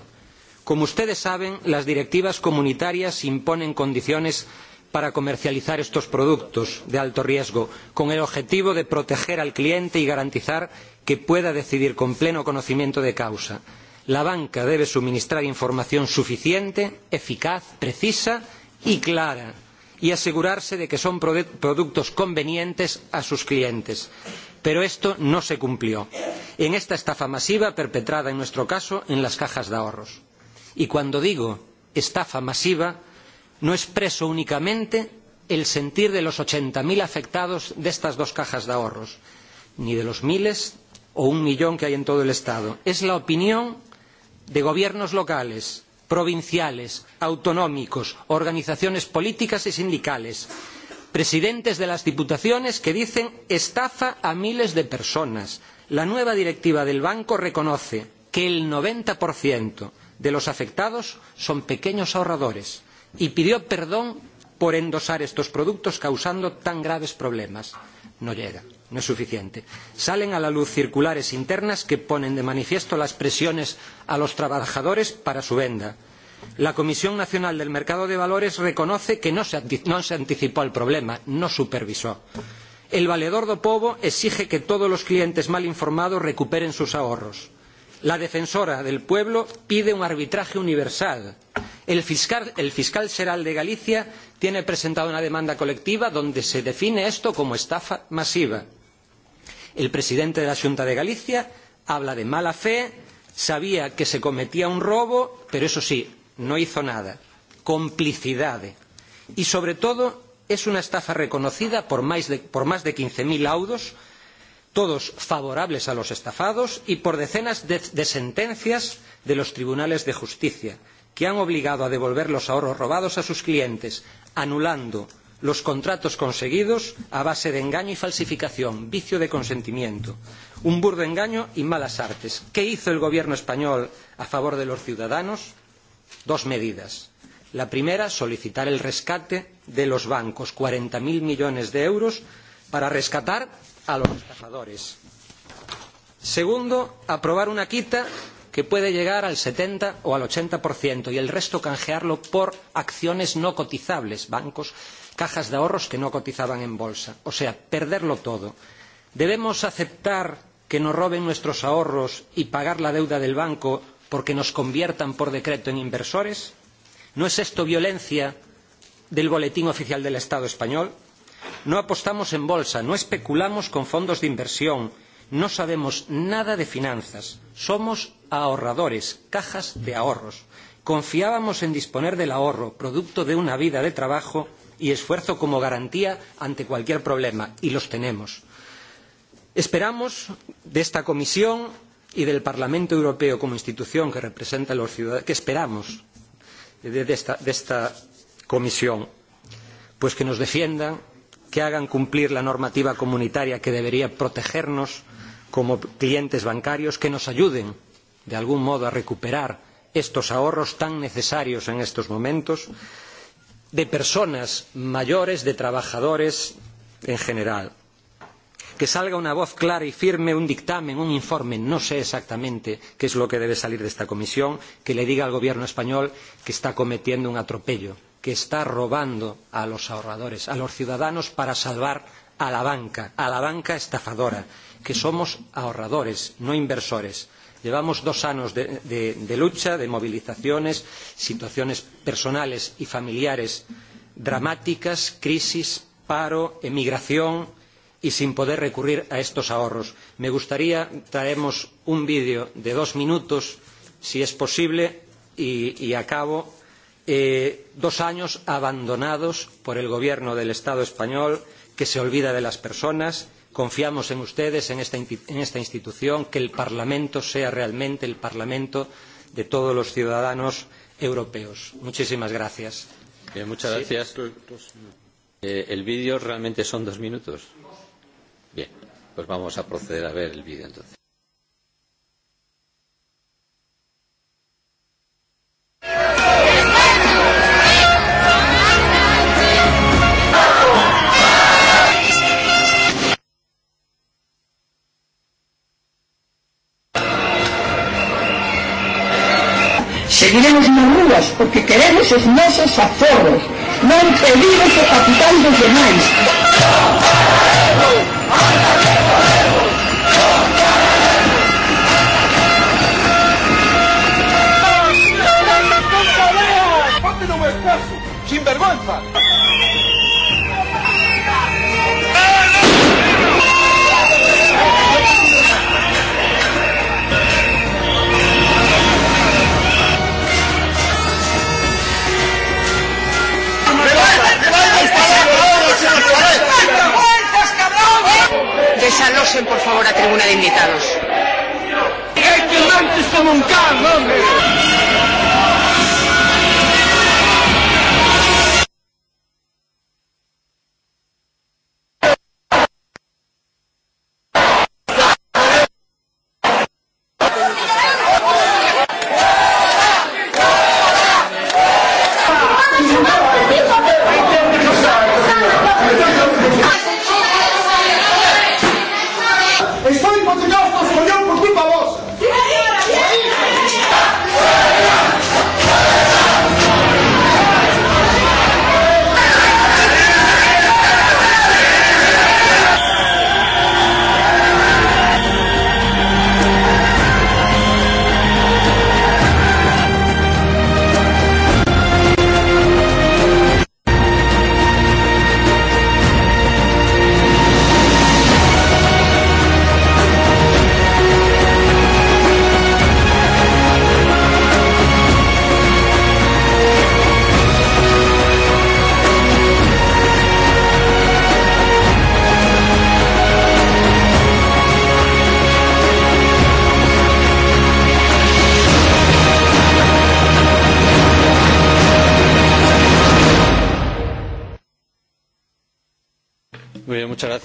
Como ustedes saben, las directivas comunitarias imponen condiciones para comercializar estos productos de alto riesgo, con el objetivo de proteger al cliente y garantizar que pueda decidir con pleno conocimiento de causa. La banca debe suministrar información suficiente, eficaz, precisa y clara y asegurarse de que son productos convenientes a sus clientes. Pero esto no se cumplió en esta estafa masiva perpetrada en nuestro caso en las cajas de ahorros. Y cuando digo estafa masiva, no expreso únicamente el sentir de los 80.000 afectados de estas dos cajas de ahorros, ni de los miles o un millón que hay en todo el Estado. Es la opinión de gobiernos locales, provinciales autonómicos organizaciones políticas y sindicales presidentes de las diputaciones que dicen estafa a miles de personas. la nueva directiva del banco reconoce que el noventa de los afectados son pequeños ahorradores y pidió perdón por endosar estos productos causando tan graves problemas. no llega no es suficiente. Salen a la luz circulares internas que ponen de manifiesto las presiones a los trabajadores para su venda. La Comisión Nacional del Mercado de Valores reconoce que no se, no se anticipó al problema, no supervisó. El valedor do povo exige que todos los clientes mal informados recuperen sus ahorros La defensora del pueblo pide un arbitraje universal. El fiscal, el fiscal Seral de Galicia tiene presentada una demanda colectiva donde se define esto como estafa masiva. El presidente de la Junta de Galicia habla de mala fe, sabía que se cometía un robo, pero eso sí, no hizo nada. Complicidade. Y sobre todo, es una estafa reconocida por más de, por más de 15.000 laudos todos favorables a los estafados, y por decenas de, de sentencias de los tribunales de justicia, que han obligado a devolver los ahorros robados a sus clientes, anulando los contratos conseguidos a base de engaño y falsificación, vicio de consentimiento, un burdo engaño y malas artes. ¿Qué hizo el Gobierno español a favor de los ciudadanos? Dos medidas. La primera, solicitar el rescate de los bancos, 40.000 millones de euros, para rescatar a los estafadores. Segundo, aprobar una quita que puede llegar al 70 o al 80% y el resto canjearlo por acciones no cotizables, bancos, cajas de ahorros que no cotizaban en bolsa. O sea, perderlo todo. ¿Debemos aceptar que nos roben nuestros ahorros y pagar la deuda del banco porque nos conviertan por decreto en inversores? ¿No es esto violencia del Boletín Oficial del Estado Español? No apostamos en bolsa, no especulamos con fondos de inversión, no sabemos nada de finanzas. Somos ahorradores, cajas de ahorros. Confiábamos en disponer del ahorro, producto de una vida de trabajo y esfuerzo como garantía ante cualquier problema, y los tenemos. Esperamos de esta Comisión y del Parlamento Europeo como institución que representa a los ciudadanos, que esperamos de, de, esta, de esta Comisión, pues que nos defiendan que hagan cumplir la normativa comunitaria que debería protegernos como clientes bancarios, que nos ayuden de algún modo a recuperar estos ahorros tan necesarios en estos momentos de personas mayores, de trabajadores en general. Que salga una voz clara y firme, un dictamen, un informe, no sé exactamente qué es lo que debe salir de esta comisión, que le diga al gobierno español que está cometiendo un atropello que está robando a los ahorradores, a los ciudadanos, para salvar a la banca, a la banca estafadora, que somos ahorradores, no inversores. Llevamos dos años de, de, de lucha, de movilizaciones, situaciones personales y familiares dramáticas, crisis, paro, emigración y sin poder recurrir a estos ahorros. Me gustaría traemos un vídeo de dos minutos, si es posible, y, y acabo eh, dos años abandonados por el gobierno del Estado español que se olvida de las personas. Confiamos en ustedes, en esta, en esta institución, que el Parlamento sea realmente el Parlamento de todos los ciudadanos europeos. Muchísimas gracias. Bien, eh, muchas gracias. Sí. Eh, el vídeo realmente son dos minutos. Bien, pues vamos a proceder a ver el vídeo entonces. Yeah. Seguiremos murmuras porque queremos os nosos aforros, non pedimos o capital dos demais. ¡Sin vergüenza! que alojen por favor a tribuna de invitados. Este man es como un can, hombre.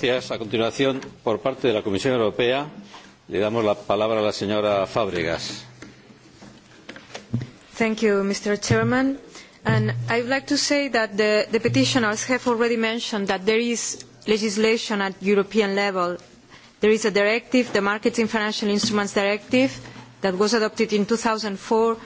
gracias. A continuación, por parte de la Comisión Europea, le damos la palabra a la señora Fábregas. Thank you, Mr. Chairman. And I would like to say that the, the petitioners have already mentioned that there is legislation at European level. There is a directive, the Markets in Financial Instruments Directive, that was adopted in 2004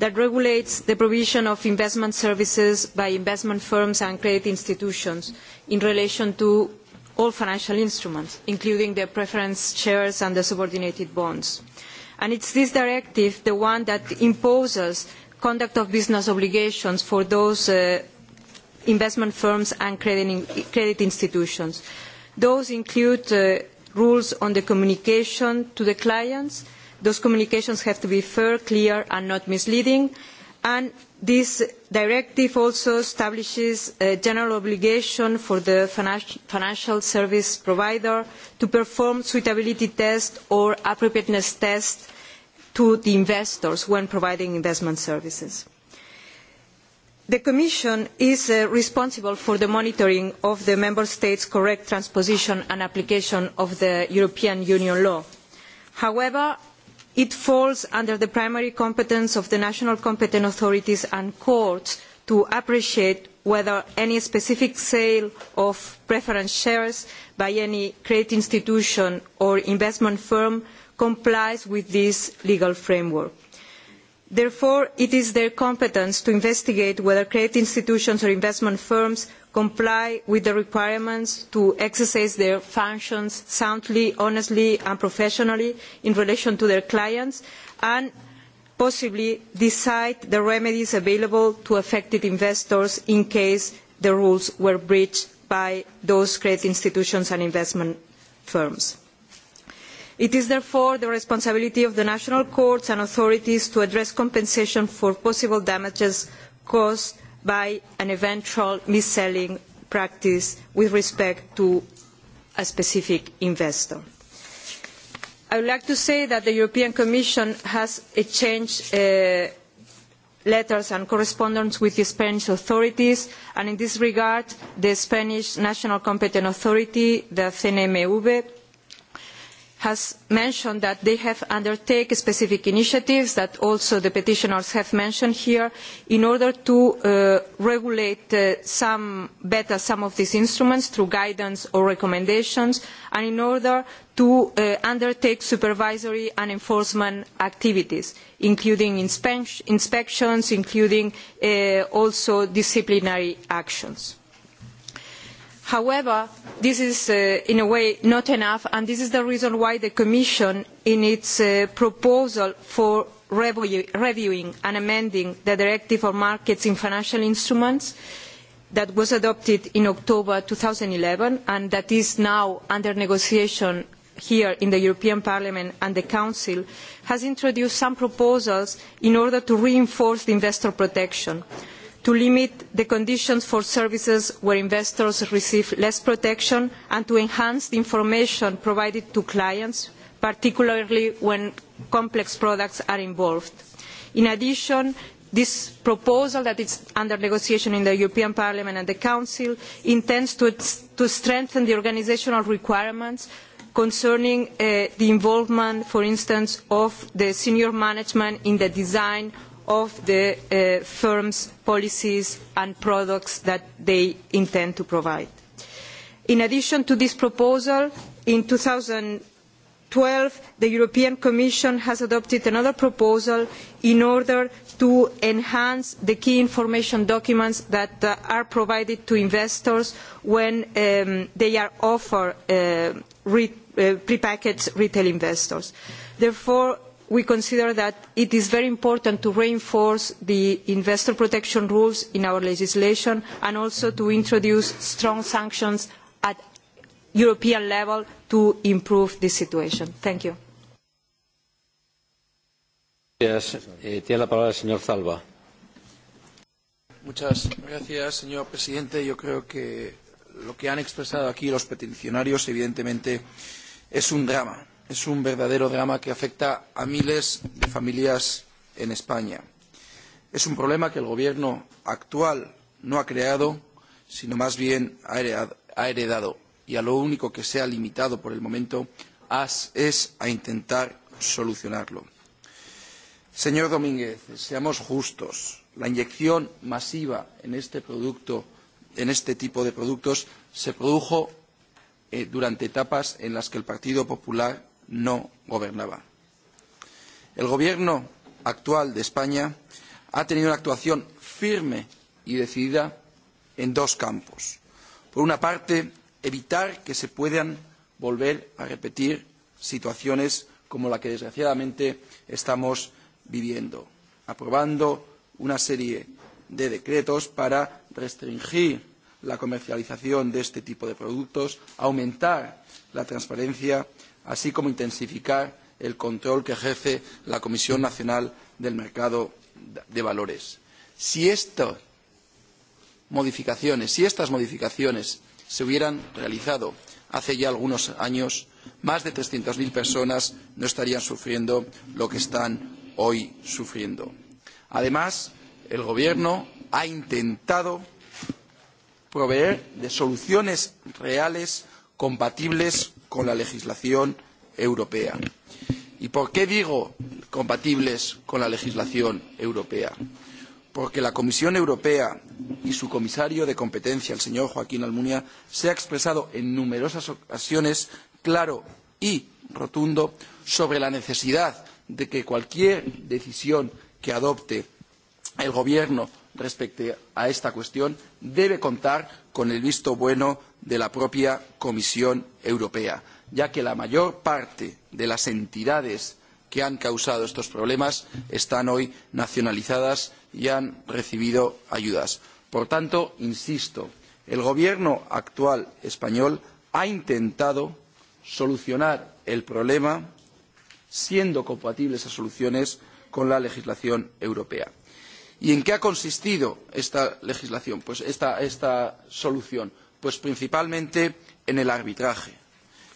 that regulates the provision of investment services by investment firms and credit institutions in relation to all financial instruments, including the preference shares and the subordinated bonds. And it's this directive, the one that imposes conduct of business obligations for those uh, investment firms and credit, credit institutions. Those include uh, rules on the communication to the clients. Those communications have to be fair, clear and not misleading. And This directive also establishes a general obligation for the financial service provider to perform suitability tests or appropriateness tests to the investors when providing investment services. The Commission is uh, responsible for the monitoring of the Member States' correct transposition and application of the European Union law. However, It falls under the primary competence of the national competent authorities and courts to appreciate whether any specific sale of preference shares by any credit institution or investment firm complies with this legal framework. Therefore, it is their competence to investigate whether credit institutions or investment firms comply with the requirements to exercise their functions soundly, honestly and professionally in relation to their clients and possibly decide the remedies available to affected investors in case the rules were breached by those credit institutions and investment firms. It is therefore the responsibility of the national courts and authorities to address compensation for possible damages caused by an eventual mis-selling practice with respect to a specific investor. I would like to say that the European Commission has exchanged uh, letters and correspondence with the Spanish authorities, and in this regard, the Spanish National Competent Authority, the CNMV, has mentioned that they have undertaken specific initiatives that also the petitioners have mentioned here in order to uh, regulate uh, some better some of these instruments through guidance or recommendations and in order to uh, undertake supervisory and enforcement activities including inspe inspections including uh, also disciplinary actions however this is uh, in a way not enough and this is the reason why the commission in its uh, proposal for review, reviewing and amending the directive on markets in financial instruments that was adopted in october two thousand and eleven and that is now under negotiation here in the european parliament and the council has introduced some proposals in order to reinforce investor protection to limit the conditions for services where investors receive less protection and to enhance the information provided to clients, particularly when complex products are involved. In addition, this proposal that is under negotiation in the European Parliament and the Council intends to, to strengthen the organizational requirements concerning uh, the involvement, for instance, of the senior management in the design of the uh, firm's policies and products that they intend to provide. In addition to this proposal, in 2012, the European Commission has adopted another proposal in order to enhance the key information documents that uh, are provided to investors when um, they are offered uh, re uh, prepackaged retail investors. Therefore, we consider that it is very important to reinforce the investor protection rules in our legislation and also to introduce strong sanctions at European level to improve this situation. Thank you. Gracias. Eh, tiene la palabra el señor Zalba. Muchas gracias, señor presidente. Yo creo que lo que han expresado aquí los peticionarios, evidentemente, es un drama es un verdadero drama que afecta a miles de familias en España. Es un problema que el Gobierno actual no ha creado, sino más bien ha heredado, y a lo único que se ha limitado por el momento es a intentar solucionarlo. Señor Domínguez, seamos justos. La inyección masiva en este, producto, en este tipo de productos se produjo eh, durante etapas en las que el Partido Popular no gobernaba. El gobierno actual de España ha tenido una actuación firme y decidida en dos campos. Por una parte, evitar que se puedan volver a repetir situaciones como la que desgraciadamente estamos viviendo, aprobando una serie de decretos para restringir la comercialización de este tipo de productos, aumentar la transparencia así como intensificar el control que ejerce la Comisión Nacional del Mercado de Valores. Si estas modificaciones, si estas modificaciones se hubieran realizado hace ya algunos años, más de 300.000 personas no estarían sufriendo lo que están hoy sufriendo. Además, el Gobierno ha intentado proveer de soluciones reales compatibles con la legislación europea. ¿Y por qué digo compatibles con la legislación europea? Porque la Comisión Europea y su comisario de competencia, el señor Joaquín Almunia, se ha expresado en numerosas ocasiones claro y rotundo sobre la necesidad de que cualquier decisión que adopte el Gobierno respecto a esta cuestión debe contar con el visto bueno de la propia Comisión Europea, ya que la mayor parte de las entidades que han causado estos problemas están hoy nacionalizadas y han recibido ayudas. Por tanto, insisto, el Gobierno actual español ha intentado solucionar el problema siendo compatibles esas soluciones con la legislación europea. ¿Y en qué ha consistido esta legislación, pues esta, esta solución? Pues principalmente en el arbitraje.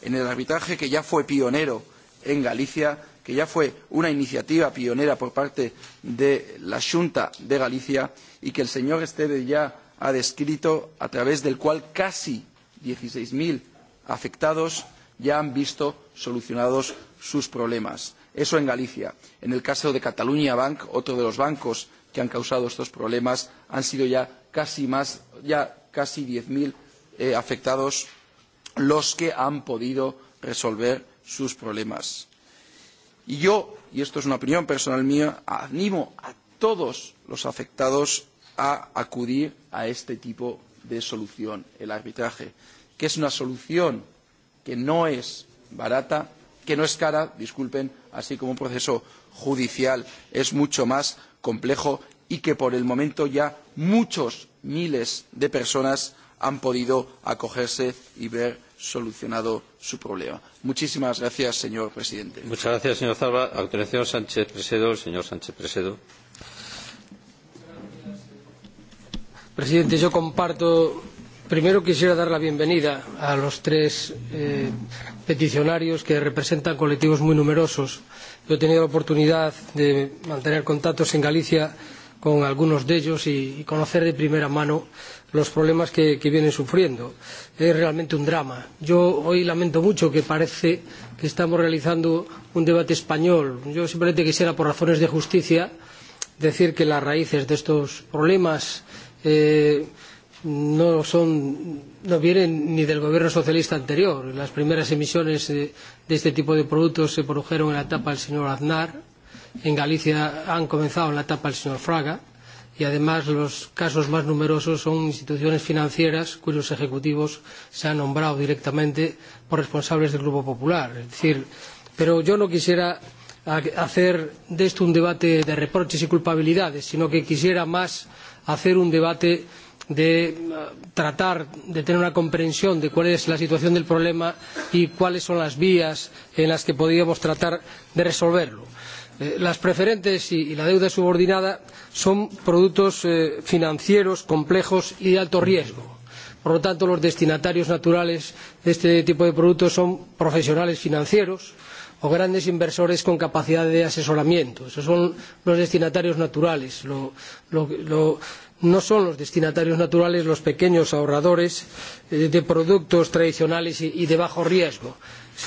En el arbitraje que ya fue pionero en Galicia, que ya fue una iniciativa pionera por parte de la Junta de Galicia y que el señor Esteve ya ha descrito, a través del cual casi 16.000 afectados ya han visto solucionados sus problemas. Eso en Galicia. En el caso de Cataluña Bank, otro de los bancos que han causado estos problemas han sido ya casi más ya casi diez mil eh, afectados los que han podido resolver sus problemas. Y yo, y esto es una opinión personal mía, animo a todos los afectados a acudir a este tipo de solución, el arbitraje, que es una solución que no es barata, que no es cara, disculpen, así como un proceso judicial es mucho más complejo y que por el momento ya muchos miles de personas han podido acogerse y ver solucionado su problema. Muchísimas gracias, señor presidente. Muchas gracias, señor Zalba. A continuación, Sánchez Presedo, señor Sánchez Presedo. Presidente, yo comparto Primero quisiera dar la bienvenida a los tres eh, peticionarios que representan colectivos muy numerosos. Yo he tenido la oportunidad de mantener contactos en Galicia con algunos de ellos y, y conocer de primera mano los problemas que, que vienen sufriendo. Es realmente un drama. Yo hoy lamento mucho que parece que estamos realizando un debate español. Yo simplemente quisiera, por razones de justicia, decir que las raíces de estos problemas eh, no, son, no vienen ni del gobierno socialista anterior. Las primeras emisiones de, de este tipo de productos se produjeron en la etapa del señor Aznar. En Galicia han comenzado en la etapa del señor Fraga. Y además los casos más numerosos son instituciones financieras cuyos ejecutivos se han nombrado directamente por responsables del Grupo Popular. Es decir, pero yo no quisiera hacer de esto un debate de reproches y culpabilidades, sino que quisiera más hacer un debate eh, de eh, tratar de tener una comprensión de cuál es la situación del problema y cuáles son las vías en las que podríamos tratar de resolverlo. Eh, las preferentes y la deuda subordinada son productos eh, financieros complejos y de alto riesgo. Por lo tanto, los destinatarios naturales de este tipo de productos son profesionales financieros o grandes inversores con capacidad de asesoramiento. Esos son los destinatarios naturales. Lo, lo, lo, no son los destinatarios naturales los pequeños ahorradores eh, de productos tradicionales y, y de bajo riesgo.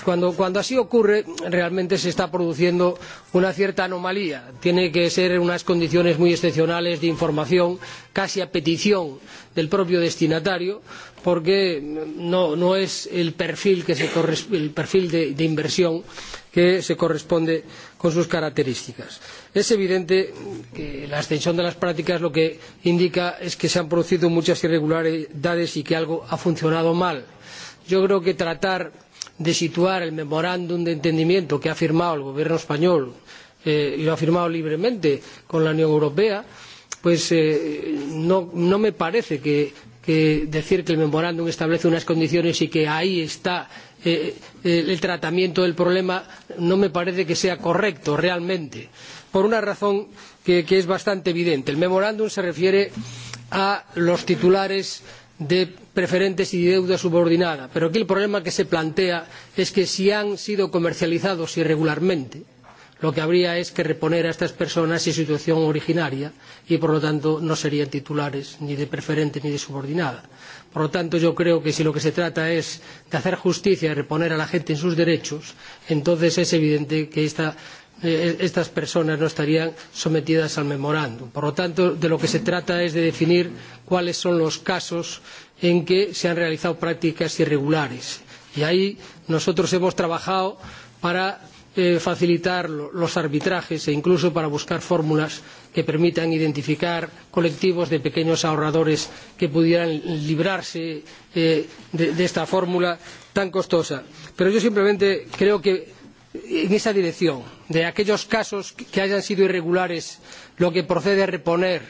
Cuando, cuando así ocurre, realmente se está produciendo una cierta anomalía. Tiene que ser unas condiciones muy excepcionales de información, casi a petición del propio destinatario, porque no, no es el perfil, que se corres, el perfil de, de inversión que se corresponde con sus características es evidente que la extensión de las prácticas lo que indica es que se han producido muchas irregularidades y que algo ha funcionado mal. yo creo que tratar de situar el memorándum de entendimiento que ha firmado el gobierno español eh, y lo ha firmado libremente con la unión europea pues eh, no, no me parece que, que decir que el memorándum establece unas condiciones y que ahí está eh, eh el tratamiento del problema no me parece que sea correcto realmente. Eh, por una razón que, que es bastante evidente. El memorándum se refiere a los titulares de preferentes y de deuda subordinada. Pero aquí el problema que se plantea es que si han sido comercializados irregularmente, lo que habría es que reponer a estas personas en situación originaria y por lo tanto no serían titulares ni de preferente ni de subordinada. Por lo tanto yo creo que si lo que se trata es de hacer justicia y reponer a la gente en sus derechos, entonces es evidente que esta eh, e-, estas personas no estarían sometidas al memorándum. Por lo tanto, de lo que se trata es de definir cuáles son los casos en que se han realizado prácticas irregulares. Y ahí nosotros hemos trabajado para eh, facilitar lo, los arbitrajes e incluso para buscar fórmulas que permitan identificar colectivos de pequeños ahorradores que pudieran librarse eh, de, de esta fórmula tan costosa. Pero yo simplemente creo que en esa dirección de aquellos casos que hayan sido irregulares lo que procede es reponer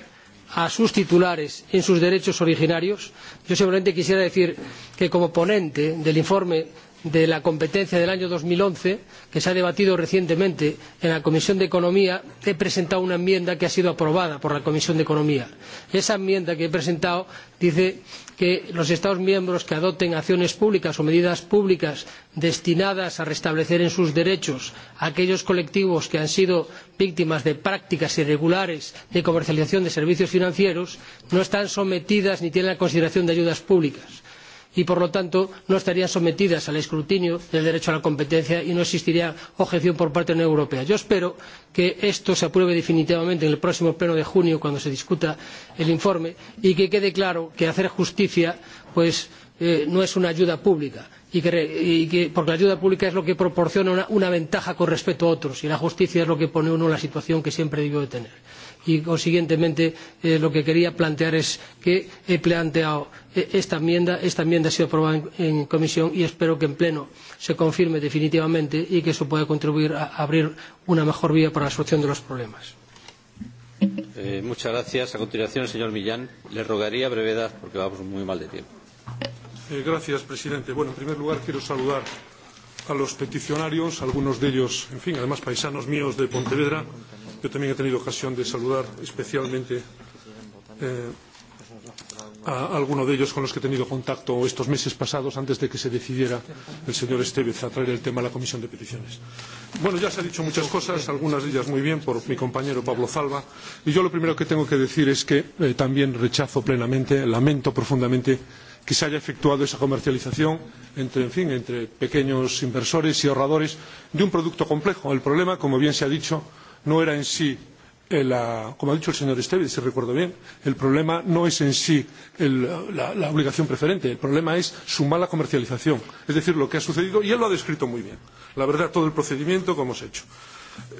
a sus titulares en sus derechos originarios. yo simplemente quisiera decir que como ponente del informe de la competencia del año dos mil once que se ha debatido recientemente en la comisión de economía he presentado una enmienda que ha sido aprobada por la comisión de economía. esa enmienda que he presentado dice que que los Estados miembros que adopten acciones públicas o medidas públicas destinadas a restablecer en sus derechos a aquellos colectivos que han sido víctimas de prácticas irregulares de comercialización de servicios financieros no están sometidas ni tienen la consideración de ayudas públicas y por lo tanto no estarían sometidas al escrutinio del derecho a la competencia y no existiría objeción por parte de la unión europea. yo espero que esto se apruebe definitivamente en el próximo pleno de junio cuando se discuta el informe y que quede claro que hacer justicia pues, eh, no es una ayuda pública y que, y que, porque la ayuda pública es lo que proporciona una, una ventaja con respecto a otros y la justicia es lo que pone uno en la situación que siempre debió de tener y consiguientemente eh, lo que quería plantear es que he planteado eh, esta enmienda esta enmienda ha sido aprobada en, en comisión y espero que en pleno se confirme definitivamente y que eso pueda contribuir a abrir una mejor vía para la solución de los problemas. Eh, muchas gracias. A continuación, señor Millán, le rogaría brevedad porque vamos muy mal de tiempo. Eh, gracias, presidente. Bueno, en primer lugar, quiero saludar a los peticionarios, algunos de ellos, en fin, además paisanos míos de Pontevedra. Gracias Yo también he tenido ocasión de saludar especialmente eh, a alguno de ellos con los que he tenido contacto estos meses pasados antes de que se decidiera el señor Estevez a traer el tema a la Comisión de Peticiones. Bueno, ya se han dicho muchas cosas, algunas de ellas muy bien por mi compañero Pablo Zalba, y yo lo primero que tengo que decir es que eh, también rechazo plenamente, lamento profundamente que se haya efectuado esa comercialización entre, en fin, entre pequeños inversores y ahorradores de un producto complejo. El problema, como bien se ha dicho, no era en sí eh, la, como ha dicho el señor Esteves, si recuerdo bien, el problema no es en sí el, la, la obligación preferente, el problema es su mala comercialización, es decir, lo que ha sucedido, y él lo ha descrito muy bien, la verdad, todo el procedimiento que hemos hecho.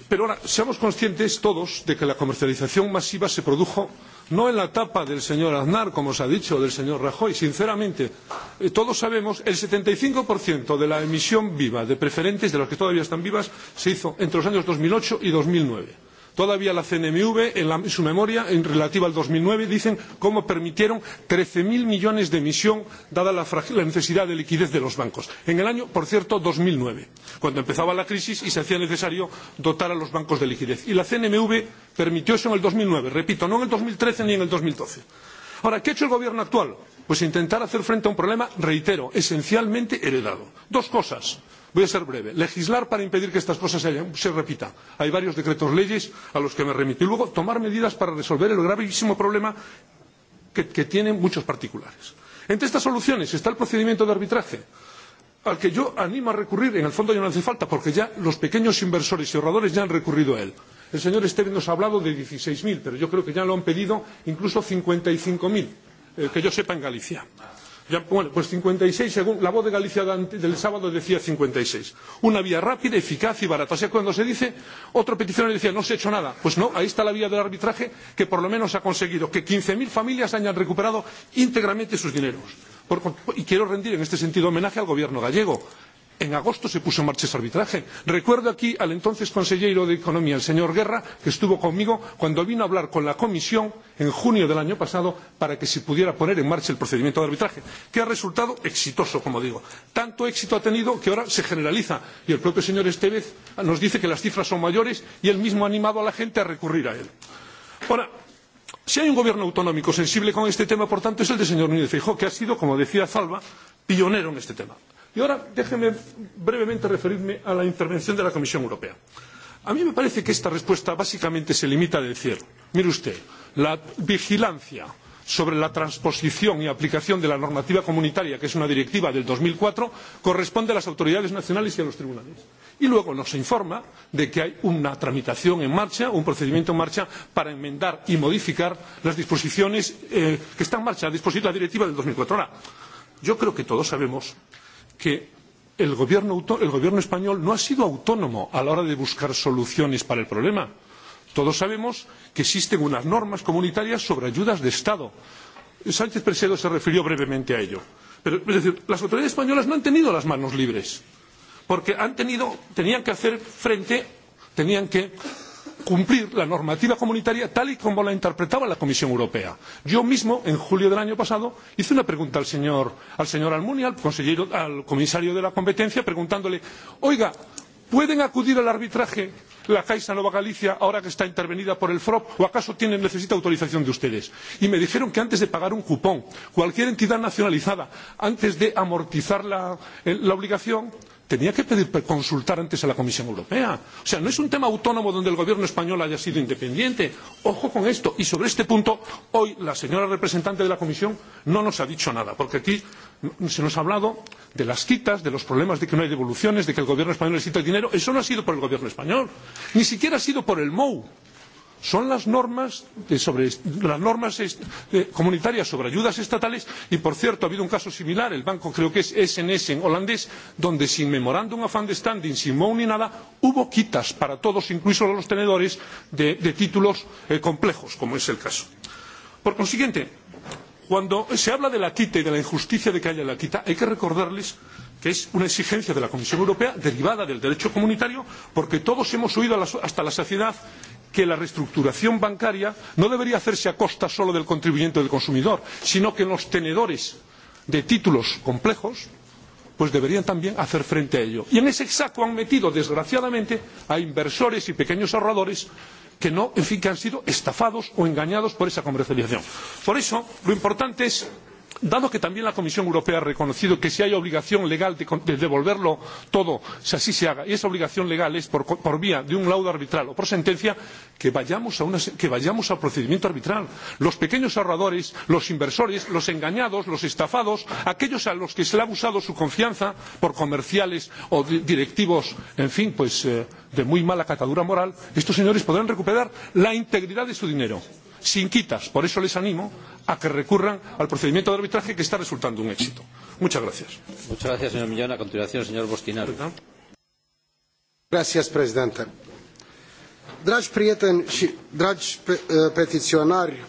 Pero ahora, seamos conscientes todos de que la comercialización masiva se produjo no en la etapa del señor Aznar, como se ha dicho, o del señor Rajoy. Sinceramente, eh, todos sabemos el 75% de la emisión viva de preferentes, de las que todavía están vivas, se hizo entre los años 2008 y 2009 todavía la CNMV, en, la, en su memoria, en relativa al 2009, dicen cómo permitieron 13.000 millones de emisión, dada la, la necesidad de liquidez de los bancos. En el año, por cierto, 2009, cuando empezaba la crisis y se hacía necesario dotar a los bancos de liquidez. Y la CNMV permitió eso en el 2009, repito, no en el 2013 ni en el 2012. Ahora, ¿qué ha hecho el gobierno actual? Pues intentar hacer frente a un problema, reitero, esencialmente heredado. Dos cosas voy a ser breve legislar para impedir que estas cosas se repitan hay varios decretos leyes a los que me remito y luego tomar medidas para resolver el gravísimo problema que, que tienen muchos particulares. entre estas soluciones está el procedimiento de arbitraje al que yo animo a recurrir en el fondo ya no hace falta porque ya los pequeños inversores y ahorradores ya han recurrido a él. El señor Esteves nos ha hablado de 16.000, pero yo creo que ya lo han pedido incluso 55.000, eh, que yo sepa en Galicia. Eh, Ya, bueno, pues 56, según la voz de Galicia del sábado decía 56. Una vía rápida, eficaz y barata. O sea, cuando se dice, otro peticionario decía, no se ha hecho nada. Pues no, ahí está la vía del arbitraje que por lo menos ha conseguido que 15.000 familias hayan recuperado íntegramente sus dineros. Por, y quiero rendir en este sentido homenaje al gobierno gallego En agosto se puso en marcha ese arbitraje. Recuerdo aquí al entonces consejero de Economía, el señor Guerra, que estuvo conmigo cuando vino a hablar con la Comisión en junio del año pasado para que se pudiera poner en marcha el procedimiento de arbitraje, que ha resultado exitoso, como digo. Tanto éxito ha tenido que ahora se generaliza y el propio señor Estevez nos dice que las cifras son mayores y él mismo ha animado a la gente a recurrir a él. Ahora, si hay un gobierno autonómico sensible con este tema, por tanto, es el del señor Núñez Feijóo, que ha sido, como decía Zalba, pionero en este tema. Y ahora déjenme brevemente referirme a la intervención de la Comisión Europea. A mí me parece que esta respuesta básicamente se limita a decir, mire usted, la vigilancia sobre la transposición y aplicación de la normativa comunitaria, que es una directiva del 2004, corresponde a las autoridades nacionales y a los tribunales. Y luego nos informa de que hay una tramitación en marcha, un procedimiento en marcha para enmendar y modificar las disposiciones eh, que están en marcha, a disposición de la directiva del 2004. Ahora, yo creo que todos sabemos que el gobierno, el gobierno español no ha sido autónomo a la hora de buscar soluciones para el problema. Todos sabemos que existen unas normas comunitarias sobre ayudas de Estado. Sánchez Presedo se refirió brevemente a ello. Pero, es decir, las autoridades españolas no han tenido las manos libres, porque han tenido, tenían que hacer frente, tenían que cumplir la normativa comunitaria tal y como la interpretaba la Comisión Europea. Yo mismo, en julio del año pasado, hice una pregunta al señor, al señor Almunia, al, consejero, al comisario de la competencia, preguntándole, oiga, ¿pueden acudir al arbitraje la Caixa Nova Galicia ahora que está intervenida por el FROP o acaso tiene, necesita autorización de ustedes? Y me dijeron que antes de pagar un cupón, cualquier entidad nacionalizada, antes de amortizar la, la obligación, tenía que pedir consultar antes a la Comisión Europea. O sea, no es un tema autónomo donde el gobierno español haya sido independiente. Ojo con esto. Y sobre este punto, hoy la señora representante de la Comisión no nos ha dicho nada, porque aquí se nos ha hablado de las quitas, de los problemas de que no hay devoluciones, de que el gobierno español necesita dinero. Eso no ha sido por el gobierno español. Ni siquiera ha sido por el MOU son las normas, de sobre, las normas eh, comunitarias sobre ayudas estatales y, por cierto, ha habido un caso similar, el banco creo que es SNS holandés, donde sin memorándum of understanding, sin MOU ni nada, hubo quitas para todos, incluso los tenedores de, de títulos eh, complejos, como es el caso. Por consiguiente, cuando se habla de la quita y de la injusticia de que haya la quita, hay que recordarles que es una exigencia de la Comisión Europea derivada del derecho comunitario, porque todos hemos oído la, hasta la saciedad que la reestructuración bancaria no debería hacerse a costa solo del contribuyente o del consumidor, sino que los tenedores de títulos complejos pues deberían también hacer frente a ello. Y en ese saco han metido, desgraciadamente, a inversores y pequeños ahorradores que, no, en fin, que han sido estafados o engañados por esa comercialización. Por eso, lo importante es dado que también la comisión europea ha reconocido que si hay obligación legal de, de devolverlo todo si así se haga y esa obligación legal es por, por vía de un laudo arbitral o por sentencia que vayamos a, una, que vayamos a procedimiento arbitral los pequeños ahorradores los inversores los engañados los estafados aquellos a los que se le ha abusado su confianza por comerciales o di directivos en fin pues eh, de muy mala catadura moral estos señores podrán recuperar la integridad de su dinero sin quitas. Por eso les animo a que recurran al procedimiento de arbitraje que está resultando un éxito. Muchas gracias. Muchas gracias, señor Millán. A continuación, señor Bostinaru. Gracias, presidente. Dragi prieteni și dragi eh, petiționari,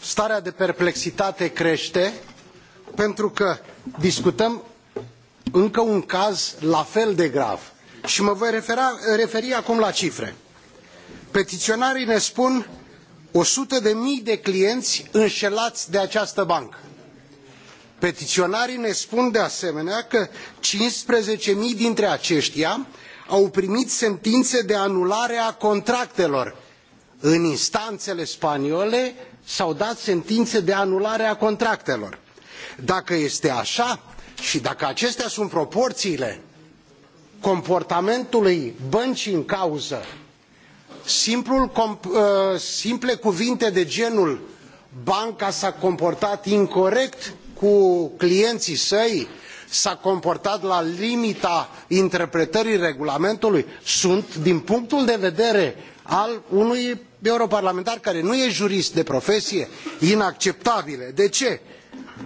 starea de perplexitate crește pentru că discutăm încă un caz la fel de grav și mă voi refera, referi acum la cifre. Petiționarii ne spun 100 de mii de clienți înșelați de această bancă. Petiționarii ne spun de asemenea că 15 mii dintre aceștia au primit sentințe de anulare a contractelor. În instanțele spaniole s-au dat sentințe de anulare a contractelor. Dacă este așa și dacă acestea sunt proporțiile comportamentului băncii în cauză Simplul, uh, simple cuvinte de genul banca s-a comportat incorrect cu clienții săi, s-a comportat la limita interpretării regulamentului, sunt, din punctul de vedere al unui europarlamentar care nu e jurist de profesie, inacceptabile. De ce?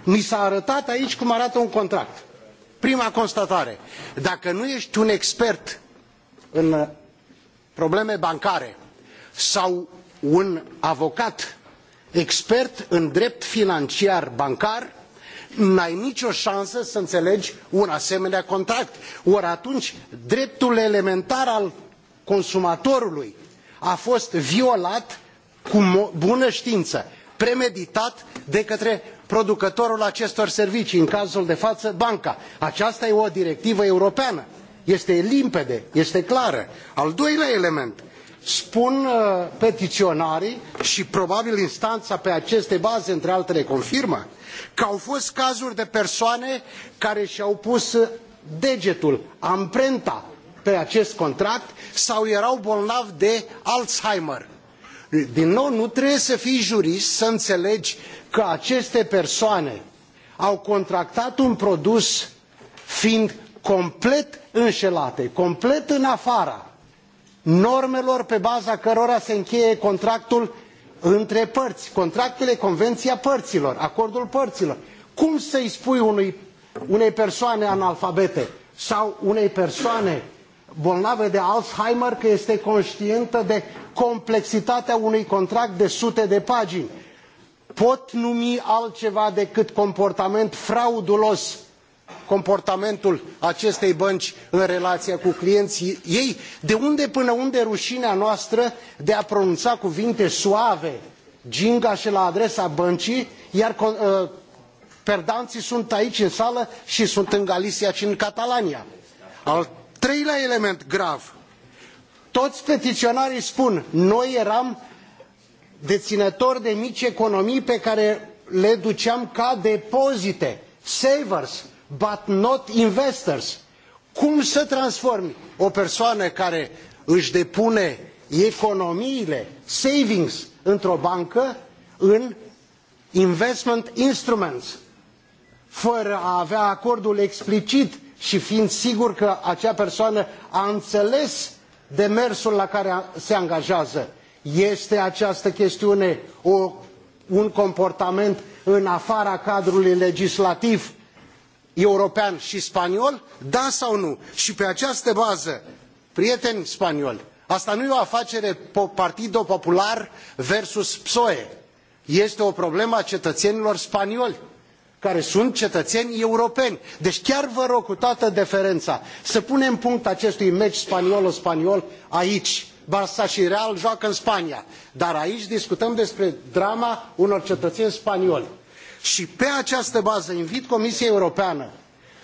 Ni s-a arătat aici cum arată un contract. Prima constatare. Dacă nu ești un expert în probleme bancare sau un avocat expert în drept financiar bancar n ai nicio ansă să înelegi un asemenea contract ori atunci dreptul elementar al consumatorului a fost violat cu bună tiină premeditat de către producătorul acestor servicii în cazul de faă banca. aceasta e o directivă europeană este limpede, este clară. Al doilea element, spun uh, petiționarii și probabil instanța pe aceste baze, între altele, confirmă că au fost cazuri de persoane care și-au pus uh, degetul, amprenta pe acest contract sau erau bolnavi de Alzheimer. Din nou, nu trebuie să fii jurist să înțelegi că aceste persoane au contractat un produs fiind complet înșelate, complet în afara normelor pe baza cărora se încheie contractul între părți, contractele, convenția părților, acordul părților. Cum să-i spui unui, unei persoane analfabete sau unei persoane bolnavă de Alzheimer că este conștientă de complexitatea unui contract de sute de pagini? Pot numi altceva decât comportament fraudulos comportamentul acestei bănci în relaia cu clienii ei de unde până unde ruinea noastră de a pronuna cuvinte suave gingae la adresa băncii iar uh, perdanii sunt aici în sală i sunt în galiia i în catalania? al treilea element grav toi petiionarii spun noi eram deinători de mici economii pe care le duceam ca depozite savers but not investors. Cum să transformi o persoană care își depune economiile, savings, într-o bancă în investment instruments, fără a avea acordul explicit și fiind sigur că acea persoană a înțeles demersul la care se angajează. Este această chestiune o, un comportament în afara cadrului legislativ european și spaniol, da sau nu? Și pe această bază, prieteni spanioli, asta nu e o afacere Partido Popular versus PSOE. Este o problemă a cetățenilor spanioli care sunt cetățeni europeni. Deci chiar vă rog cu toată deferența să punem punct acestui meci spaniolo-spaniol aici. Barça și Real joacă în Spania, dar aici discutăm despre drama unor cetățeni spanioli. Și pe această bază invit Comisia Europeană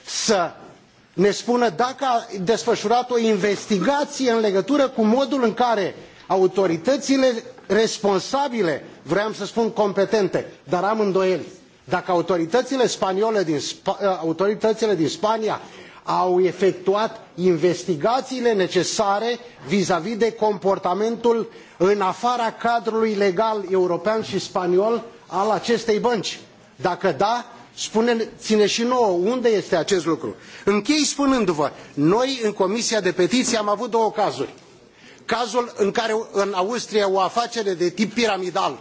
să ne spună dacă a desfășurat o investigație în legătură cu modul în care autoritățile responsabile, vreau să spun competente, dar am îndoieli, dacă autoritățile, spaniole din, autoritățile din Spania au efectuat investigațiile necesare vizavi de comportamentul în afara cadrului legal european și spaniol al acestei bănci Dacă da, spune, ține și nouă unde este acest lucru. Închei spunându-vă, noi în Comisia de Petiții am avut două cazuri. Cazul în care în Austria o afacere de tip piramidal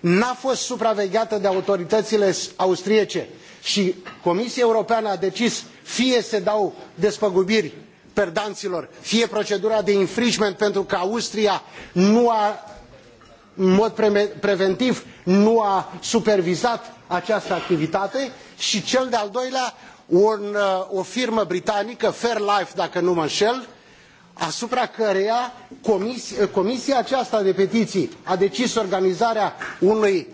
n-a fost supravegheată de autoritățile austriece și Comisia Europeană a decis fie se dau despăgubiri perdanților, fie procedura de infringement pentru că Austria nu a în mod pre preventiv nu a supervizat această activitate i cel de al doilea un, uh, o firmă britanică fairlife dacă nu mă înel asupra căreia comisia, uh, comisia aceasta de petiii a decis organizarea unui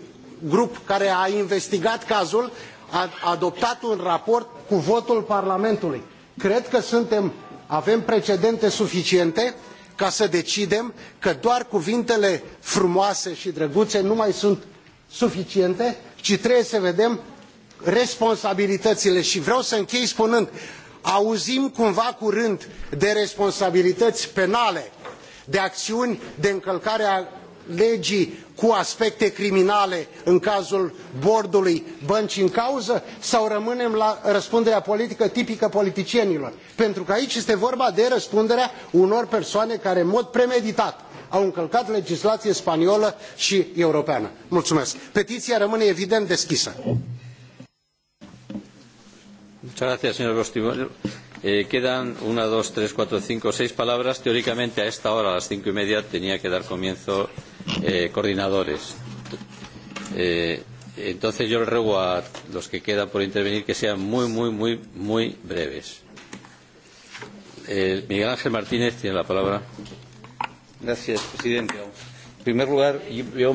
grup care a investigat cazul a adoptat un raport cu votul parlamentului. cred că suntem, avem precedente suficiente ca să decidem că doar cuvintele frumoase și drăguțe nu mai sunt suficiente ci trebuie să vedem responsabilitățile și vreau să închei spunând auzim cumva curând de responsabilități penale de acțiuni de încălcare a legii cu aspecte criminale în cazul bordului băncii în cauză sau rămânem la răspunderea politică tipică politicienilor pentru că aici este vorba de răspunderea unor persoane care în mod premeditat au încălcat legislaia spaniolă i europeană. Mulțumesc. petiia rămâne evident deschisă. Eh, quedan una, dos, tres, cuatro, cinco, seis palabras. Teóricamente a esta hora, a las cinco y media, tenía que dar comienzo eh, coordinadores. Eh, entonces yo les ruego a los que quedan por intervenir que sean muy, muy, muy, muy breves. Eh, Miguel Ángel Martínez tiene la palabra. Gracias, presidente. En primer lugar, yo, yo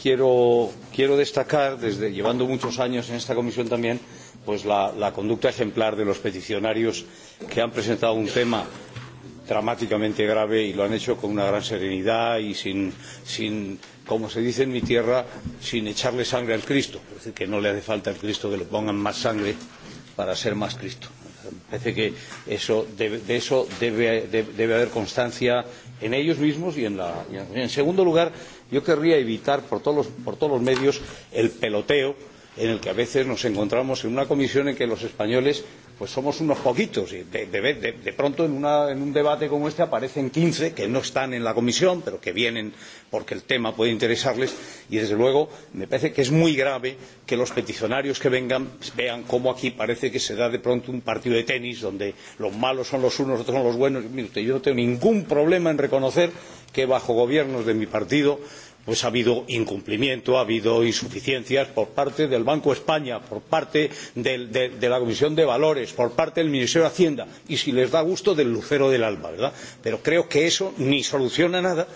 quiero, quiero destacar, desde llevando muchos años en esta comisión también, pues la, la conducta ejemplar de los peticionarios que han presentado un tema dramáticamente grave y lo han hecho con una gran serenidad y sin, sin como se dice en mi tierra, sin echarle sangre al Cristo. Es decir, que no le hace falta al Cristo que le pongan más sangre para ser más Cristo. Me parece que eso debe, de eso debe, de, debe haber constancia en ellos mismos y en la. Y en, en segundo lugar, yo querría evitar por todos, los, por todos los medios el peloteo en el que a veces nos encontramos en una comisión en que los españoles pues somos unos poquitos y de, de, de, de pronto en, una, en un debate como este aparecen 15 que no están en la comisión pero que vienen porque el tema puede interesarles y desde luego me parece que es muy grave que los peticionarios que vengan vean cómo aquí parece que se da de pronto un partido de tenis donde los malos son los unos, otros son los buenos. Mire usted, yo no tengo ningún problema en reconocer que bajo gobiernos de mi partido pues ha habido incumplimiento, ha habido insuficiencias por parte del Banco de España, por parte del, de, de la Comisión de Valores, por parte del Ministerio de Hacienda y, si les da gusto, del Lucero del Alba, ¿verdad? Pero creo que eso ni soluciona nada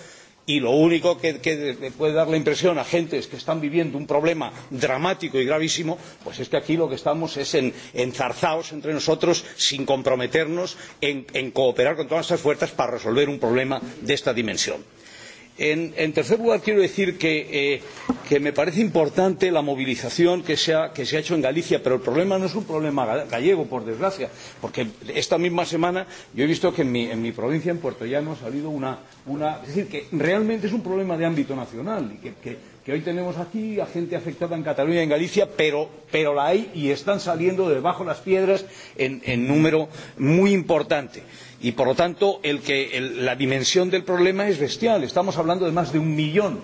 y lo único que, que puede dar la impresión a gentes que están viviendo un problema dramático y gravísimo, pues es que aquí lo que estamos es en, enzarzados entre nosotros sin comprometernos en, en cooperar con todas nuestras fuerzas para resolver un problema de esta dimensión En, en tercer lugar, quiero decir que, eh, que me parece importante la movilización que se, ha, que se ha hecho en Galicia, pero el problema no es un problema gallego, por desgracia, porque esta misma semana yo he visto que en mi, en mi provincia, en Puerto Llano, ha salido una, una. Es decir, que realmente es un problema de ámbito nacional y que, que, que hoy tenemos aquí a gente afectada en Cataluña y en Galicia, pero, pero la hay y están saliendo de debajo las piedras en, en número muy importante. Eh, y por lo tanto el que, el, la dimensión del problema es bestial. Estamos hablando de más de un millón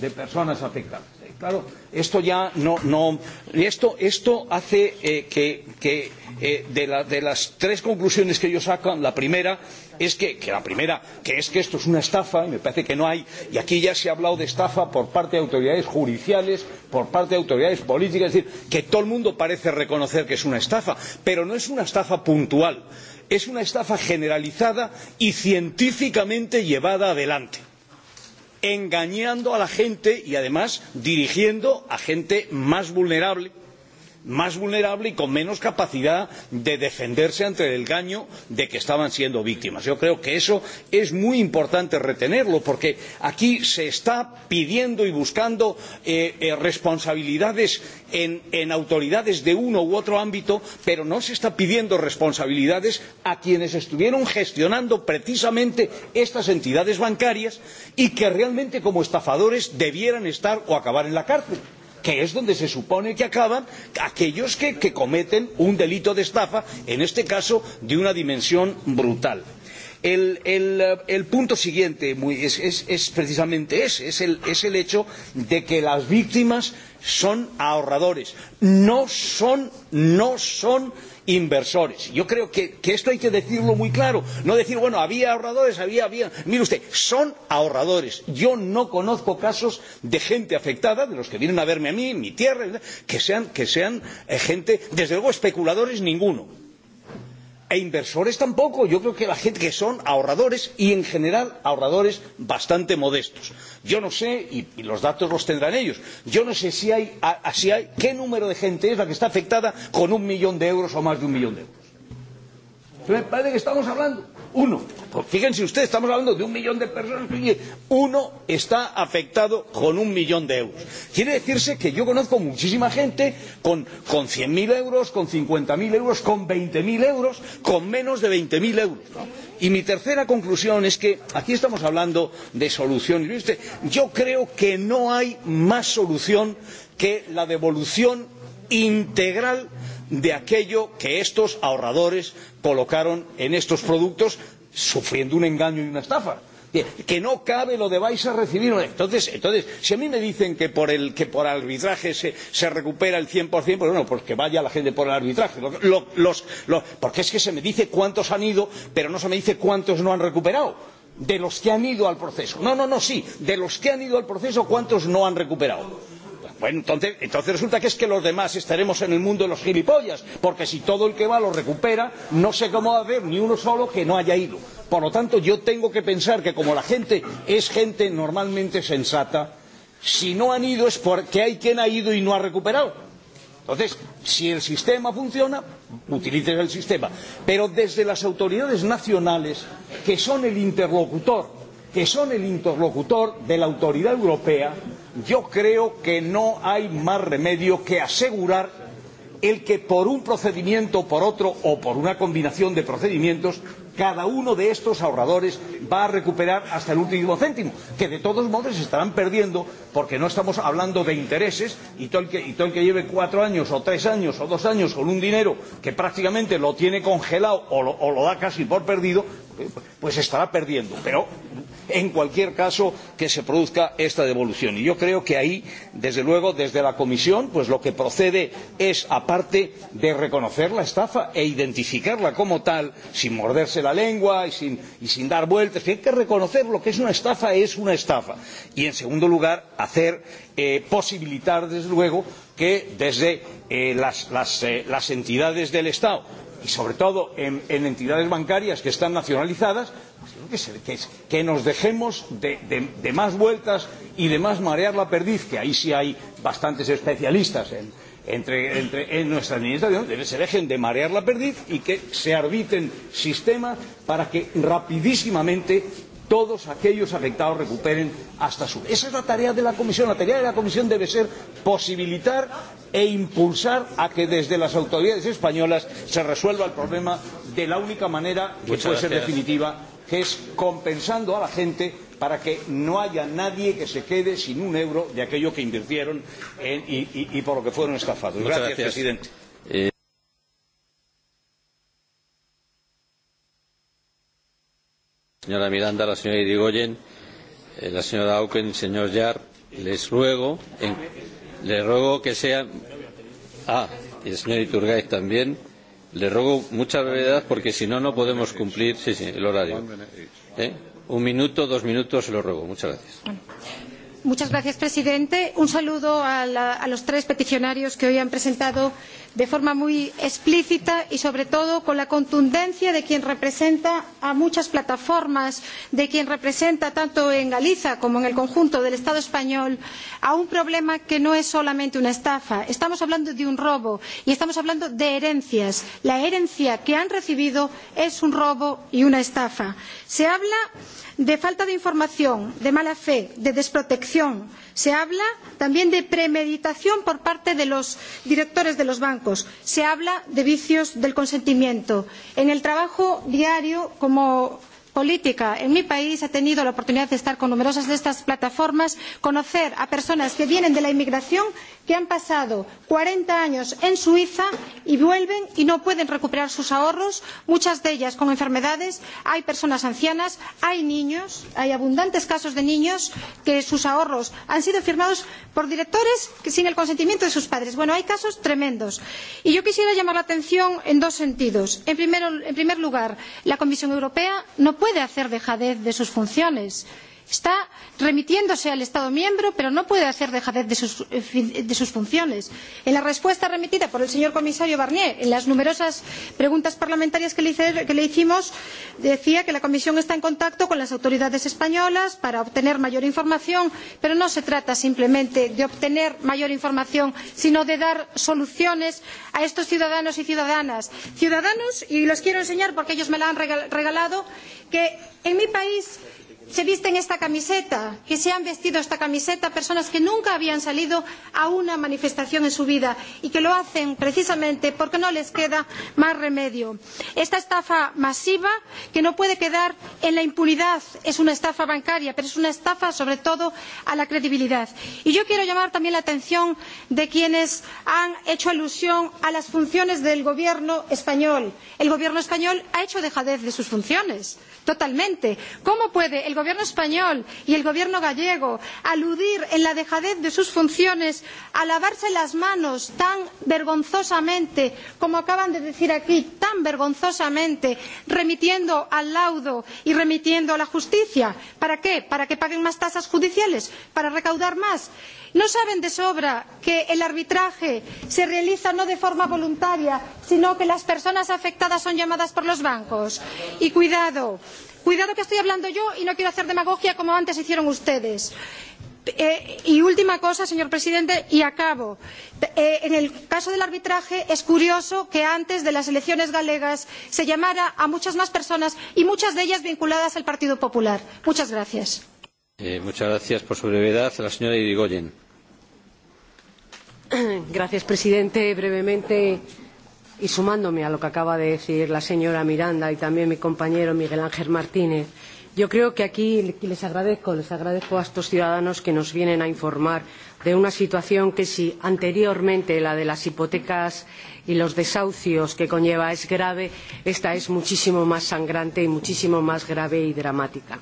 de personas afectadas. Eh, claro, esto ya no, no esto, esto hace eh, que, que eh, de, la, de las tres conclusiones que ellos sacan, la primera es que, que la primera, que es que esto es una estafa, y me parece que no hay, y aquí ya se ha hablado de estafa por parte de autoridades judiciales, por parte de autoridades políticas, es decir, que todo el mundo parece reconocer que es una estafa, pero no es una estafa puntual es una estafa generalizada y científicamente llevada adelante engañando a la gente y además dirigiendo a gente más vulnerable más vulnerable y con menos capacidad de defenderse ante el engaño de que estaban siendo víctimas. yo creo que eso es muy importante retenerlo porque aquí se está pidiendo y buscando eh, eh, responsabilidades en, en autoridades de uno u otro ámbito pero no se está pidiendo responsabilidades a quienes estuvieron gestionando precisamente estas entidades bancarias y que realmente como estafadores debieran estar o acabar en la cárcel que es donde se supone que acaban aquellos que, que cometen un delito de estafa, en este caso de una dimensión brutal. El, el, eh, el punto siguiente muy, es, es, es precisamente ese, es el, es el hecho de que las víctimas son ahorradores, no son, no son inversores. Yo creo que, que esto hay que decirlo muy claro. No decir, bueno, había ahorradores, había, había. Mire usted, son ahorradores. Yo no conozco casos de gente afectada, de los que vienen a verme a mí, en mi tierra, que sean, que sean eh, gente, desde luego especuladores ninguno e inversores tampoco. Yo creo que la gente que son ahorradores y en general ahorradores bastante modestos. Yo no sé, y, y los datos los tendrán ellos, yo no sé si hay, a, a, si hay, qué número de gente es la que está afectada con un millón de euros o más de un millón de euros. Me parece que estamos hablando uno. Pues fíjense ustedes, estamos hablando de un millón de personas, y uno está afectado con un millón de euros. Quiere decirse que yo conozco muchísima gente con, con 100.000 euros, con 50.000 euros, con 20.000 euros, con menos de 20.000 euros. ¿no? Y mi tercera conclusión es que aquí estamos hablando de soluciones. ¿viste? Yo creo que no hay más solución que la devolución integral de aquello que estos ahorradores colocaron en estos productos sufriendo un engaño y una estafa. Bien, que no cabe lo de vais a recibir. Entonces, entonces si a mí me dicen que por, el, que por arbitraje se, se recupera el 100%, pues bueno, pues que vaya la gente por el arbitraje. Lo, lo, los, lo, porque es que se me dice cuántos han ido, pero no se me dice cuántos no han recuperado. De los que han ido al proceso. No, no, no, sí. De los que han ido al proceso, ¿cuántos no han recuperado? Bueno, entonces, entonces resulta que es que los demás estaremos en el mundo de los gilipollas, porque si todo el que va lo recupera, no sé cómo va a haber ni uno solo que no haya ido. Por lo tanto, yo tengo que pensar que como la gente es gente normalmente sensata, si no han ido es porque hay quien ha ido y no ha recuperado. Entonces, si el sistema funciona, utilices el sistema. Pero desde las autoridades nacionales, que son el interlocutor que son el interlocutor de la autoridad europea, yo creo que no hay más remedio que asegurar el que por un procedimiento, por otro o por una combinación de procedimientos, cada uno de estos ahorradores va a recuperar hasta el último céntimo, que de todos modos estarán perdiendo porque no estamos hablando de intereses y todo, el que, y todo el que lleve cuatro años o tres años o dos años con un dinero que prácticamente lo tiene congelado o lo, o lo da casi por perdido, pues estará perdiendo. Pero, en cualquier caso, que se produzca esta devolución. Y yo creo que ahí, desde luego, desde la Comisión, pues lo que procede es, aparte de reconocer la estafa e identificarla como tal, sin morderse la lengua y sin, y sin dar vueltas, hay que reconocer lo que es una estafa es una estafa. Y, en segundo lugar, hacer, eh, posibilitar, desde luego, que desde eh, las, las, eh, las entidades del Estado y sobre todo en, en entidades bancarias que están nacionalizadas, pues que, que, que nos dejemos de, de, de más vueltas y de más marear la perdiz, que ahí sí hay bastantes especialistas en, entre, entre, en nuestra administración, que se dejen de marear la perdiz y que se arbitren sistemas para que rapidísimamente todos aquellos afectados recuperen hasta su. Esa es la tarea de la Comisión. La tarea de la Comisión debe ser posibilitar e impulsar a que desde las autoridades españolas se resuelva el problema de la única manera que Muchas puede gracias. ser definitiva, que es compensando a la gente para que no haya nadie que se quede sin un euro de aquello que invirtieron en, y, y, y por lo que fueron estafados. Muchas gracias, gracias, presidente. Eh... Señora Miranda, la señora Irigoyen, eh, la señora Auken, el señor Yar, les ruego, en, les ruego que sean. Ah, y el señor Iturgaiz también. Le ruego mucha brevedad porque si no, no podemos cumplir sí, sí, el horario. ¿Eh? Un minuto, dos minutos, se lo ruego. Muchas gracias. Bueno señor presidente un saludo a, la, a los tres peticionarios que hoy han presentado de forma muy explícita y sobre todo con la contundencia de quien representa a muchas plataformas de quien representa tanto en galicia como en el conjunto del estado español a un problema que no es solamente una estafa estamos hablando de un robo y estamos hablando de herencias la herencia que han recibido es un robo y una estafa. se habla de De falta de información, de mala fe, de desprotección. Se habla también de premeditación por parte de los directores de los bancos. Se habla de vicios del consentimiento. En el trabajo diario, como política. En mi país he tenido la oportunidad de estar con numerosas de estas plataformas, conocer a personas que vienen de la inmigración que han pasado 40 años en Suiza y vuelven y no pueden recuperar sus ahorros, muchas de ellas con enfermedades, hay personas ancianas, hay niños, hay abundantes casos de niños que sus ahorros han sido firmados por directores sin el consentimiento de sus padres. Bueno, hay casos tremendos. Y yo quisiera llamar la atención en dos sentidos. En, primero, en primer lugar, la Comisión Europea no puede hacer dejadez de sus funciones. Está remitiéndose al Estado miembro, pero no puede hacer dejadez de sus, eh, de sus funciones. En la respuesta remitida por el señor comisario Barnier, en las numerosas preguntas parlamentarias que le, hice, que le hicimos, decía que la Comisión está en contacto con las autoridades españolas para obtener mayor información, pero no se trata simplemente de obtener mayor información, sino de dar soluciones a estos ciudadanos y ciudadanas. Ciudadanos, y los quiero enseñar porque ellos me la han regalado, que en mi país se visten esta camiseta, que se han vestido esta camiseta personas que nunca habían salido a una manifestación en su vida y que lo hacen precisamente porque no les queda más remedio. Esta estafa masiva, que no puede quedar en la impunidad, es una estafa bancaria, pero es una estafa sobre todo a la credibilidad. Y yo quiero llamar también la atención de quienes han hecho alusión a las funciones del Gobierno español. El Gobierno español ha hecho dejadez de sus funciones, totalmente. ¿Cómo puede el gobierno español y el gobierno gallego aludir en la dejadez de sus funciones a lavarse las manos tan vergonzosamente como acaban de decir aquí tan vergonzosamente remitiendo al laudo y remitiendo a la justicia para qué? para que paguen más tasas judiciales para recaudar más? no saben de sobra que el arbitraje se realiza no de forma voluntaria sino que las personas afectadas son llamadas por los bancos y cuidado porque Cuidado que estoy hablando yo y no quiero hacer demagogia como antes hicieron ustedes. Eh, y última cosa, señor presidente, y acabo. Eh, en el caso del arbitraje es curioso que antes de las elecciones galegas se llamara a muchas más personas y muchas de ellas vinculadas al Partido Popular. Muchas gracias. Eh, muchas gracias por su brevedad. La señora Irigoyen. Gracias, presidente. Brevemente y sumándome a lo que acaba de decir la señora Miranda y también mi compañero Miguel Ángel Martínez, yo creo que aquí les agradezco, les agradezco a estos ciudadanos que nos vienen a informar de una situación que si anteriormente la de las hipotecas y los desahucios que conlleva es grave, esta es muchísimo más sangrante y muchísimo más grave y dramática.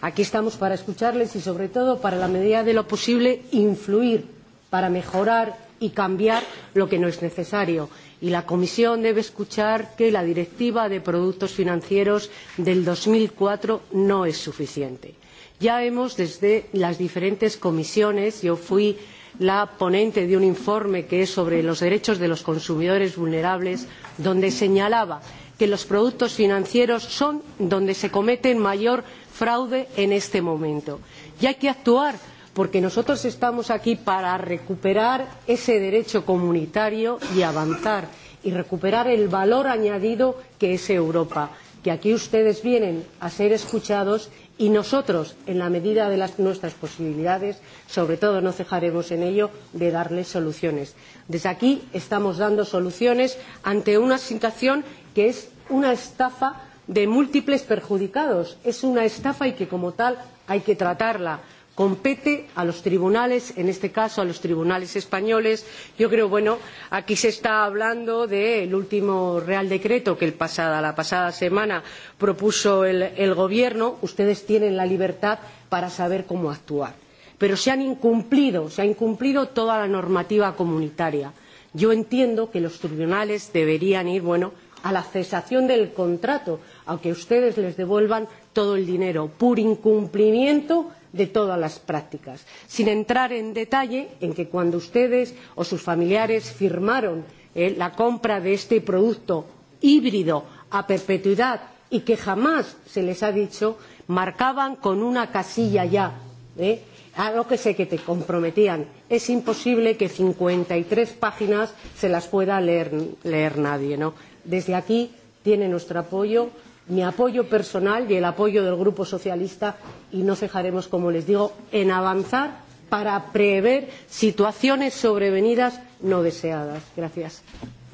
Aquí estamos para escucharles y, sobre todo, para la medida de lo posible, influir para mejorar y cambiar lo que no es necesario y la Comisión debe escuchar que la Directiva de Productos Financieros del 2004 no es suficiente. Ya hemos, desde las diferentes comisiones, yo fui la ponente de un informe que es sobre los derechos de los consumidores vulnerables, donde señalaba que los productos financieros son donde se comete mayor fraude en este momento. Y hay que actuar porque nosotros estamos aquí para recuperar ese derecho comunitario y avanzar y recuperar el valor añadido que es Europa, que aquí ustedes vienen a ser escuchados y nosotros, en la medida de las, nuestras posibilidades, sobre todo no cejaremos en ello de darles soluciones. Desde aquí estamos dando soluciones ante una situación que es una estafa de múltiples perjudicados. Es una estafa y que como tal hay que tratarla compete a los tribunales en este caso a los tribunales españoles. yo creo bueno aquí se está hablando del último real decreto que pasado, la pasada semana propuso el, el gobierno ustedes tienen la libertad para saber cómo actuar pero se han incumplido se ha incumplido toda la normativa comunitaria. yo entiendo que los tribunales deberían ir bueno a la cesación del contrato aunque ustedes les devuelvan todo el dinero por incumplimiento de de todas las prácticas. Sin entrar en detalle en que cuando ustedes o sus familiares firmaron eh, la compra de este producto híbrido a perpetuidad y que jamás se les ha dicho, marcaban con una casilla ya. ¿eh? a lo que sé que te comprometían. Es imposible que 53 páginas se las pueda leer, leer nadie. ¿no? Desde aquí tiene nuestro apoyo mi apoyo personal y el apoyo del Grupo Socialista y no cejaremos, como les digo, en avanzar para prever situaciones sobrevenidas no deseadas. Gracias.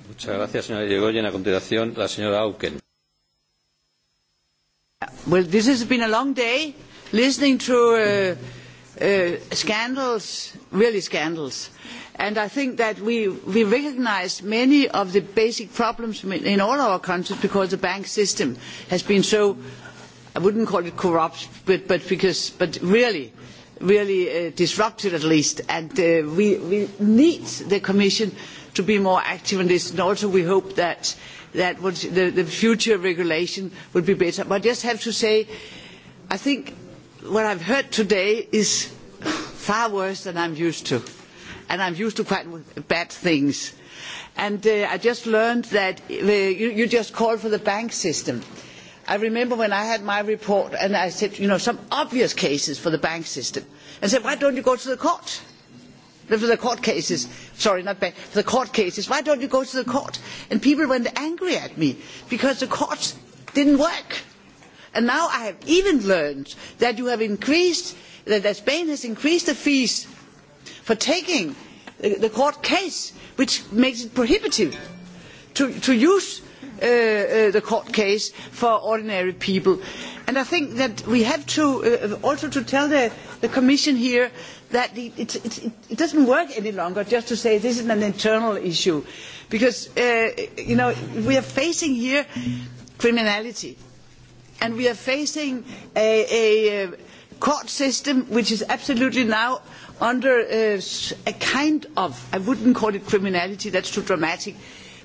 Muchas gracias, señora Yrigoyen. A continuación, la señora Auken. Well, this has been a long day listening to uh, uh, scandals, really scandals. Uh, and I think that we, we recognize many of the basic problems in all our countries because the bank system has been so, I wouldn't call it corrupt, but, but, because, but really, really uh, disrupted at least. And uh, we, we need the Commission to be more active in this. And also we hope that, that what the, the future regulation will be better. But I just have to say, I think what I've heard today is far worse than I'm used to and I'm used to quite bad things. And uh, I just learned that uh, you, you just call for the bank system. I remember when I had my report and I said, you know, some obvious cases for the bank system. And said, why don't you go to the court? For the court cases, sorry, not bank, for the court cases, why don't you go to the court? And people went angry at me because the courts didn't work. And now I have even learned that you have increased, that Spain has increased the fees for taking the court case, which makes it prohibitive to, to use uh, uh, the court case for ordinary people. And I think that we have to uh, also to tell the, the Commission here that it, it, it, it doesn't work any longer just to say this is an internal issue. Because, uh, you know, we are facing here criminality. And we are facing a, a uh, court system which is absolutely now under a, a kind of, I wouldn't call it criminality, that's too dramatic,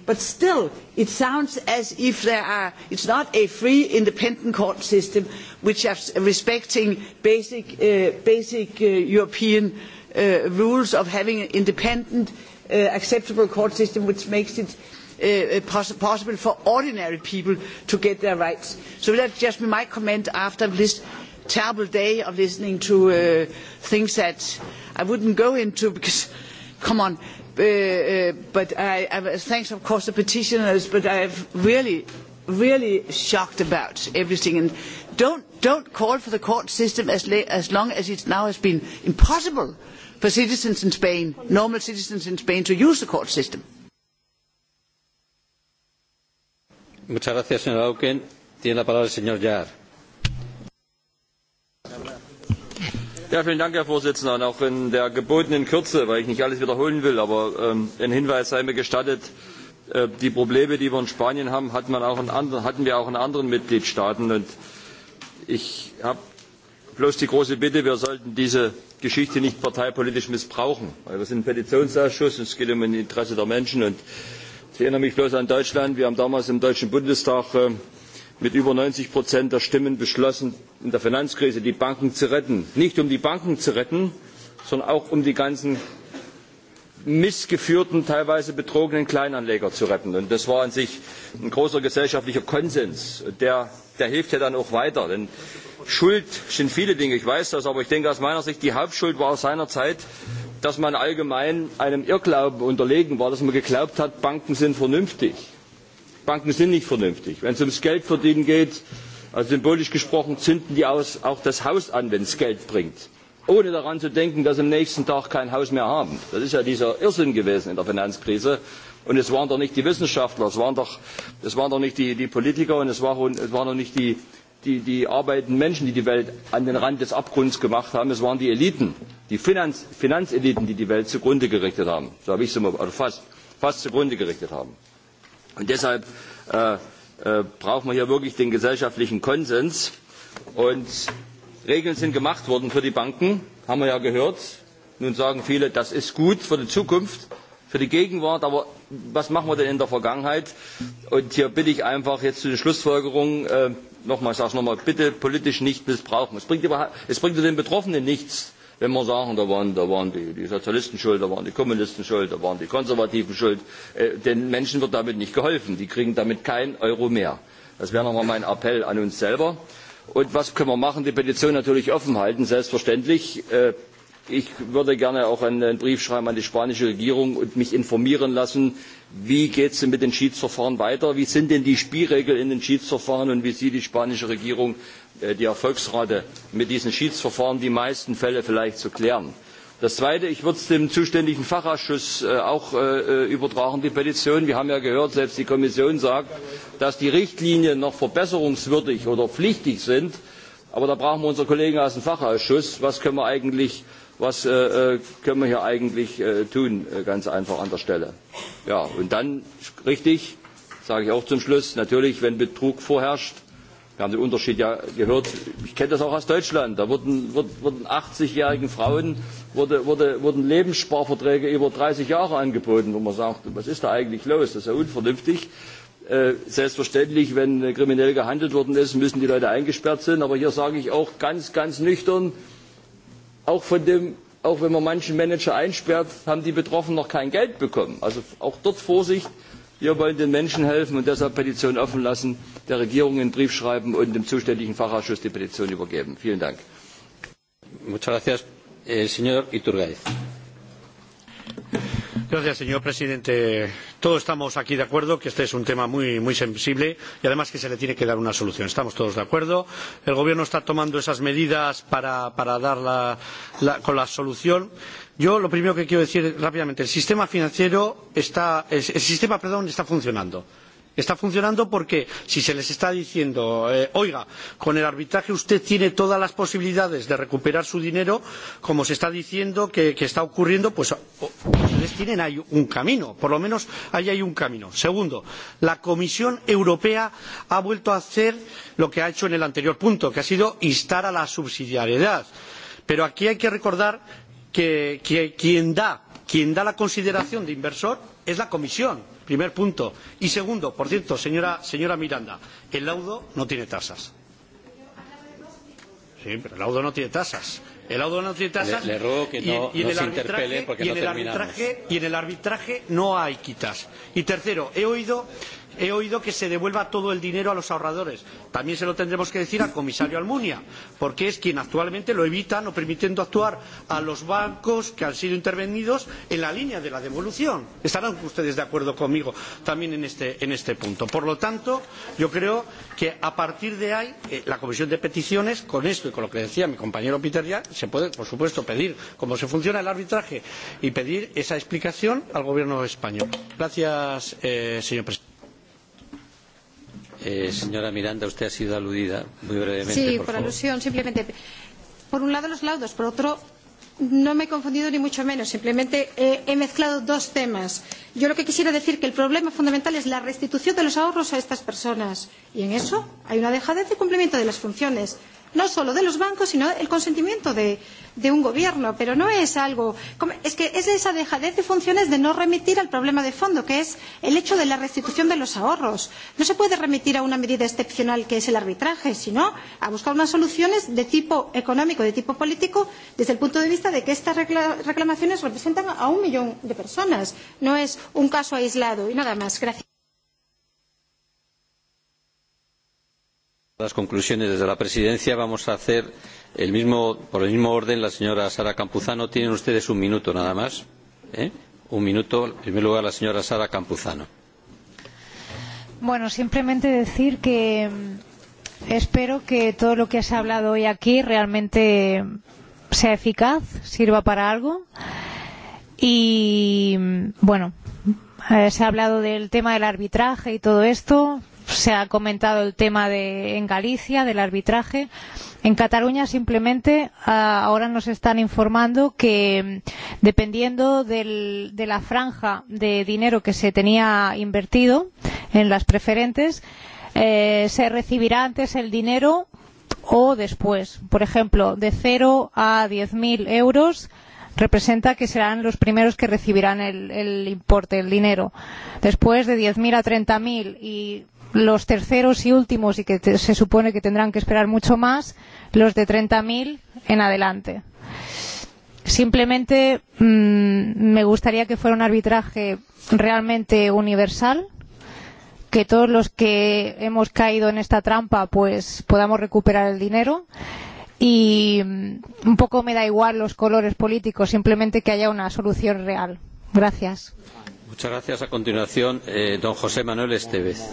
but still it sounds as if there are, it's not a free independent court system which is respecting basic, uh, basic uh, European uh, rules of having an independent uh, acceptable court system which makes it uh, uh poss possible for ordinary people to get their rights. So that's just my comment after this terrible day of listening to uh, things that I wouldn't go into because, come on, uh, uh, but I, I thanks of course the petitioners, but I have really, really shocked about everything. And don't, don't call for the court system as, la- as long as it now has been impossible for citizens in Spain, normal citizens in Spain, to use the court system. Muchas gracias, señor Auken. Tiene la palabra el señor Yar. Ja, vielen Dank, Herr Vorsitzender. Und auch in der gebotenen Kürze, weil ich nicht alles wiederholen will, aber ähm, ein Hinweis sei mir gestattet. Äh, die Probleme, die wir in Spanien haben, hat man auch in anderen, hatten wir auch in anderen Mitgliedstaaten. Und ich habe bloß die große Bitte, wir sollten diese Geschichte nicht parteipolitisch missbrauchen. Weil wir sind ein Petitionsausschuss und es geht um das Interesse der Menschen. Und ich erinnere mich bloß an Deutschland. Wir haben damals im Deutschen Bundestag äh, mit über 90 Prozent der Stimmen beschlossen, in der Finanzkrise die Banken zu retten. Nicht um die Banken zu retten, sondern auch um die ganzen missgeführten, teilweise betrogenen Kleinanleger zu retten. Und das war an sich ein großer gesellschaftlicher Konsens. Und der, der hilft ja dann auch weiter. Denn Schuld sind viele Dinge, ich weiß das, aber ich denke aus meiner Sicht, die Hauptschuld war aus seiner Zeit, dass man allgemein einem Irrglauben unterlegen war, dass man geglaubt hat, Banken sind vernünftig. Banken sind nicht vernünftig. Wenn es ums Geldverdienen geht, also symbolisch gesprochen, zünden die aus, auch das Haus an, wenn es Geld bringt. Ohne daran zu denken, dass sie am nächsten Tag kein Haus mehr haben. Das ist ja dieser Irrsinn gewesen in der Finanzkrise. Und es waren doch nicht die Wissenschaftler, es waren doch, es waren doch nicht die, die Politiker und es, war, es waren doch nicht die, die, die arbeitenden Menschen, die die Welt an den Rand des Abgrunds gemacht haben. Es waren die Eliten, die Finanz, Finanzeliten, die die Welt zugrunde gerichtet haben. So habe ich es immer, also fast, fast zugrunde gerichtet haben. Und deshalb äh, äh, brauchen wir hier wirklich den gesellschaftlichen Konsens. Und Regeln sind gemacht worden für die Banken, haben wir ja gehört. Nun sagen viele, das ist gut für die Zukunft, für die Gegenwart, aber was machen wir denn in der Vergangenheit? Und hier bitte ich einfach jetzt zu den Schlussfolgerungen, äh, nochmal, ich sage es nochmal, bitte politisch nicht missbrauchen. Es bringt, über, es bringt den Betroffenen nichts Wenn wir sagen, da waren, da waren die, die Sozialisten schuld, da waren die Kommunisten schuld, da waren die Konservativen schuld, äh, den Menschen wird damit nicht geholfen. Die kriegen damit keinen Euro mehr. Das wäre nochmal mein Appell an uns selber. Und was können wir machen? Die Petition natürlich offen halten, selbstverständlich. Äh, ich würde gerne auch einen Brief schreiben an die spanische Regierung und mich informieren lassen, wie geht es denn mit den Schiedsverfahren weiter, wie sind denn die Spielregeln in den Schiedsverfahren und wie sieht die spanische Regierung Äh, die Erfolgsrate mit diesen Schiedsverfahren die meisten Fälle vielleicht zu klären. Das Zweite, ich würde es dem zuständigen Fachausschuss äh, auch äh, übertragen, die Petition. Wir haben ja gehört, selbst die Kommission sagt, dass die Richtlinien noch verbesserungswürdig oder pflichtig sind. Aber da brauchen wir unsere Kollegen aus dem Fachausschuss. Was können wir eigentlich, was äh, können wir hier eigentlich äh, tun, ganz einfach an der Stelle? Ja, und dann richtig, sage ich auch zum Schluss, natürlich, wenn Betrug vorherrscht, Wir haben den Unterschied ja gehört. Ich kenne das auch aus Deutschland. Da wurden, wurden 80-jährigen Frauen wurde, wurde, wurden Lebenssparverträge über 30 Jahre angeboten, wo man sagt, was ist da eigentlich los? Das ist ja unvernünftig. Äh, selbstverständlich, wenn äh, kriminell gehandelt worden ist, müssen die Leute eingesperrt sein. Aber hier sage ich auch ganz, ganz nüchtern, auch von dem auch wenn man manchen Manager einsperrt, haben die Betroffenen noch kein Geld bekommen. Also auch dort Vorsicht, Wir wollen den Menschen helfen und deshalb Petition offen lassen, der Regierung einen Brief schreiben und dem zuständigen Fachausschuss die Petition übergeben. Vielen Dank. Muchas gracias, eh, señor Iturgaiz. Gracias, señor presidente todos estamos aquí de acuerdo en que este es un tema muy, muy sensible y además que se le tiene que dar una solución. estamos todos de acuerdo. el gobierno está tomando esas medidas para, para dar la, la, con la solución y Yo lo primero que quiero decir rápidamente, el sistema financiero está, el sistema, perdón, está funcionando. Está funcionando porque si se les está diciendo, eh, oiga, con el arbitraje usted tiene todas las posibilidades de recuperar su dinero, como se está diciendo que, que está ocurriendo, pues ustedes tienen ahí un camino, por lo menos ahí hay un camino. Segundo, la Comisión Europea ha vuelto a hacer lo que ha hecho en el anterior punto, que ha sido instar a la subsidiariedad. Pero aquí hay que recordar que, que quien da quien da la consideración de inversor es la comisión primer punto y segundo por cierto señora, señora miranda el laudo no tiene tasas sí pero el laudo no tiene tasas el laudo no tiene tasas le, le ruego que no, y, y no se interpele porque y no terminamos arbitraje, y en el arbitraje no hay quitas y tercero he oído he oído que se devuelva todo el dinero a los ahorradores. También se lo tendremos que decir al comisario Almunia, porque es quien actualmente lo evita, no permitiendo actuar a los bancos que han sido intervenidos en la línea de la devolución. Estarán ustedes de acuerdo conmigo también en este, en este punto. Por lo tanto, yo creo que a partir de ahí, eh, la Comisión de Peticiones, con esto y con lo que decía mi compañero Peter ya, se puede, por supuesto, pedir cómo se funciona el arbitraje y pedir esa explicación al Gobierno español. Gracias, eh, señor presidente. Eh, señora Miranda, usted ha sido aludida muy brevemente. Sí, por, por alusión, simplemente. Por un lado los laudos, por otro no me he confundido ni mucho menos, simplemente he, eh, he mezclado dos temas. Yo lo que quisiera decir que el problema fundamental es la restitución de los ahorros a estas personas y en eso hay una dejadez de cumplimiento de las funciones no solo de los bancos, sino el consentimiento de, de un gobierno. Pero no es algo. Es que es esa dejadez de funciones de no remitir al problema de fondo, que es el hecho de la restitución de los ahorros. No se puede remitir a una medida excepcional que es el arbitraje, sino a buscar unas soluciones de tipo económico, de tipo político, desde el punto de vista de que estas reclamaciones representan a un millón de personas. No es un caso aislado. Y nada más. Gracias. Las conclusiones desde la presidencia vamos a hacer el mismo, por el mismo orden. La señora Sara Campuzano, tienen ustedes un minuto nada más. ¿eh? Un minuto. En primer lugar, la señora Sara Campuzano. Bueno, simplemente decir que mm, espero que todo lo que has hablado hoy aquí realmente sea eficaz, sirva para algo. Y mm, bueno, eh, se ha hablado del tema del arbitraje y todo esto se ha comentado el tema de, en Galicia del arbitraje. En Cataluña simplemente uh, ahora nos están informando que mm, dependiendo del, de la franja de dinero que se tenía invertido en las preferentes, eh, se recibirá antes el dinero o después. Por ejemplo, de 0 a 10.000 euros representa que serán los primeros que recibirán el, el importe, el dinero. Después de 10.000 a 30.000 y los terceros y últimos y que te, se supone que tendrán que esperar mucho más, los de 30.000 en adelante. Simplemente mmm, me gustaría que fuera un arbitraje realmente universal, que todos los que hemos caído en esta trampa pues podamos recuperar el dinero y mmm, un poco me da igual los colores políticos, simplemente que haya una solución real. Gracias. Muchas gracias. A continuación, eh, don José Manuel Estevez.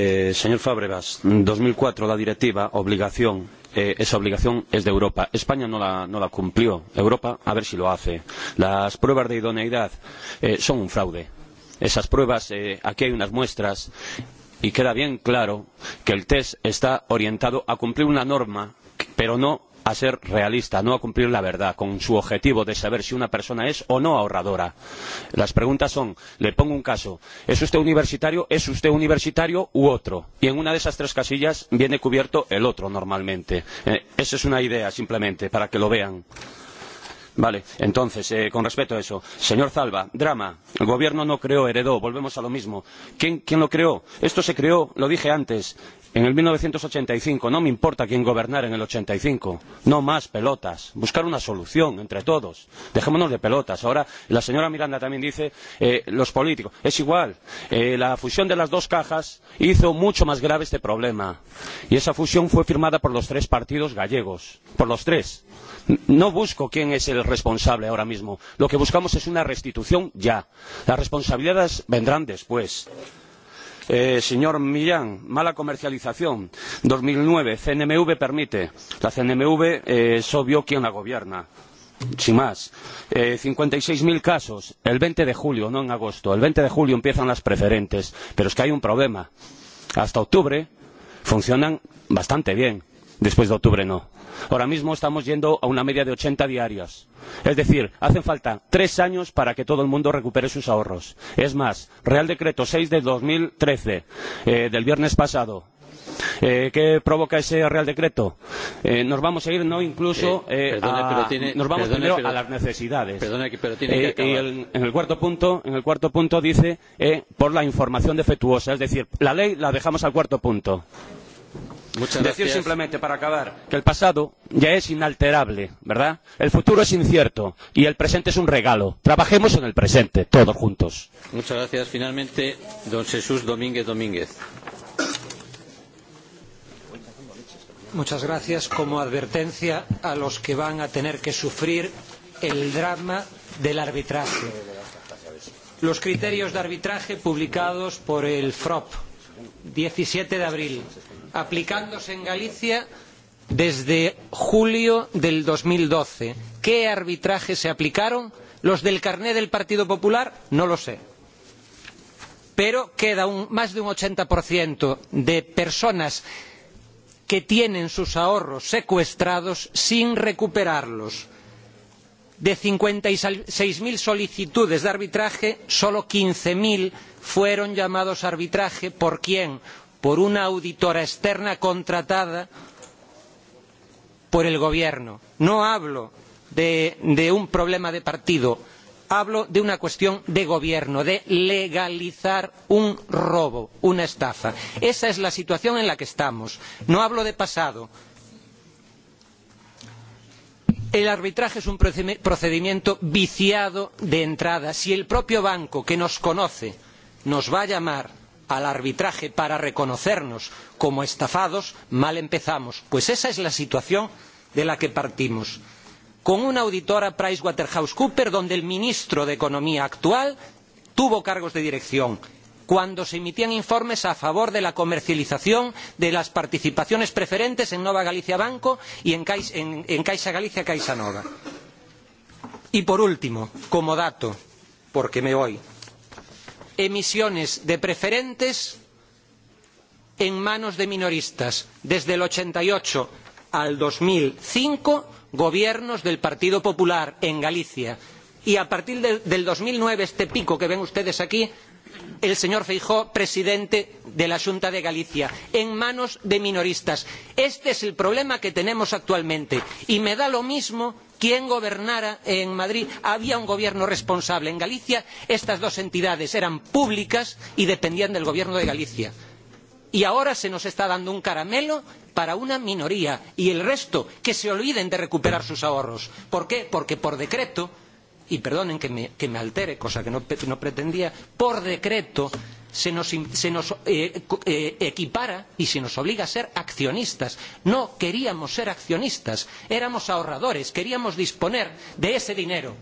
Eh, señor Fábregas, 2004 la directiva, obligación, eh, esa obligación es de Europa. España no la, no la cumplió. Europa, a ver si lo hace. Las pruebas de idoneidad eh, son un fraude. Esas pruebas, eh, aquí hay unas muestras y queda bien claro que el test está orientado a cumplir una norma, pero no a ser realista, no a cumplir la verdad con su objetivo de saber si una persona es o no ahorradora. Las preguntas son, le pongo un caso, ¿es usted universitario? ¿Es usted universitario u otro? Y en una de esas tres casillas viene cubierto el otro normalmente. Eh, esa es una idea simplemente para que lo vean. Gracias. Vale, entonces, eh, con respecto a eso, señor Zalba, drama. El gobierno no creó, heredó, volvemos a lo mismo. ¿Quién, quién lo creó? Esto se creó, lo dije antes, en el 1985. No me importa quién gobernara en el 85. No más pelotas. Buscar una solución entre todos. Dejémonos de pelotas. Ahora, la señora Miranda también dice, eh, los políticos. Es igual. Eh, la fusión de las dos cajas hizo mucho más grave este problema. Y esa fusión fue firmada por los tres partidos gallegos. Por los tres no busco quién es el responsable ahora mismo lo que buscamos es una restitución ya. las responsabilidades vendrán después. Eh, señor millán mala comercialización dos mil nueve cnmv permite la cnmv eh, es obvio quién la gobierna sin más eh, cincuenta y seis mil casos el veinte de julio no en agosto el veinte de julio empiezan las preferentes pero es que hay un problema hasta octubre funcionan bastante bien después de octubre no. Ahora mismo estamos yendo a una media de 80 diarias. Es decir, hacen falta tres años para que todo el mundo recupere sus ahorros. Es más, Real Decreto 6 de 2013, eh, del viernes pasado, Eh, ¿Qué provoca ese Real Decreto? Eh, nos vamos a ir, no incluso, eh, eh, perdone, a, pero tiene, nos vamos perdone, primero pero, a las necesidades. Perdone, pero tiene eh, que acabar. y el, en, el cuarto punto, en el cuarto punto dice eh, por la información defectuosa, es decir, la ley la dejamos al cuarto punto. Decir simplemente, para acabar, que el pasado ya es inalterable, ¿verdad? El futuro es incierto y el presente es un regalo. Trabajemos en el presente, todos juntos. Muchas gracias. Finalmente, don Jesús Domínguez Domínguez. Muchas gracias. Como advertencia a los que van a tener que sufrir el drama del arbitraje. Los criterios de arbitraje publicados por el FROP, 17 de abril aplicándose en Galicia desde julio de dos mil doce qué arbitrajes se aplicaron? los del carné del partido popular? no lo sé pero queda un, más de un ochenta de personas que tienen sus ahorros secuestrados sin recuperarlos. de cincuenta y seis cero solicitudes de arbitraje solo quince cero fueron llamados a arbitraje por quién? por una auditora externa contratada por el gobierno. No hablo de, de un problema de partido, hablo de una cuestión de gobierno, de legalizar un robo, una estafa. Esa es la situación en la que estamos. No hablo de pasado. El arbitraje es un procedimiento viciado de entrada. Si el propio banco que nos conoce nos va a llamar al arbitraje para reconocernos como estafados, mal empezamos. Pues esa es la situación de la que partimos. Con una auditora PricewaterhouseCoopers, donde el ministro de Economía actual tuvo cargos de dirección cuando se emitían informes a favor de la comercialización de las participaciones preferentes en Nova Galicia Banco y en Caixa, en, en Caixa Galicia Caixa Nova. Y por último, como dato, porque me voy, emisiones de preferentes en manos de minoristas desde el ochenta y ocho al dos mil cinco gobiernos del partido popular en galicia y a partir de, del dos mil nueve este pico que ven ustedes aquí el señor feijóo presidente de la xunta de galicia en manos de minoristas. este es el problema que tenemos actualmente y me da lo mismo quien gobernara en madrid había un gobierno responsable. en galicia estas dos entidades eran públicas y dependían del gobierno de galicia. y ahora se nos está dando un caramelo para una minoría y el resto que se olviden de recuperar sus ahorros. por qué? porque por decreto y perdonen que me, que me altere cosa que no, no pretendía por decreto se nos, se nos eh, eh, equipara y se nos obliga a ser accionistas. No queríamos ser accionistas, éramos ahorradores, queríamos disponer de ese dinero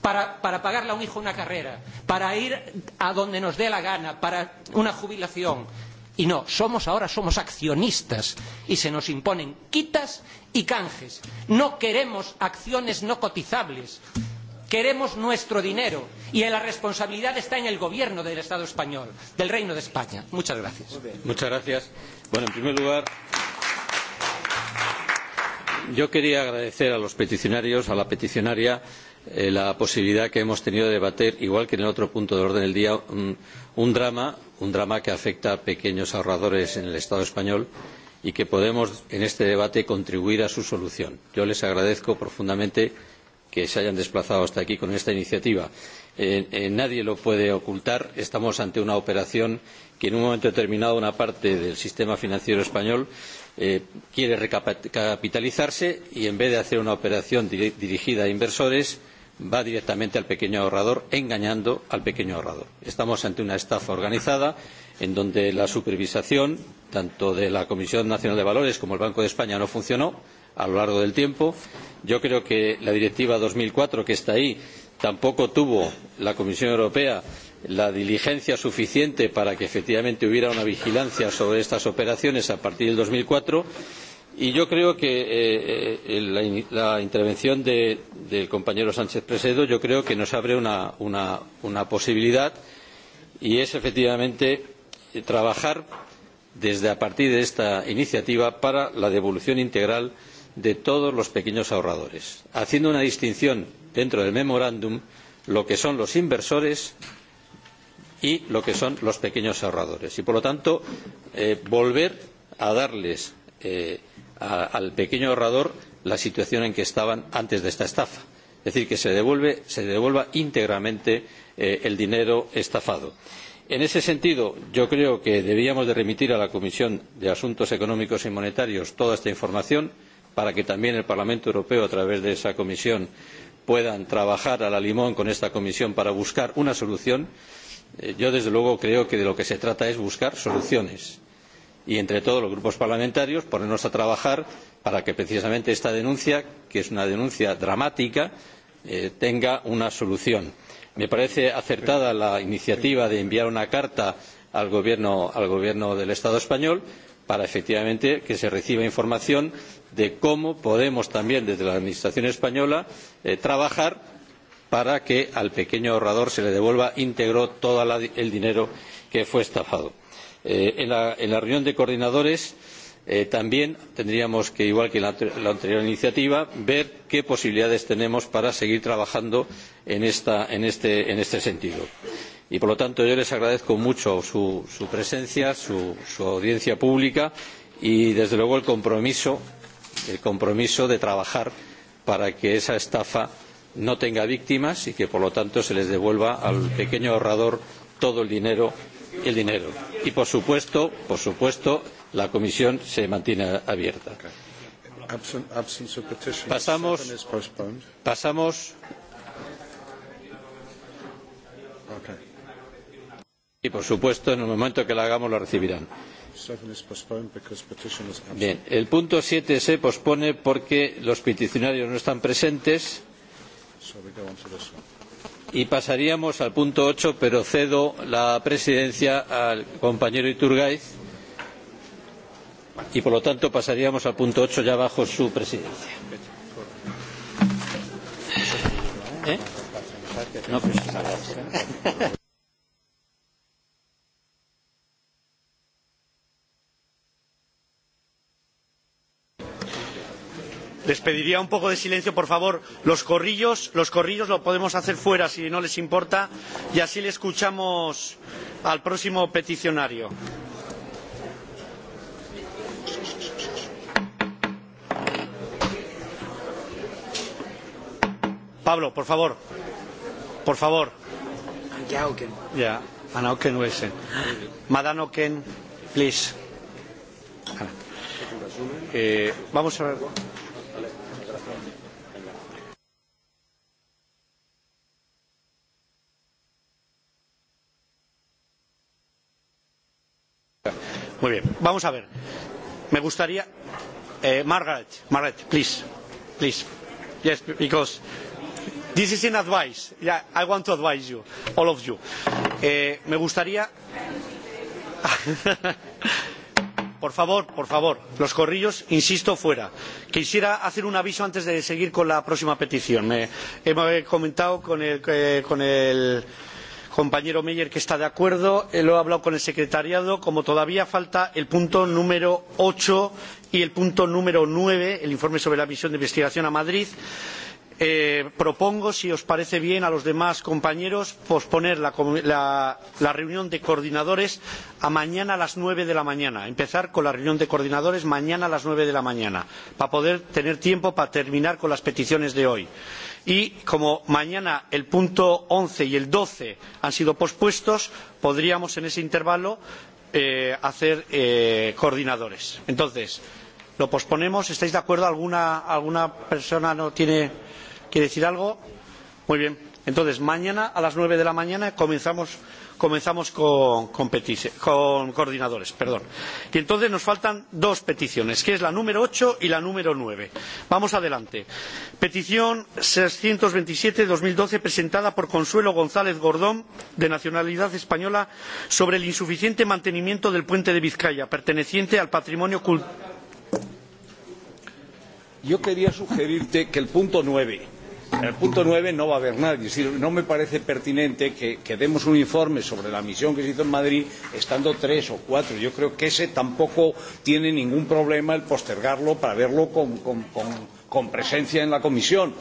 para, para pagarle a un hijo una carrera, para ir a donde nos dé la gana, para una jubilación. Y no, somos ahora somos accionistas y se nos imponen quitas y canjes. No queremos acciones no cotizables Queremos nuestro dinero y la responsabilidad está en el gobierno del Estado español, del Reino de España. Muchas gracias. Muchas gracias. Bueno, en primer lugar, yo quería agradecer a los peticionarios, a la peticionaria, eh, la posibilidad que hemos tenido de debatir, igual que en el otro punto del orden del día, un, un drama, un drama que afecta a pequeños ahorradores en el Estado español y que podemos en este debate contribuir a su solución. Yo les agradezco profundamente que se hayan desplazado hasta aquí con esta iniciativa. Eh, eh, nadie lo puede ocultar. Estamos ante una operación que en un momento determinado una parte del sistema financiero español eh, quiere recapitalizarse y en vez de hacer una operación dir dirigida a inversores va directamente al pequeño ahorrador engañando al pequeño ahorrador. Estamos ante una estafa organizada en donde la supervisación tanto de la Comisión Nacional de Valores como del Banco de España no funcionó a lo largo del tiempo. Yo creo que la Directiva 2004, que está ahí, tampoco tuvo la Comisión Europea la diligencia suficiente para que efectivamente hubiera una vigilancia sobre estas operaciones a partir de dos mil cuatro y yo creo que eh, eh, la, la intervención de, del compañero Sánchez Presedo yo creo que nos abre una, una, una posibilidad y es efectivamente eh, trabajar desde a partir de esta iniciativa para la devolución integral de de todos los pequeños ahorradores, haciendo una distinción dentro del memorándum lo que son los inversores y lo que son los pequeños ahorradores. Y, por lo tanto, eh, volver a darles eh, a, al pequeño ahorrador la situación en que estaban antes de esta estafa. Es decir, que se, devuelve, se devuelva íntegramente eh, el dinero estafado. En ese sentido, yo creo que debíamos de remitir a la Comisión de Asuntos Económicos y Monetarios toda esta información para que también el Parlamento Europeo, a través de esa comisión, puedan trabajar a la limón con esta comisión para buscar una solución. Eh, yo, desde luego, creo que de lo que se trata es buscar soluciones y entre todos los grupos parlamentarios ponernos a trabajar para que precisamente esta denuncia que es una denuncia dramática eh, tenga una solución. Me parece acertada la iniciativa de enviar una carta al gobierno, al gobierno del Estado español para efectivamente que se reciba información de cómo podemos también desde la administración española eh, trabajar para que al pequeño ahorrador se le devuelva íntegro todo la, el dinero que fue estafado. Eh, en, la, en la reunión de coordinadores eh, también tendríamos que, igual que en la, la anterior iniciativa, ver qué posibilidades tenemos para seguir trabajando en, esta, en, este, en este sentido. Y, por lo tanto, yo les agradezco mucho su, su presencia, su, su audiencia pública y, desde luego, el compromiso el compromiso de trabajar para que esa estafa no tenga víctimas y que, por lo tanto, se les devuelva al pequeño ahorrador todo el dinero. El dinero. Y, por supuesto, por supuesto, la comisión se mantiene abierta. Pasamos. pasamos y, por supuesto, en el momento que la hagamos lo recibirán. 7 is postponed because petition is absent. Bien, el punto 7 se pospone porque los peticionarios no están presentes. So we go on to this one. Y pasaríamos al punto 8, pero cedo la presidencia al compañero Iturgaiz. Y por lo tanto pasaríamos al punto 8 ya bajo su presidencia. ¿Eh? No, pues, les pediría un poco de silencio por favor los corrillos los corrillos los podemos hacer fuera si no les importa y así le escuchamos al próximo peticionario. Pablo, por favor. Por favor. Anke Auken. Ja, Anne Auken eh. Wilson. Madame Auken, please. Eh, vamos a ver. Muy bien, vamos a ver. Me gustaría. Eh, Margaret, Margaret, please. Please. Yes, because this is an advice. Yeah, I want to advise you, all of you. Eh, me gustaría. por favor, por favor, los corrillos, insisto, fuera. Quisiera hacer un aviso antes de seguir con la próxima petición. Me, he comentado con el, eh, con el compañero meyer que está de acuerdo eh, lo he hablado con el secretariado como todavía faltan el punto número ocho y el punto número nueve el informe sobre la misión de investigación a madrid eh, propongo si os parece bien a los demás compañeros posponer la, la, la reunión de coordinadores a mañana a las nueve de la mañana empezar con la reunión de coordinadores mañana a las nueve de la mañana para poder tener tiempo para terminar con las peticiones de hoy y y como mañana el punto once y el doce han sido pospuestos podríamos en ese intervalo eh, hacer eh, coordinadores. entonces lo posponemos. estáis de acuerdo? alguna, alguna persona no tiene, quiere decir algo? muy bien. entonces mañana a las nueve de la mañana comenzamos comenzamos con, con, con coordinadores. Perdón. Y entonces nos faltan dos peticiones, que es la número 8 y la número 9. Vamos adelante. Petición 627-2012 presentada por Consuelo González Gordón, de nacionalidad española, sobre el insuficiente mantenimiento del puente de Vizcaya, perteneciente al patrimonio cultural. Yo quería sugerirte que el punto 9 En el punto 9 no va a haber nadie. Es decir, no me parece pertinente que, que demos un informe sobre la misión que se hizo en Madrid estando tres o cuatro. Yo creo que ese tampoco tiene ningún problema el postergarlo para verlo con, con, con, con presencia en la comisión,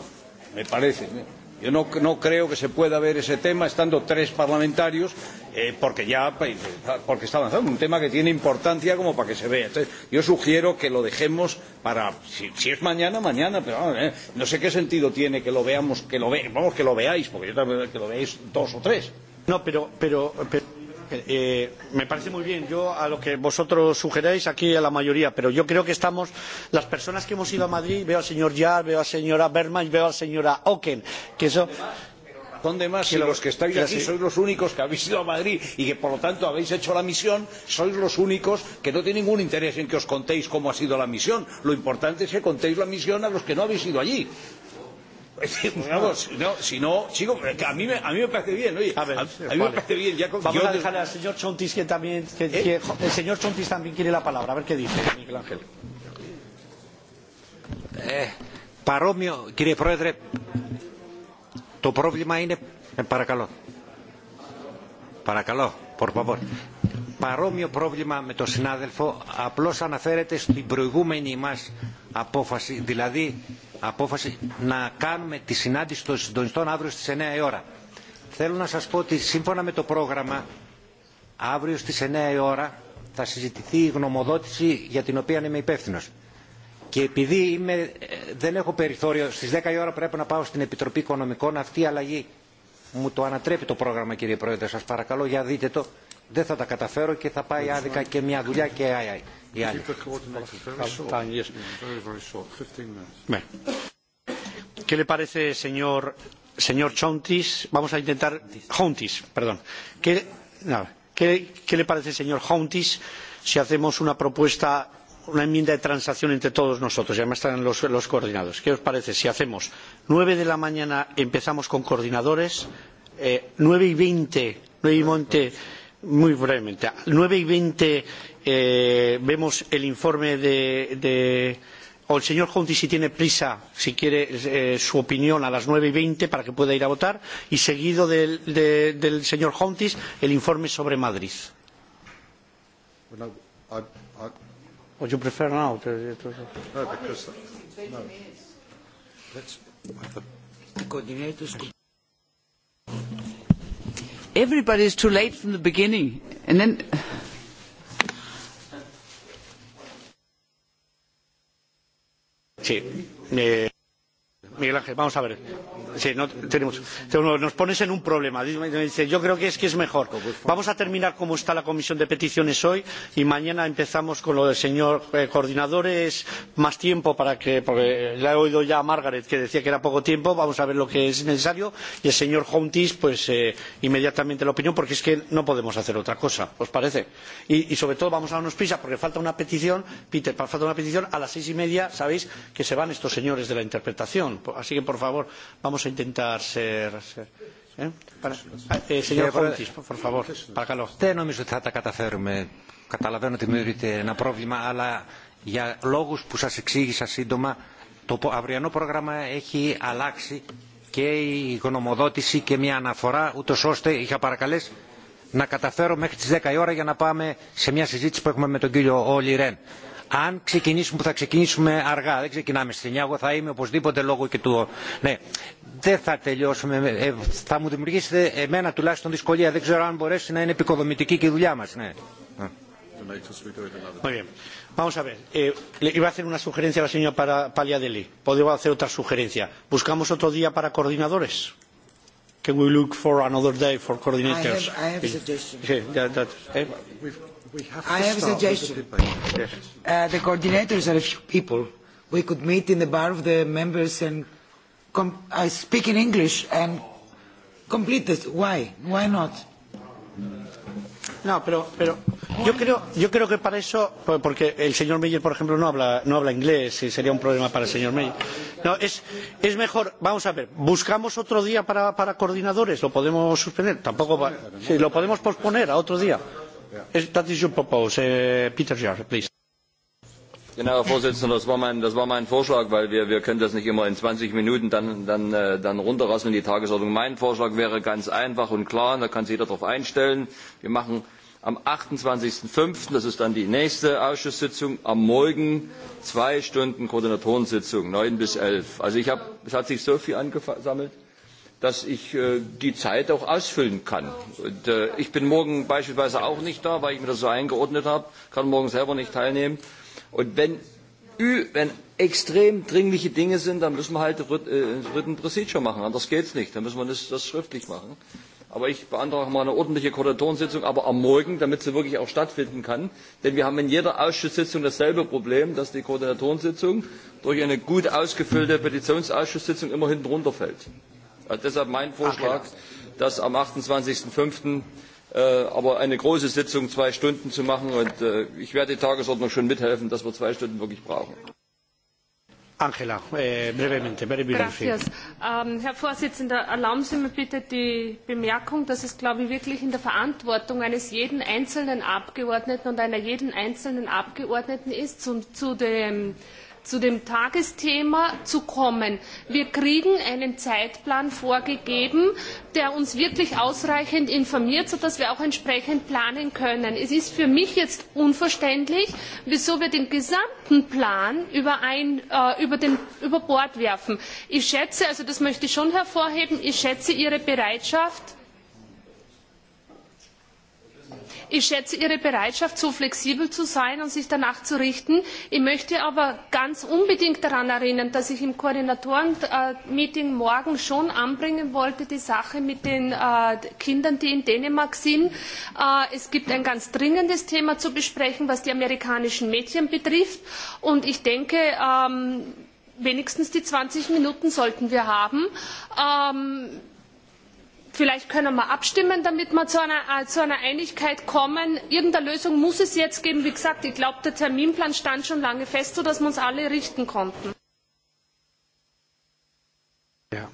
me parece. ¿eh? Yo no, no creo que se pueda ver ese tema estando tres parlamentarios, eh, porque ya porque está avanzando, un tema que tiene importancia como para que se vea. Entonces, yo sugiero que lo dejemos para, si, si es mañana, mañana, pero eh, no sé qué sentido tiene que lo veamos, que lo ve, vamos, que lo veáis, porque yo también que lo veáis dos o tres. No, pero, pero, pero Eh, me parece muy bien. Yo a lo que vosotros sugeráis aquí a la mayoría, pero yo creo que estamos, las personas que hemos ido a Madrid, veo al señor Yar, veo a la señora Berman, veo a la señora Oken, que eso. ¿Dónde más? Si los que estáis aquí sois los únicos que habéis ido a Madrid y que por lo tanto habéis hecho la misión, sois los únicos que no tienen ningún interés en que os contéis cómo ha sido la misión. Lo importante es que contéis la misión a los que no habéis ido allí. Vamos, no, si no, chicos, a mí me, a mí me parece bien, oye. A, ver, a, a mí vale. me parece bien. Ya con, Vamos yo, a dejar al señor Chontis que también. Que, ¿Eh? que, el señor Chontis también quiere la palabra. A ver qué dice, eh, Miguel Ángel. Ε, παρόμοιο, κύριε Πρόεδρε, το πρόβλημα είναι... Ε, παρακαλώ. Παρακαλώ, por favor παρόμοιο πρόβλημα με τον συνάδελφο, απλώς αναφέρεται στην προηγούμενη μας απόφαση, δηλαδή απόφαση να κάνουμε τη συνάντηση των συντονιστών αύριο στις 9 η ώρα. Θέλω να σας πω ότι σύμφωνα με το πρόγραμμα, αύριο στις 9 η ώρα θα συζητηθεί η γνωμοδότηση για την οποία είμαι υπεύθυνο. Και επειδή είμαι, δεν έχω περιθώριο, στις 10 η ώρα πρέπει να πάω στην Επιτροπή Οικονομικών, αυτή η αλλαγή μου το ανατρέπει το πρόγραμμα κύριε Πρόεδρε, σας παρακαλώ για δείτε το δεν θα τα καταφέρω και θα πάει άδικα και μια δουλειά και η άλλη. ¿Qué le parece, señor, señor Chontis? Vamos a intentar. Hontis, perdón. ¿Qué, no, ¿qué, ¿Qué le parece, señor Hontis, si hacemos una propuesta, una enmienda de transacción entre todos nosotros? Y además están los, los coordinados. ¿Qué os parece si hacemos 9 de la mañana empezamos con coordinadores, eh, 9 y 20, 9 y 20 Muy brevemente. Nueve y veinte eh, vemos el informe de, de o el señor Hunti si tiene prisa, si quiere eh, su opinión a las nueve y veinte para que pueda ir a votar y seguido del, de, del señor Huntis el informe sobre Madrid. Well, I, I, I... Would you prefer now? To, to... No, because uh, no. Let's. The coordinators. Could everybody is too late from the beginning and then sí. eh, Miguel Ángel, vamos a ver. Sí, no, tenemos, nos pones en un problema. Dice, yo creo que es que es mejor. Vamos a terminar como está la comisión de peticiones hoy y mañana empezamos con lo del señor eh, coordinador. Es más tiempo para que, porque la he oído ya a Margaret que decía que era poco tiempo. Vamos a ver lo que es necesario y el señor Hontis, pues eh, inmediatamente la opinión, porque es que no podemos hacer otra cosa. ¿Os parece? Y, y sobre todo vamos a darnos prisa porque falta una petición, Peter, falta una petición a las seis y media. Sabéis que se van estos señores de la interpretación. Así que, por favor, vamos a intentar ser... ser ε, ¿eh? ε, eh, señor Χόντις, por favor, παρακαλώ. Δεν νομίζω ότι θα τα καταφέρουμε. Καταλαβαίνω ότι δημιουργείται ένα πρόβλημα, αλλά για λόγους που σας εξήγησα σύντομα, το αυριανό πρόγραμμα έχει αλλάξει και η γνωμοδότηση και μια αναφορά, ούτω ώστε είχα παρακαλέσει να καταφέρω μέχρι τις 10 η ώρα για να πάμε σε μια συζήτηση που έχουμε με τον κύριο Όλι Ρεν αν ξεκινήσουμε που θα ξεκινήσουμε αργά, δεν ξεκινάμε στις 9, εγώ θα είμαι οπωσδήποτε λόγω και του... Ναι, δεν θα τελειώσουμε, ε, θα μου δημιουργήσετε εμένα τουλάχιστον δυσκολία, δεν ξέρω αν μπορέσει να είναι επικοδομητική και η δουλειά μας, ναι. Muy bien. Vamos a ver. Eh, le iba a hacer una sugerencia a la señora Paliadeli. Podría hacer otra sugerencia. ¿Buscamos otro día para coordinadores? Can we look for another day for coordinators? I have, I have a suggestion. Sí, that, that, eh? We've We have to I have a suggestion. Yes. Uh, the coordinators are a few people. We could meet in the bar of the members and com- uh, speak in English and complete this. Why? Why not? No, pero, pero yo, creo, yo creo que para eso, porque el señor Meyer, por ejemplo, no habla, no habla inglés y sería un problema para el señor Meyer. No, es, es mejor, vamos a ver, buscamos otro día para, para coordinadores, lo podemos suspender, tampoco va, sí, lo podemos posponer a otro día. Yeah. That is your proposal, uh, eh, Peter Jarre, please. Genau, Herr Vorsitzender, das war mein, das war mein Vorschlag, weil wir, wir können das nicht immer in 20 Minuten dann, dann, äh, dann runterrasseln, die Tagesordnung. Mein Vorschlag wäre ganz einfach und klar, und da kann sich jeder darauf einstellen. Wir machen am 28.05., das ist dann die nächste Ausschusssitzung, am Morgen zwei Stunden Koordinatorensitzung, 9 bis 11. Also ich habe, es hat sich so viel angesammelt. Angefa- dass ich äh, die Zeit auch ausfüllen kann. Und, äh, ich bin morgen beispielsweise auch nicht da, weil ich mir das so eingeordnet habe, kann morgen selber nicht teilnehmen. Und wenn, wenn extrem dringliche Dinge sind, dann müssen wir halt ein Written äh, Procedure machen, anders geht's nicht. Dann müssen wir das, das schriftlich machen. Aber ich beantrage mal eine ordentliche Koordinatorensitzung, aber am Morgen, damit sie wirklich auch stattfinden kann. Denn wir haben in jeder Ausschusssitzung dasselbe Problem, dass die Koordinatorensitzung durch eine gut ausgefüllte Petitionsausschusssitzung immer hinten runterfällt. Also äh, deshalb mein Vorschlag, dass am 28.05. Äh, aber eine große Sitzung, zwei Stunden zu machen. Und äh, ich werde die Tagesordnung schon mithelfen, dass wir zwei Stunden wirklich brauchen. Angela, eh, brevemente, very Gracias. Ähm, Herr Vorsitzender, erlauben Sie mir bitte die Bemerkung, dass es, glaube ich, wirklich in der Verantwortung eines jeden einzelnen Abgeordneten und einer jeden einzelnen Abgeordneten ist, zu, zu dem äh, zu dem Tagesthema zu kommen. Wir kriegen einen Zeitplan vorgegeben, der uns wirklich ausreichend informiert, sodass wir auch entsprechend planen können. Es ist für mich jetzt unverständlich, wieso wir den gesamten Plan über, ein, äh, über, den, über Bord werfen. Ich schätze, also das möchte ich schon hervorheben, ich schätze Ihre Bereitschaft, Ich schätze Ihre Bereitschaft, so flexibel zu sein und sich danach zu richten. Ich möchte aber ganz unbedingt daran erinnern, dass ich im Koordinatoren-Meeting morgen schon anbringen wollte, die Sache mit den äh, Kindern, die in Dänemark sind. Äh, es gibt ein ganz dringendes Thema zu besprechen, was die amerikanischen Mädchen betrifft. Und ich denke, ähm, wenigstens die 20 Minuten sollten wir haben. Ähm, vielleicht können wir abstimmen, damit wir zu einer, äh, zu einer Einigkeit kommen. Irgendeine Lösung muss es jetzt geben. Wie gesagt, ich glaube, der Terminplan stand schon lange fest, sodass wir uns alle richten konnten. Ja.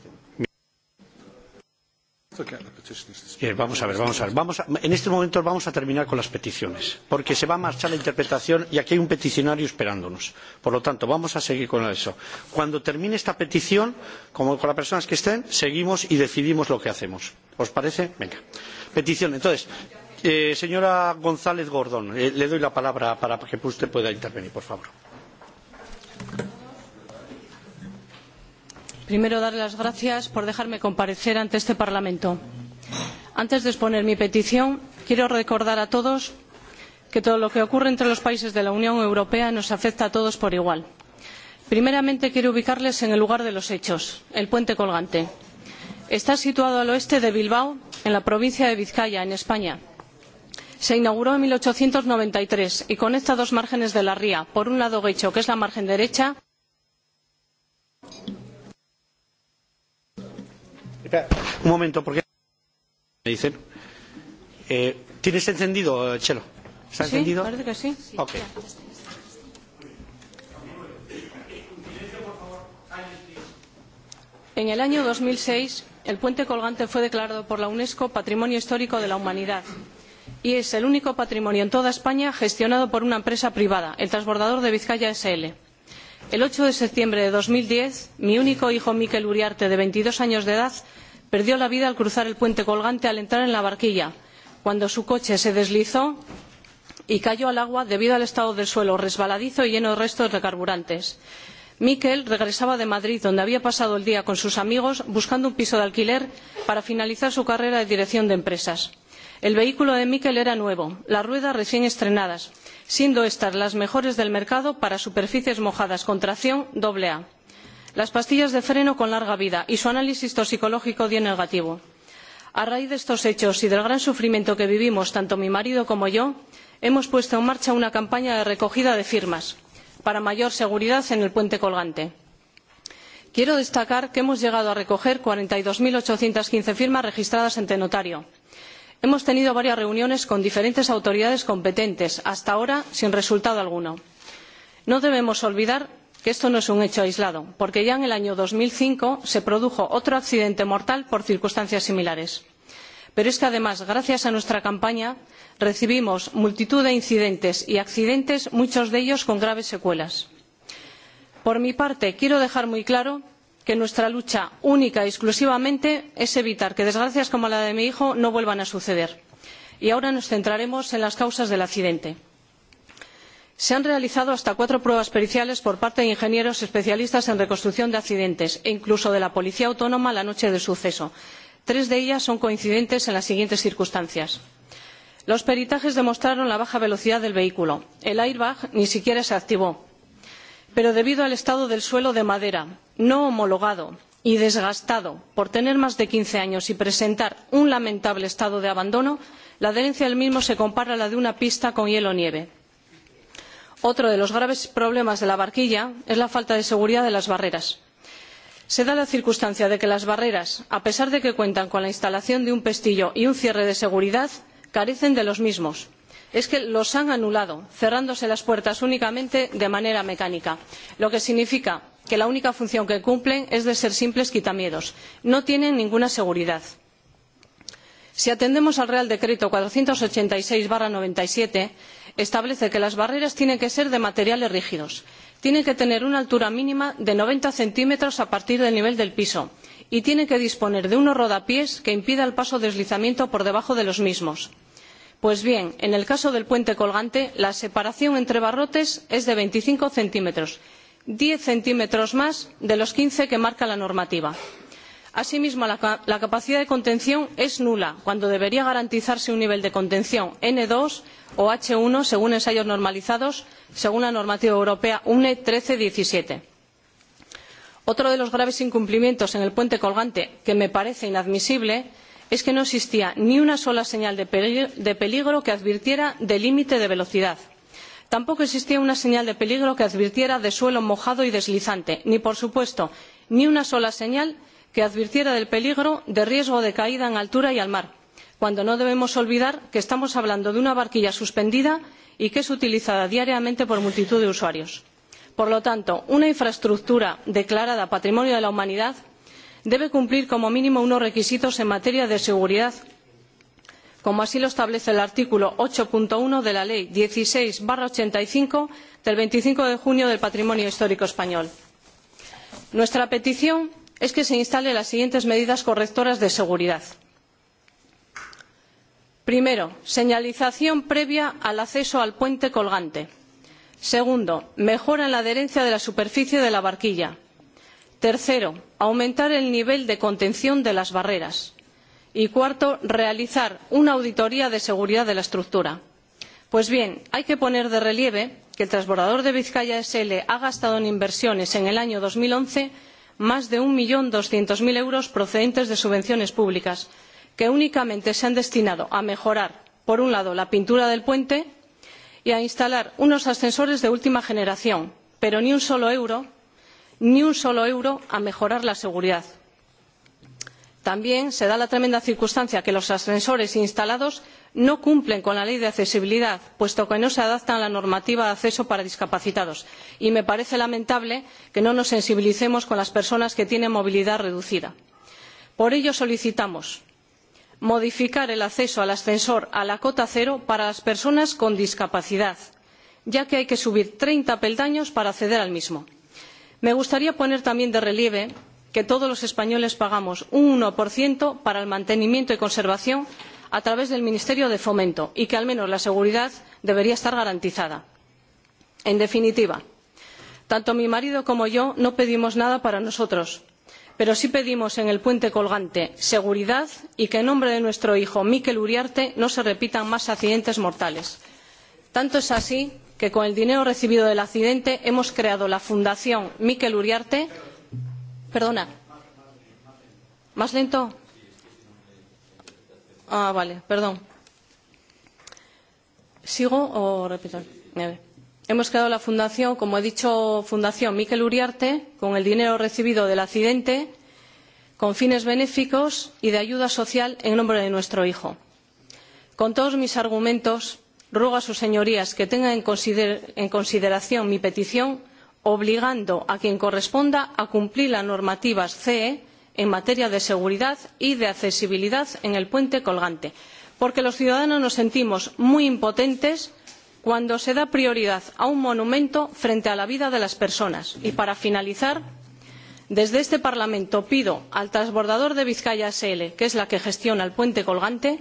Bien, vamos a ver, vamos a ver. Vamos a, en este momento vamos a terminar con las peticiones, porque se va a marchar la interpretación y aquí hay un peticionario esperándonos. Por lo tanto, vamos a seguir con eso. Cuando termine esta petición, como con las personas que estén, seguimos y decidimos lo que hacemos. ¿Os parece? Venga. Petición. Entonces, eh, señora González Gordón, eh, le doy la palabra para que usted pueda intervenir, por favor primero darle las gracias por dejarme comparecer ante este Parlamento. Antes de exponer mi petición, quiero recordar a todos que todo lo que ocurre entre los países de la Unión Europea nos afecta a todos por igual. Primeramente, quiero ubicarles en el lugar de los hechos, el puente colgante. Está situado al oeste de Bilbao, en la provincia de Vizcaya, en España. Se inauguró en 1893 y conecta dos márgenes de la ría. Por un lado, Guecho, que es la margen derecha, Un momento, porque me dicen. Eh, ¿Tienes encendido, Chelo? ¿Está sí, encendido? Parece que sí. Ok. En el año 2006, el puente colgante fue declarado por la UNESCO Patrimonio Histórico de la Humanidad y es el único patrimonio en toda España gestionado por una empresa privada, el Transbordador de Vizcaya SL el ocho de septiembre de dos mil diez mi único hijo mikel uriarte de veintidós años de edad perdió la vida al cruzar el puente colgante al entrar en la barquilla cuando su coche se deslizó y cayó al agua debido al estado del suelo resbaladizo y lleno de restos de carburantes. mikel regresaba de madrid donde había pasado el día con sus amigos buscando un piso de alquiler para finalizar su carrera de dirección de empresas. el vehículo de mikel era nuevo las ruedas recién estrenadas siendo estas las mejores del mercado para superficies mojadas con tracción AA. Las pastillas de freno con larga vida y su análisis toxicológico dio negativo. A raíz de estos hechos y del gran sufrimiento que vivimos tanto mi marido como yo, hemos puesto en marcha una campaña de recogida de firmas para mayor seguridad en el puente colgante. Quiero destacar que hemos llegado a recoger 42.815 firmas registradas ante notario, hemos tenido varias reuniones con diferentes autoridades competentes hasta ahora sin resultado alguno. no debemos olvidar que esto no es un hecho aislado porque ya en el año dos mil cinco se produjo otro accidente mortal por circunstancias similares. pero es que además gracias a nuestra campaña recibimos multitud de incidentes y accidentes muchos de ellos con graves secuelas. por mi parte quiero dejar muy claro que que nuestra lucha única y exclusivamente es evitar que desgracias como la de mi hijo no vuelvan a suceder. y ahora nos centraremos en las causas del accidente. se han realizado hasta cuatro pruebas periciales por parte de ingenieros especialistas en reconstrucción de accidentes e incluso de la policía autónoma la noche del suceso. tres de ellas son coincidentes en las siguientes circunstancias los peritajes demostraron la baja velocidad del vehículo el airbag ni siquiera se activó pero debido al estado del suelo de madera no homologado y desgastado por tener más de quince años y presentar un lamentable estado de abandono la adherencia del mismo se compara a la de una pista con hielo nieve. otro de los graves problemas de la barquilla es la falta de seguridad de las barreras. se da la circunstancia de que las barreras a pesar de que cuentan con la instalación de un pestillo y un cierre de seguridad carecen de los mismos es que los han anulado cerrándose las puertas únicamente de manera mecánica lo que significa que la única función que cumplen es de ser simples quitamiedos no tienen ninguna seguridad. si atendemos al real decreto cuatrocientos ochenta y seis noventa y siete establece que las barreras tienen que ser de materiales rígidos tienen que tener una altura mínima de noventa centímetros a partir del nivel del piso y tienen que disponer de unos rodapiés que impidan el paso o deslizamiento por debajo de los mismos pues bien en el caso del puente colgante la separación entre barrotes es de veinticinco centímetros diez centímetros más de los quince que marca la normativa. asimismo la, la capacidad de contención es nula cuando debería garantizarse un nivel de contención n dos o h uno según ensayos normalizados según la normativa europea une. mil trescientos diecisiete otro de los graves incumplimientos en el puente colgante que me parece inadmisible es es que no existía ni una sola señal de peligro, de peligro que advirtiera de límite de velocidad. Tampoco existía una señal de peligro que advirtiera de suelo mojado y deslizante, ni, por supuesto, ni una sola señal que advirtiera del peligro de riesgo de caída en altura y al mar, cuando no debemos olvidar que estamos hablando de una barquilla suspendida y que es utilizada diariamente por multitud de usuarios. Por lo tanto, una infraestructura declarada Patrimonio de la Humanidad debe cumplir como mínimo unos requisitos en materia de seguridad como así lo establece el artículo ocho apartado uno de la ley dieciseis ochenta y cinco del veinticinco de junio del patrimonio histórico español. nuestra petición es que se instalen las siguientes medidas correctoras de seguridad primero señalización previa al acceso al puente colgante; segundo mejora en la adherencia de la superficie de la barquilla; tercero aumentar el nivel de contención de las barreras y cuarto realizar una auditoría de seguridad de la estructura. pues bien hay que poner de relieve que el transbordador de vizcaya sl ha gastado en inversiones en el año dos mil once más de uno doscientos cero euros procedentes de subvenciones públicas que únicamente se han destinado a mejorar por un lado la pintura del puente y a instalar unos ascensores de última generación pero ni un solo euro ni un solo euro a mejorar la seguridad. también se da la tremenda circunstancia de que los ascensores instalados no cumplen con la ley de accesibilidad puesto que no se adaptan a la normativa de acceso para discapacitados y me parece lamentable que no nos sensibilicemos con las personas que tienen movilidad reducida. por ello solicitamos modificar el acceso al ascensor a la cota cero para las personas con discapacidad ya que hay que subir treinta peldaños para acceder al mismo; Me gustaría poner también de relieve que todos los españoles pagamos un 1% para el mantenimiento y conservación a través del Ministerio de Fomento y que al menos la seguridad debería estar garantizada. En definitiva, tanto mi marido como yo no pedimos nada para nosotros, pero sí pedimos en el puente colgante seguridad y que en nombre de nuestro hijo Mikel Uriarte no se repitan más accidentes mortales. Tanto es así que con el dinero recibido del accidente hemos creado la Fundación Mikel Uriarte. Perdona. ¿Más lento? Ah, vale, perdón. ¿Sigo o repito? Hemos creado la fundación, como he dicho, Fundación Miquel Uriarte, con el dinero recibido del accidente, con fines benéficos y de ayuda social en nombre de nuestro hijo. Con todos mis argumentos, ruego a sus señorías que tengan en, consider en consideración mi petición obligando a quien corresponda a cumplir las normativas ce en materia de seguridad y de accesibilidad en el puente colgante porque los ciudadanos nos sentimos muy impotentes cuando se da prioridad a un monumento frente a la vida de las personas. y para finalizar desde este parlamento pido al transbordador de bizkaia sl que es la que gestiona el puente colgante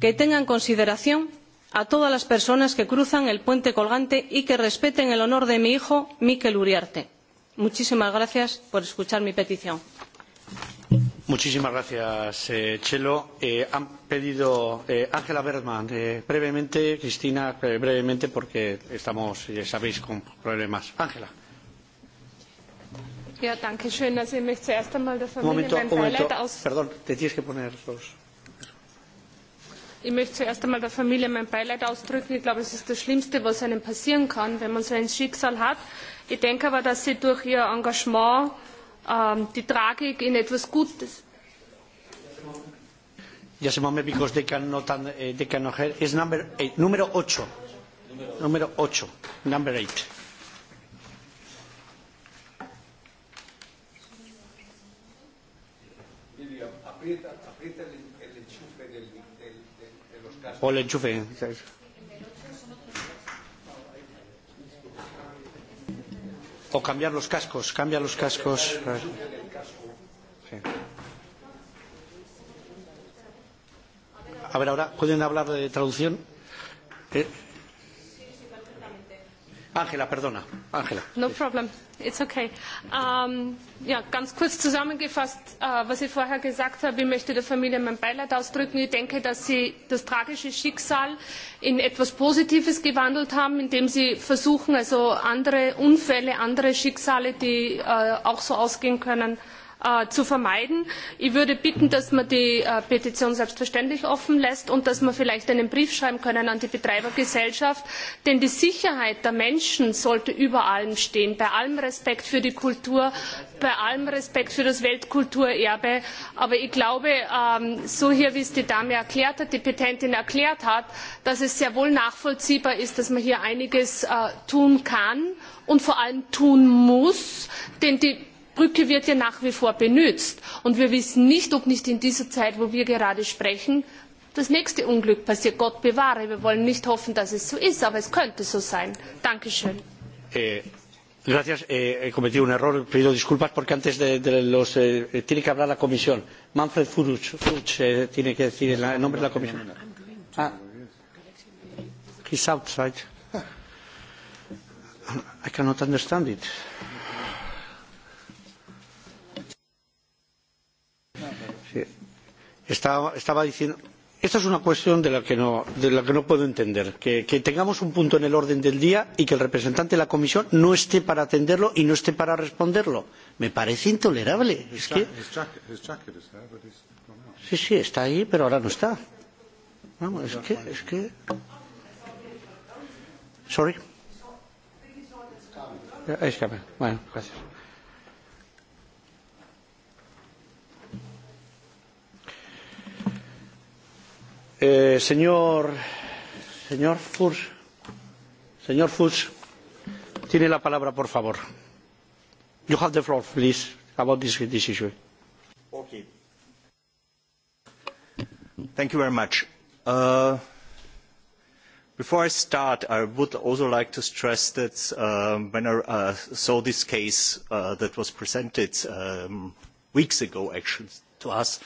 que tenga en consideración a todas las personas que cruzan el puente colgante y que respeten el honor de mi hijo mikel uriarte. muchísimas gracias por escuchar mi petición. Muchísimas gracias, eh, Chelo. Eh, han pedido eh, Ángela eh, Bergman eh, brevemente, Cristina eh, brevemente, porque estamos, ya sabéis, con problemas. Ángela. Ja, danke schön. Also ich möchte zuerst einmal der Familie Momento, mein Beileid aus... Perdón, te tienes que poner los... Ich möchte zuerst einmal der Familie mein Beileid ausdrücken. Ich glaube, es ist das Schlimmste, was einem passieren kann, wenn man so ein Schicksal hat. Ich denke aber, dass Sie durch Ihr Engagement ähm, die Tragik in etwas Gutes. Just a moment, because they cannot, uh, they cannot hear. It's number eight, número 8. Número 8. Number 8. Aprieta. o le Juve. O cambiar los cascos, cambia los cascos. Sí. A ver, ahora, ¿pueden hablar de traducción? Eh, Angela, perdona. Angela. No problem. It's okay. Ähm, ja, ganz kurz zusammengefasst, äh, was ich vorher gesagt habe. Ich möchte der Familie mein Beileid ausdrücken. Ich denke, dass sie das tragische Schicksal in etwas Positives gewandelt haben, indem sie versuchen, also andere Unfälle, andere Schicksale, die äh, auch so ausgehen können, äh, äh, zu vermeiden. Ich würde bitten, dass man die äh, Petition selbstverständlich offen lässt und dass wir vielleicht einen Brief schreiben können an die Betreibergesellschaft, denn die Sicherheit der Menschen sollte über allem stehen, bei allem Respekt für die Kultur, bei allem Respekt für das Weltkulturerbe. Aber ich glaube, ähm, so hier, wie es die Dame erklärt hat, die Petentin erklärt hat, dass es sehr wohl nachvollziehbar ist, dass man hier einiges äh, tun kann und vor allem tun muss, denn die Brücke wird ja nach wie vor benutzt. Und wir wissen nicht, ob nicht in dieser Zeit, wo wir gerade sprechen, das nächste Unglück passiert. Gott bewahre. Wir wollen nicht hoffen, dass es so ist, aber es könnte so sein. Dankeschön. Eh. Gracias. Eh, he cometido un error. Pido disculpas porque antes de, de los. Eh, eh tiene que hablar la comisión. Manfred Furuch, Furuch eh, tiene que decir el, el nombre de la comisión. Ah. He's outside. I cannot understand it. Sí. Estaba, estaba diciendo. Esta es una cuestión de la que no, de la que no puedo entender. Que, que tengamos un punto en el orden del día y que el representante de la Comisión no esté para atenderlo y no esté para responderlo. Me parece intolerable. Es que... Sí, sí, está ahí, pero ahora no está. Vamos, es que. Es que... Sorry. Es que, bueno, gracias. Eh, señor, señor Fuchs, señor Fuchs, tiene la palabra, por favor. You have the floor, please, about this, this issue. Okay. Thank you very much. Uh, Before I start, I would also like to stress that um, when I uh, saw this case uh, that was presented um, weeks ago, actually, to us, uh,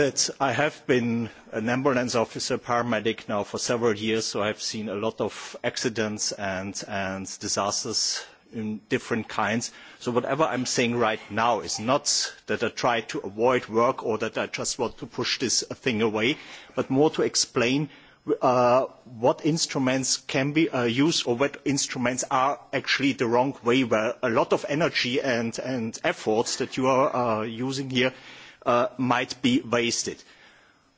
that I have been an ambulance officer, paramedic now for several years, so I've seen a lot of accidents and, and disasters in different kinds. So whatever I'm saying right now is not that I try to avoid work or that I just want to push this thing away, but more to explain uh, what instruments can be uh, used or what instruments are actually the wrong way, where a lot of energy and, and efforts that you are uh, using here uh, might be wasted.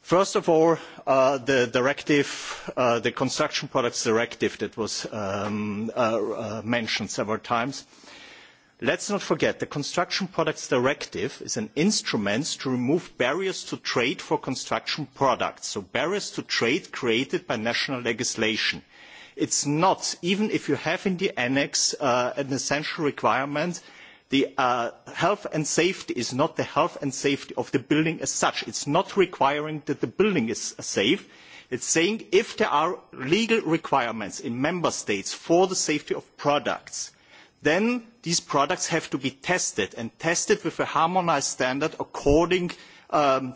First of all, uh, the directive, uh, the construction products directive that was um, uh, uh, mentioned several times. Let's not forget the construction products directive is an instrument to remove barriers to trade for construction products. So barriers to trade created by national legislation. It's not, even if you have in the annex uh, an essential requirement uh, the uh, health and safety is not the health and safety of the building as such. It's not requiring that the building is safe. It's saying if there are legal requirements in member states for the safety of products, then these products have to be tested and tested with a harmonized standard according um,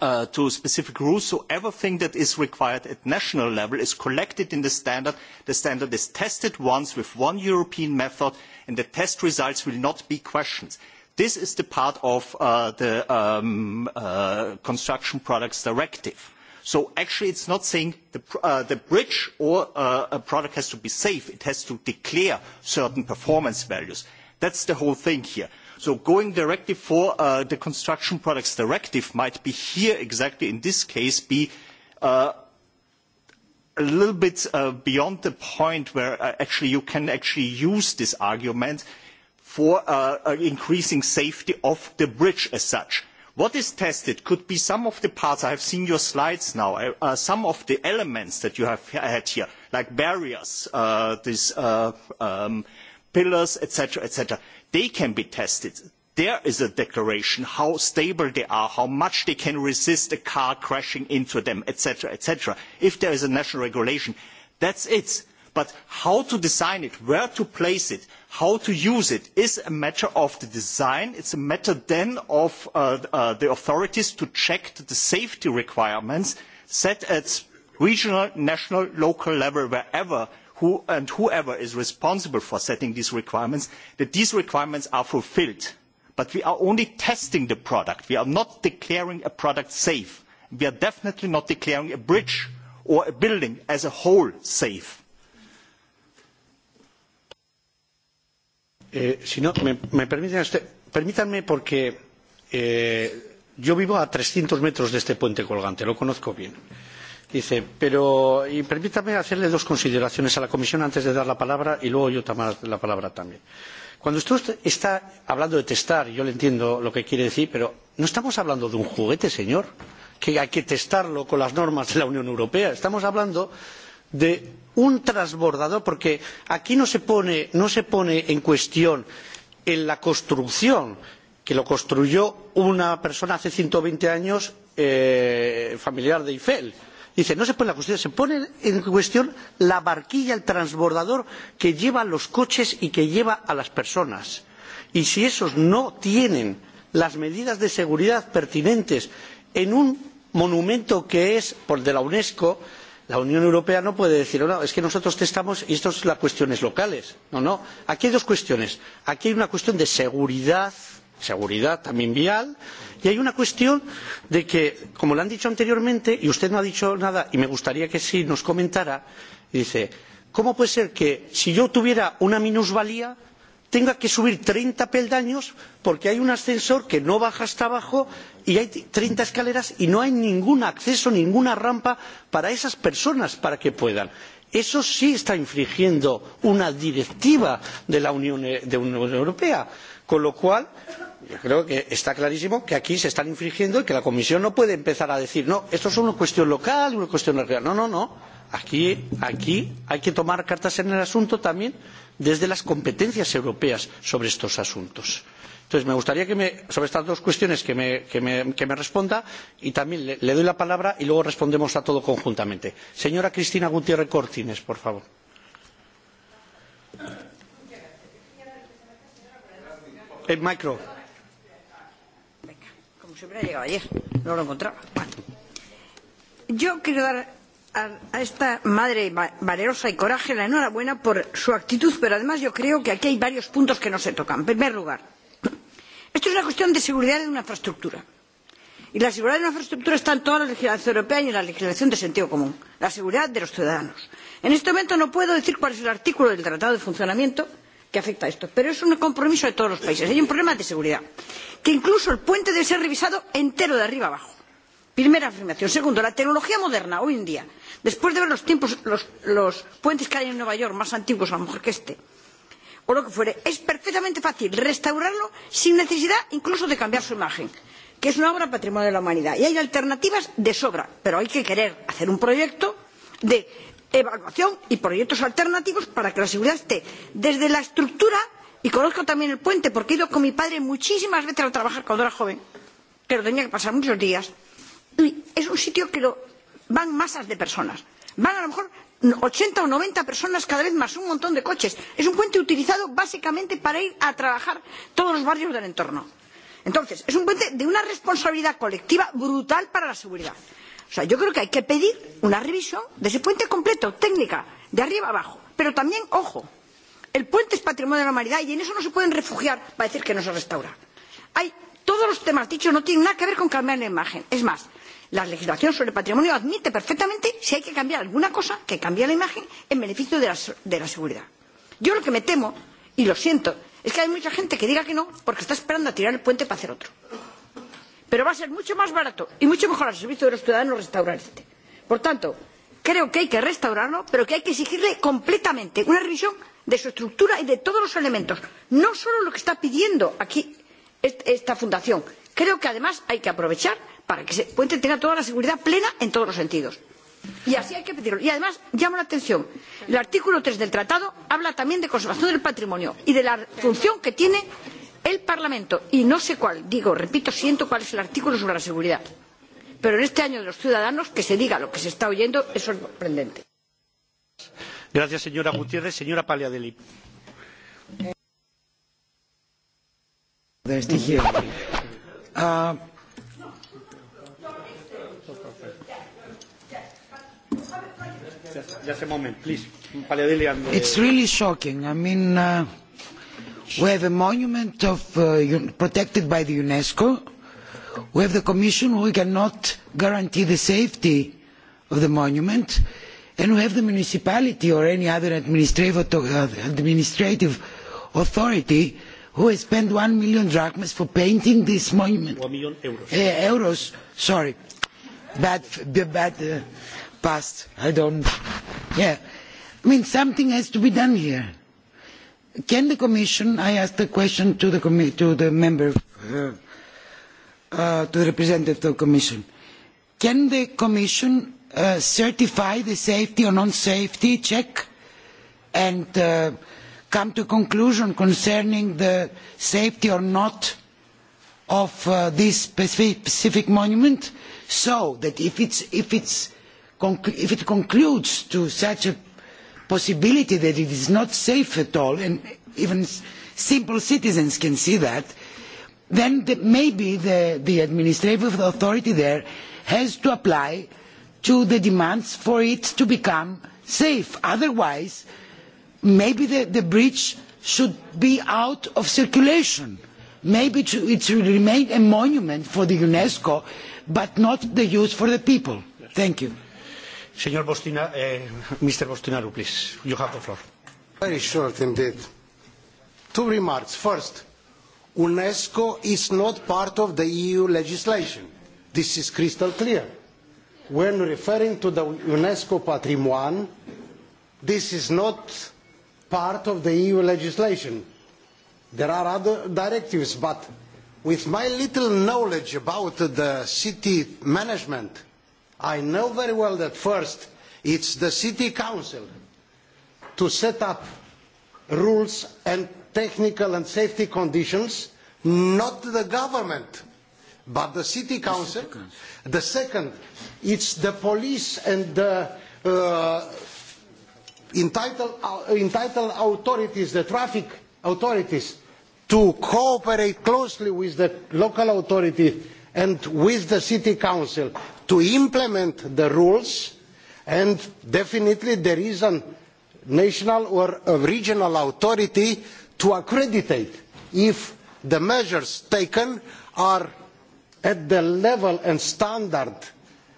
uh, to specific rules. So everything that is required at national level is collected in the standard. The standard is tested once with one European method, and the test results will not be questioned. This is the part of uh, the um, uh, Construction Products Directive. So actually it's not saying the, uh, the bridge or uh, a product has to be safe. It has to declare certain performance values. That's the whole thing here. So going directly for uh, the Construction Products Directive might be here exactly in this case be uh, a little bit uh, beyond the point where uh, actually you can actually use this argument for uh, uh increasing safety of the bridge as such. What is tested could be some of the parts, I have seen your slides now, uh, uh some of the elements that you have had here, like barriers, uh, this uh, um, uh, pillars, etc., etc. They can be tested. There is a declaration how stable they are, how much they can resist a car crashing into them, etc., etc. If there is a national regulation, that's it. But how to design it, where to place it, how to use it is a matter of the design. It's a matter then of uh, uh, the authorities to check the safety requirements set at regional, national, local level, wherever who, and whoever is responsible for setting these requirements, that these requirements are fulfilled. But we are only testing the product. We are not declaring a product safe. We are definitely not declaring a bridge or a building as a whole safe. Eh, si no, me, me permiten usted, permítanme porque eh, yo vivo a 300 metros de este puente colgante, lo conozco bien. Eh, Dice, pero y permítame hacerle dos consideraciones a la Comisión antes de dar la palabra y luego yo tomar la palabra también. Cuando usted está hablando de testar, yo le entiendo lo que quiere decir, pero no estamos hablando de un juguete, señor, que hay que testarlo con las normas de la Unión Europea. Estamos hablando de un transbordador, porque aquí no se pone, no se pone en cuestión en la construcción, que lo construyó una persona hace 120 años, eh, familiar de Eiffel Dice, no se pone la cuestión, se pone en cuestión la barquilla, el transbordador que lleva los coches y que lleva a las personas. Y si esos no tienen las medidas de seguridad pertinentes en un monumento que es por de la UNESCO, la Unión Europea no puede decir, no, es que nosotros te estamos y esto es las cuestiones locales. No, no. Aquí hay dos cuestiones. Aquí hay una cuestión de seguridad, seguridad también vial, y hay una cuestión de que como lo han dicho anteriormente y usted no ha dicho nada y me gustaría que sí nos comentara dice cómo puede ser que si yo tuviera una minusvalía tenga que subir treinta peldaños porque hay un ascensor que no baja hasta abajo y hay treinta escaleras y no hay ningún acceso ninguna rampa para esas personas para que puedan eso sí está infringiendo una directiva de la unión, de la unión europea. Con lo cual, yo creo que está clarísimo que aquí se están infringiendo y que la Comisión no puede empezar a decir, no, esto es una cuestión local, una cuestión regional. No, no, no. Aquí, aquí hay que tomar cartas en el asunto también desde las competencias europeas sobre estos asuntos. Entonces, me gustaría que me, sobre estas dos cuestiones que me, que me, que me responda y también le, le doy la palabra y luego respondemos a todo conjuntamente. Señora Cristina Gutiérrez Cortines, por favor. El eh, micro. Venga, como si hubiera llegado ayer, no lo encontraba. Bueno. Yo quiero dar a, a esta madre valerosa y coraje la enhorabuena por su actitud, pero además yo creo que aquí hay varios puntos que no se tocan. En primer lugar, esto es una cuestión de seguridad de una infraestructura. Y la seguridad de una infraestructura está en toda la legislación europea y en la legislación de sentido común, la seguridad de los ciudadanos. En este momento no puedo decir cuál es el artículo del Tratado de Funcionamiento que afecta a esto. Pero es un compromiso de todos los países. Hay un problema de seguridad. Que incluso el puente debe ser revisado entero de arriba abajo. Primera afirmación. Segundo, la tecnología moderna hoy en día, después de ver los tiempos, los, los puentes que hay en Nueva York, más antiguos a lo mejor que este, o lo que fuere, es perfectamente fácil restaurarlo sin necesidad incluso de cambiar su imagen, que es una obra patrimonio de la humanidad. Y hay alternativas de sobra, pero hay que querer hacer un proyecto de evaluación y proyectos alternativos para que la seguridad esté desde la estructura y conozco también el puente porque he ido con mi padre muchísimas veces a trabajar cuando era joven que lo tenía que pasar muchos días y es un sitio que lo, van masas de personas van a lo mejor ochenta o noventa personas cada vez más un montón de coches es un puente utilizado básicamente para ir a trabajar todos los barrios del entorno entonces es un puente de una responsabilidad colectiva brutal para la seguridad O sea, yo creo que hay que pedir una revisión de ese puente completo, técnica, de arriba a abajo. Pero también, ojo, el puente es patrimonio de la humanidad y en eso no se pueden refugiar para decir que no se restaura. Hay, todos los temas dichos no tienen nada que ver con cambiar la imagen. Es más, la legislación sobre patrimonio admite perfectamente si hay que cambiar alguna cosa, que cambie la imagen en beneficio de la, de la seguridad. Yo lo que me temo, y lo siento, es que hay mucha gente que diga que no porque está esperando a tirar el puente para hacer otro pero va a ser mucho más barato y mucho mejor al servicio de los ciudadanos restaurar este. por tanto creo que hay que restaurarlo pero que hay que exigirle completamente una revisión de su estructura y de todos los elementos no solo lo que está pidiendo aquí esta fundación creo que además hay que aprovechar para que ese puente tenga toda la seguridad plena en todos los sentidos y así hay que pedirlo. y además llama la atención el artículo tres del tratado habla también de conservación del patrimonio y de la función que tiene el Parlamento, y no sé cuál, digo, repito, siento cuál es el artículo sobre la seguridad, pero en este año de los ciudadanos que se diga lo que se está oyendo es sorprendente. Gracias, señora Gutiérrez. Señora Paliadeli. Uh, just a moment, please. Paliadeli and. The... It's really shocking. I mean. Uh We have a monument of, uh, protected by the UNESCO. We have the Commission who cannot guarantee the safety of the monument. And we have the municipality or any other administrative, uh, administrative authority who has spent one million drachmas for painting this monument. One million euros. Uh, euros, sorry. Bad, bad uh, past. I don't. Yeah. I mean, something has to be done here can the commission i ask the question to the, to the member uh, uh, to the representative of the commission can the commission uh, certify the safety or non safety check and uh, come to a conclusion concerning the safety or not of uh, this specific, specific monument so that if, it's, if, it's, if it concludes to such a possibility that it is not safe at all, and even simple citizens can see that, then the, maybe the, the administrative authority there has to apply to the demands for it to become safe. Otherwise, maybe the, the bridge should be out of circulation. Maybe it should, it should remain a monument for the UNESCO, but not the use for the people. Thank you. Señor Bostina, eh, Mr. Bostinaru, please, you have the floor. Very short indeed. Two remarks. First, UNESCO is not part of the EU legislation. This is crystal clear. When referring to the UNESCO patrimoine, this is not part of the EU legislation. There are other directives, but with my little knowledge about the city management, I know very well that first it's the city council to set up rules and technical and safety conditions, not the government, but the city council. The second, it's the police and the uh, entitled, uh, entitled authorities, the traffic authorities, to cooperate closely with the local authorities and with the city council to implement the rules and definitely there is a national or a regional authority to accredit if the measures taken are at the level and standard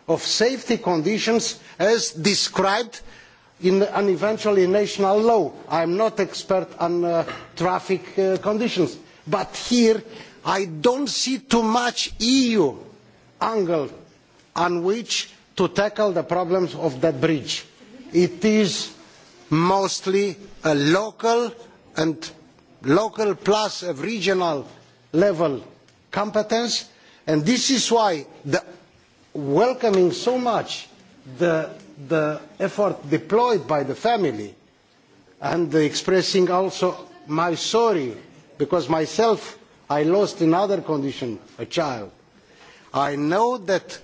of safety conditions as described in an eventually national law. i am not an expert on uh, traffic uh, conditions but here I don't see too much EU angle on which to tackle the problems of that bridge. It is mostly a local and local plus a regional level competence and this is why the welcoming so much the, the effort deployed by the family and expressing also my sorry because myself I lost in other condition a child. I know that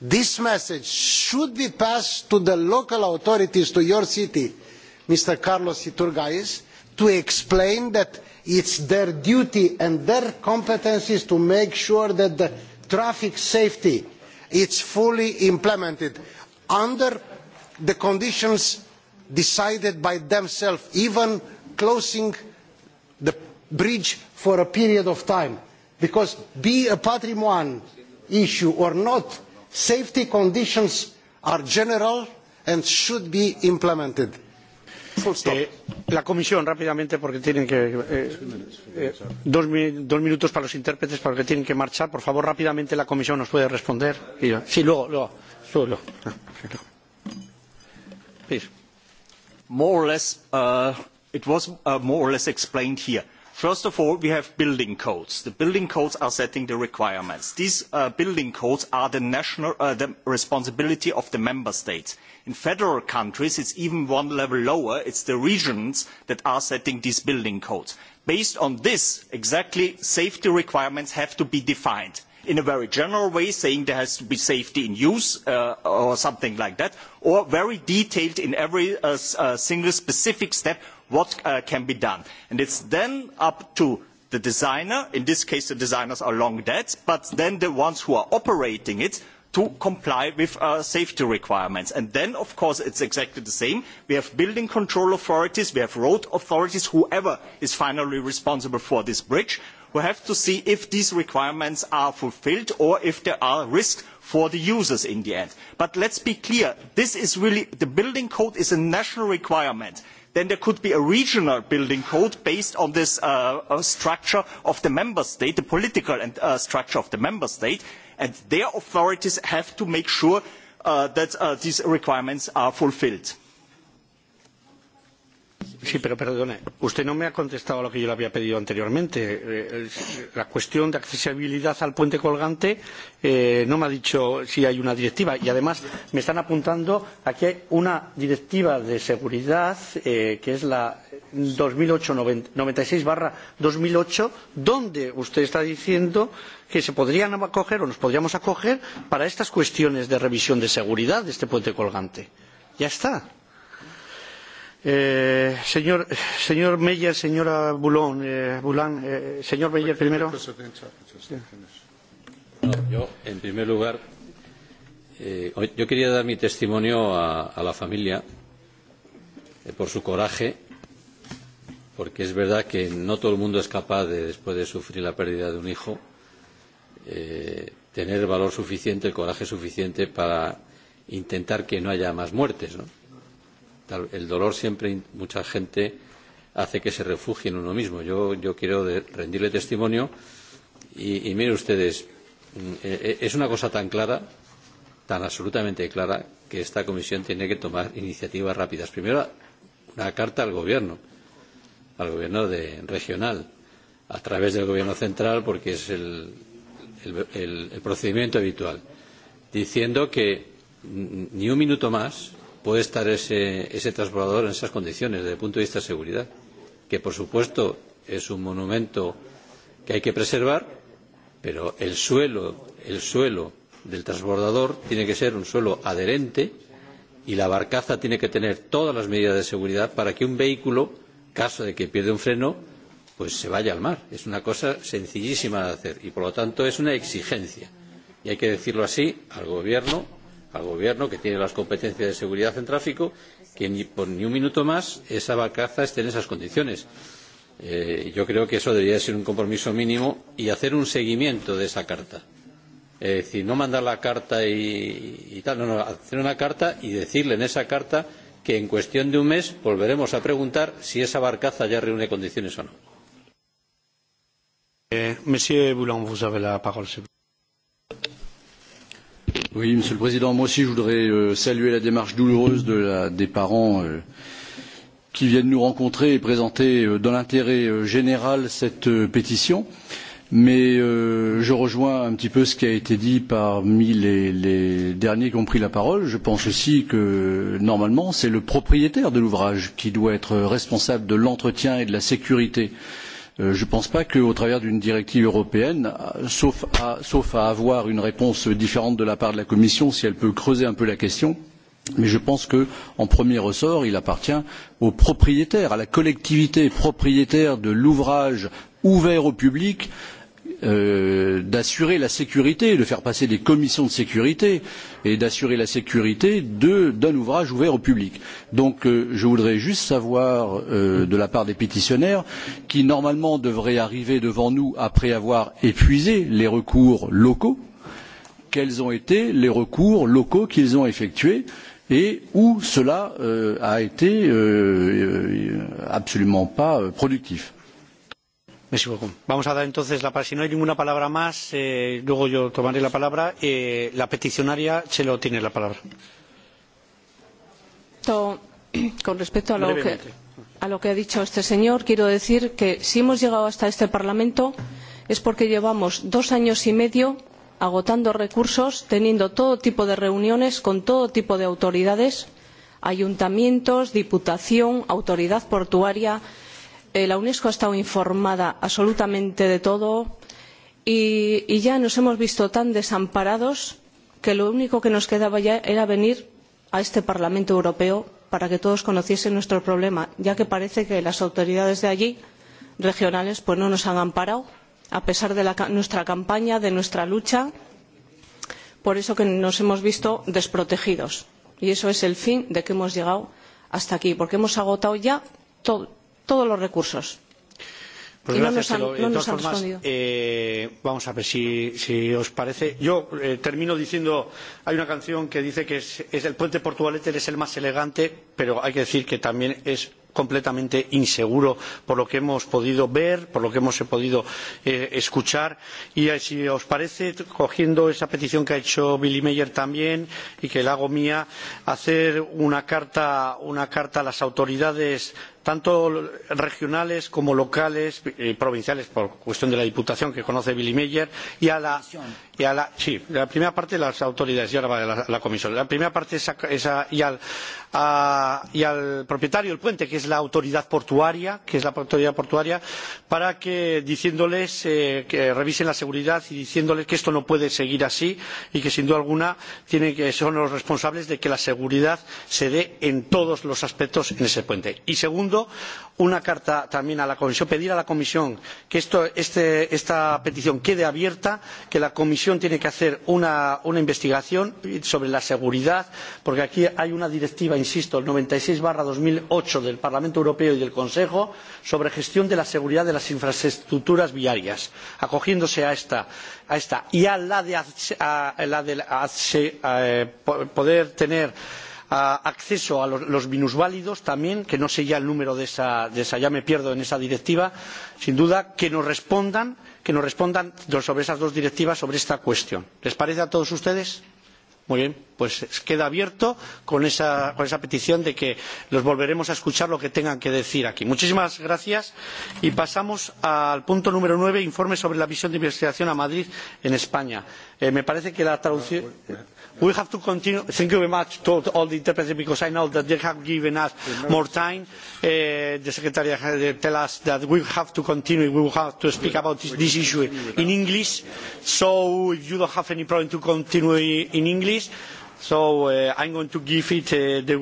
this message should be passed to the local authorities, to your city, Mr. Carlos Iturgais, to explain that it's their duty and their competencies to make sure that the traffic safety is fully implemented under the conditions decided by themselves, even closing the bridge for a period of time because be a patrimoine issue or not safety conditions are general and should be implemented. Eh, la comisión rápidamente porque tienen que eh, eh, dos, dos minutos para los intérpretes porque tienen que marchar por favor rápidamente la comisión nos puede responder sí luego luego, luego. Ah, Please. more or less uh, it was uh, more or less explained here first of all we have building codes. the building codes are setting the requirements. these uh, building codes are the, national, uh, the responsibility of the member states. in federal countries it is even one level lower it is the regions that are setting these building codes. based on this exactly safety requirements have to be defined in a very general way saying there has to be safety in use uh, or something like that or very detailed in every uh, uh, single specific step what uh, can be done. And it's then up to the designer, in this case the designers are long dead, but then the ones who are operating it to comply with uh, safety requirements. And then, of course, it's exactly the same. We have building control authorities, we have road authorities, whoever is finally responsible for this bridge, who have to see if these requirements are fulfilled or if there are risks for the users in the end. But let's be clear, this is really, the building code is a national requirement then there could be a regional building code based on this uh, uh, structure of the member state, the political and, uh, structure of the member state, and their authorities have to make sure uh, that uh, these requirements are fulfilled Sí, pero perdone, usted no me ha contestado a lo que yo le había pedido anteriormente. Eh, la cuestión de accesibilidad al puente colgante eh, no me ha dicho si hay una directiva y además me están apuntando a que hay una directiva de seguridad eh, que es la 2008-96-2008 donde usted está diciendo que se podrían acoger o nos podríamos acoger para estas cuestiones de revisión de seguridad de este puente colgante. Ya está. Eh, señor, señor Meyer, señora Boulon, eh, Boulan, eh, señor Meyer primero. No, yo, en primer lugar, eh, yo quería dar mi testimonio a, a la familia eh, por su coraje, porque es verdad que no todo el mundo es capaz de, después de sufrir la pérdida de un hijo, eh, tener valor suficiente, el coraje suficiente para intentar que no haya más muertes, ¿no? el dolor siempre mucha gente hace que se refugie en uno mismo. Yo, yo quiero de, rendirle testimonio y, y miren ustedes, mm, eh, eh, es una cosa tan clara, tan absolutamente clara, que esta comisión tiene que tomar iniciativas rápidas. Primero, una carta al gobierno, al gobierno de, regional, a través del gobierno central, porque es el, el, el, el procedimiento habitual, diciendo que ni un minuto más puede estar ese, ese transbordador en esas condiciones desde el punto de vista de seguridad, que por supuesto es un monumento que hay que preservar, pero el suelo, el suelo del transbordador tiene que ser un suelo adherente y la barcaza tiene que tener todas las medidas de seguridad para que un vehículo, caso de que pierda un freno, pues se vaya al mar. Es una cosa sencillísima de hacer y por lo tanto es una exigencia. Y hay que decirlo así al gobierno al gobierno que tiene las competencias de seguridad en tráfico que ni por ni un minuto más esa barcaza esté en esas condiciones. Eh, yo creo que eso debería ser un compromiso mínimo y hacer un seguimiento de esa carta. Es decir, no mandar la carta y, y tal, no, no, hacer una carta y decirle en esa carta que en cuestión de un mes volveremos a preguntar si esa barcaza ya reúne condiciones o no. Eh, Monsieur Boulan, vous avez la parole. Oui, Monsieur le Président, moi aussi je voudrais euh, saluer la démarche douloureuse de la, des parents euh, qui viennent nous rencontrer et présenter euh, dans l'intérêt euh, général cette euh, pétition. Mais euh, je rejoins un petit peu ce qui a été dit parmi les, les derniers qui ont pris la parole. Je pense aussi que normalement c'est le propriétaire de l'ouvrage qui doit être responsable de l'entretien et de la sécurité euh, Euh, je ne pense pas qu'au travers d'une directive européenne, euh, sauf à, sauf à avoir une réponse différente de la part de la Commission, si elle peut creuser un peu la question, mais je pense qu'en premier ressort, il appartient aux propriétaires, à la collectivité propriétaire de l'ouvrage ouvert au public, euh, euh, d'assurer la sécurité, de faire passer des commissions de sécurité et d'assurer la sécurité d'un ouvrage ouvert au public. Donc euh, je voudrais juste savoir euh, de la part des pétitionnaires qui normalement devraient arriver devant nous après avoir épuisé les recours locaux, quels ont été les recours locaux qu'ils ont effectués et où cela euh, a été euh, euh absolument pas euh, productif me equivoco. Vamos a dar entonces la palabra. Si no hay ninguna palabra más, eh, luego yo tomaré la palabra. Eh, la peticionaria se lo tiene la palabra. Con respecto a lo, que, a lo que ha dicho este señor, quiero decir que si hemos llegado hasta este Parlamento es porque llevamos dos años y medio agotando recursos, teniendo todo tipo de reuniones con todo tipo de autoridades, ayuntamientos, diputación, autoridad portuaria, eh, la unesco ha estado informada absolutamente de todo y, y ya nos hemos visto tan desamparados que lo único que nos quedaba ya era venir a este parlamento europeo para que todos conociesen nuestro problema ya que parece que las autoridades de allí regionales pues no nos han amparado a pesar de la, nuestra campaña de nuestra lucha por eso que nos hemos visto desprotegidos y eso es el fin de que hemos llegado hasta aquí porque hemos agotado ya todo, todos los recursos. Pues y gracias, no nos han, pero, no nos han formas, respondido. Eh, vamos a ver si, si os parece. Yo eh, termino diciendo, hay una canción que dice que es, es el puente portugalete es el más elegante, pero hay que decir que también es completamente inseguro por lo que hemos podido ver, por lo que hemos podido eh, escuchar. Y eh, si os parece, cogiendo esa petición que ha hecho Billy Meyer también y que la hago mía, hacer una carta, una carta a las autoridades tanto regionales como locales y eh, provinciales por cuestión de la diputación que conoce Billy Meyer y a la y a la, sí, la primera parte de las autoridades y ahora va de la, la comisión. La primera parte es, a, es a, y, al, a, y al propietario del puente, que es la autoridad portuaria, que es la autoridad portuaria, para que diciéndoles eh, que revisen la seguridad y diciéndoles que esto no puede seguir así y que sin duda alguna tienen que, son los responsables de que la seguridad se dé en todos los aspectos en ese puente. Y segundo, una carta también a la comisión, pedir a la comisión que esto, este, esta petición quede abierta, que la comisión comisión tiene que hacer una, una investigación sobre la seguridad porque aquí hay una directiva insisto noventa y seis dos mil ocho del parlamento europeo y del consejo sobre gestión de la seguridad de las infraestructuras viarias acogiéndose a esta, a esta y a la de, a, la de a, se, a, poder tener acceso a los, los minusválidos también que no sé ya el número de esa, de esa ya me pierdo en esa directiva sin duda que nos respondan que nos respondan sobre esas dos directivas sobre esta cuestión. les parece a todos ustedes? muy bien pues queda abierto con esa, con esa petición de que los volveremos a escuchar lo que tengan que decir aquí. Muchísimas gracias y pasamos al punto número 9, informe sobre la misión de investigación a Madrid en España. Eh, me parece que la traducción... Ah, we have to continue. Thank you very much to all the interpreters because I know that they have given us more time. Uh, the Secretary has eh, tell us that we have to continue. We will have to speak about this, this issue in English. So if you don't have any problem to continue in English, So uh, I'm going to give it uh, the,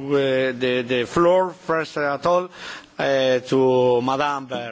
uh, the, the floor first at all uh, to Madame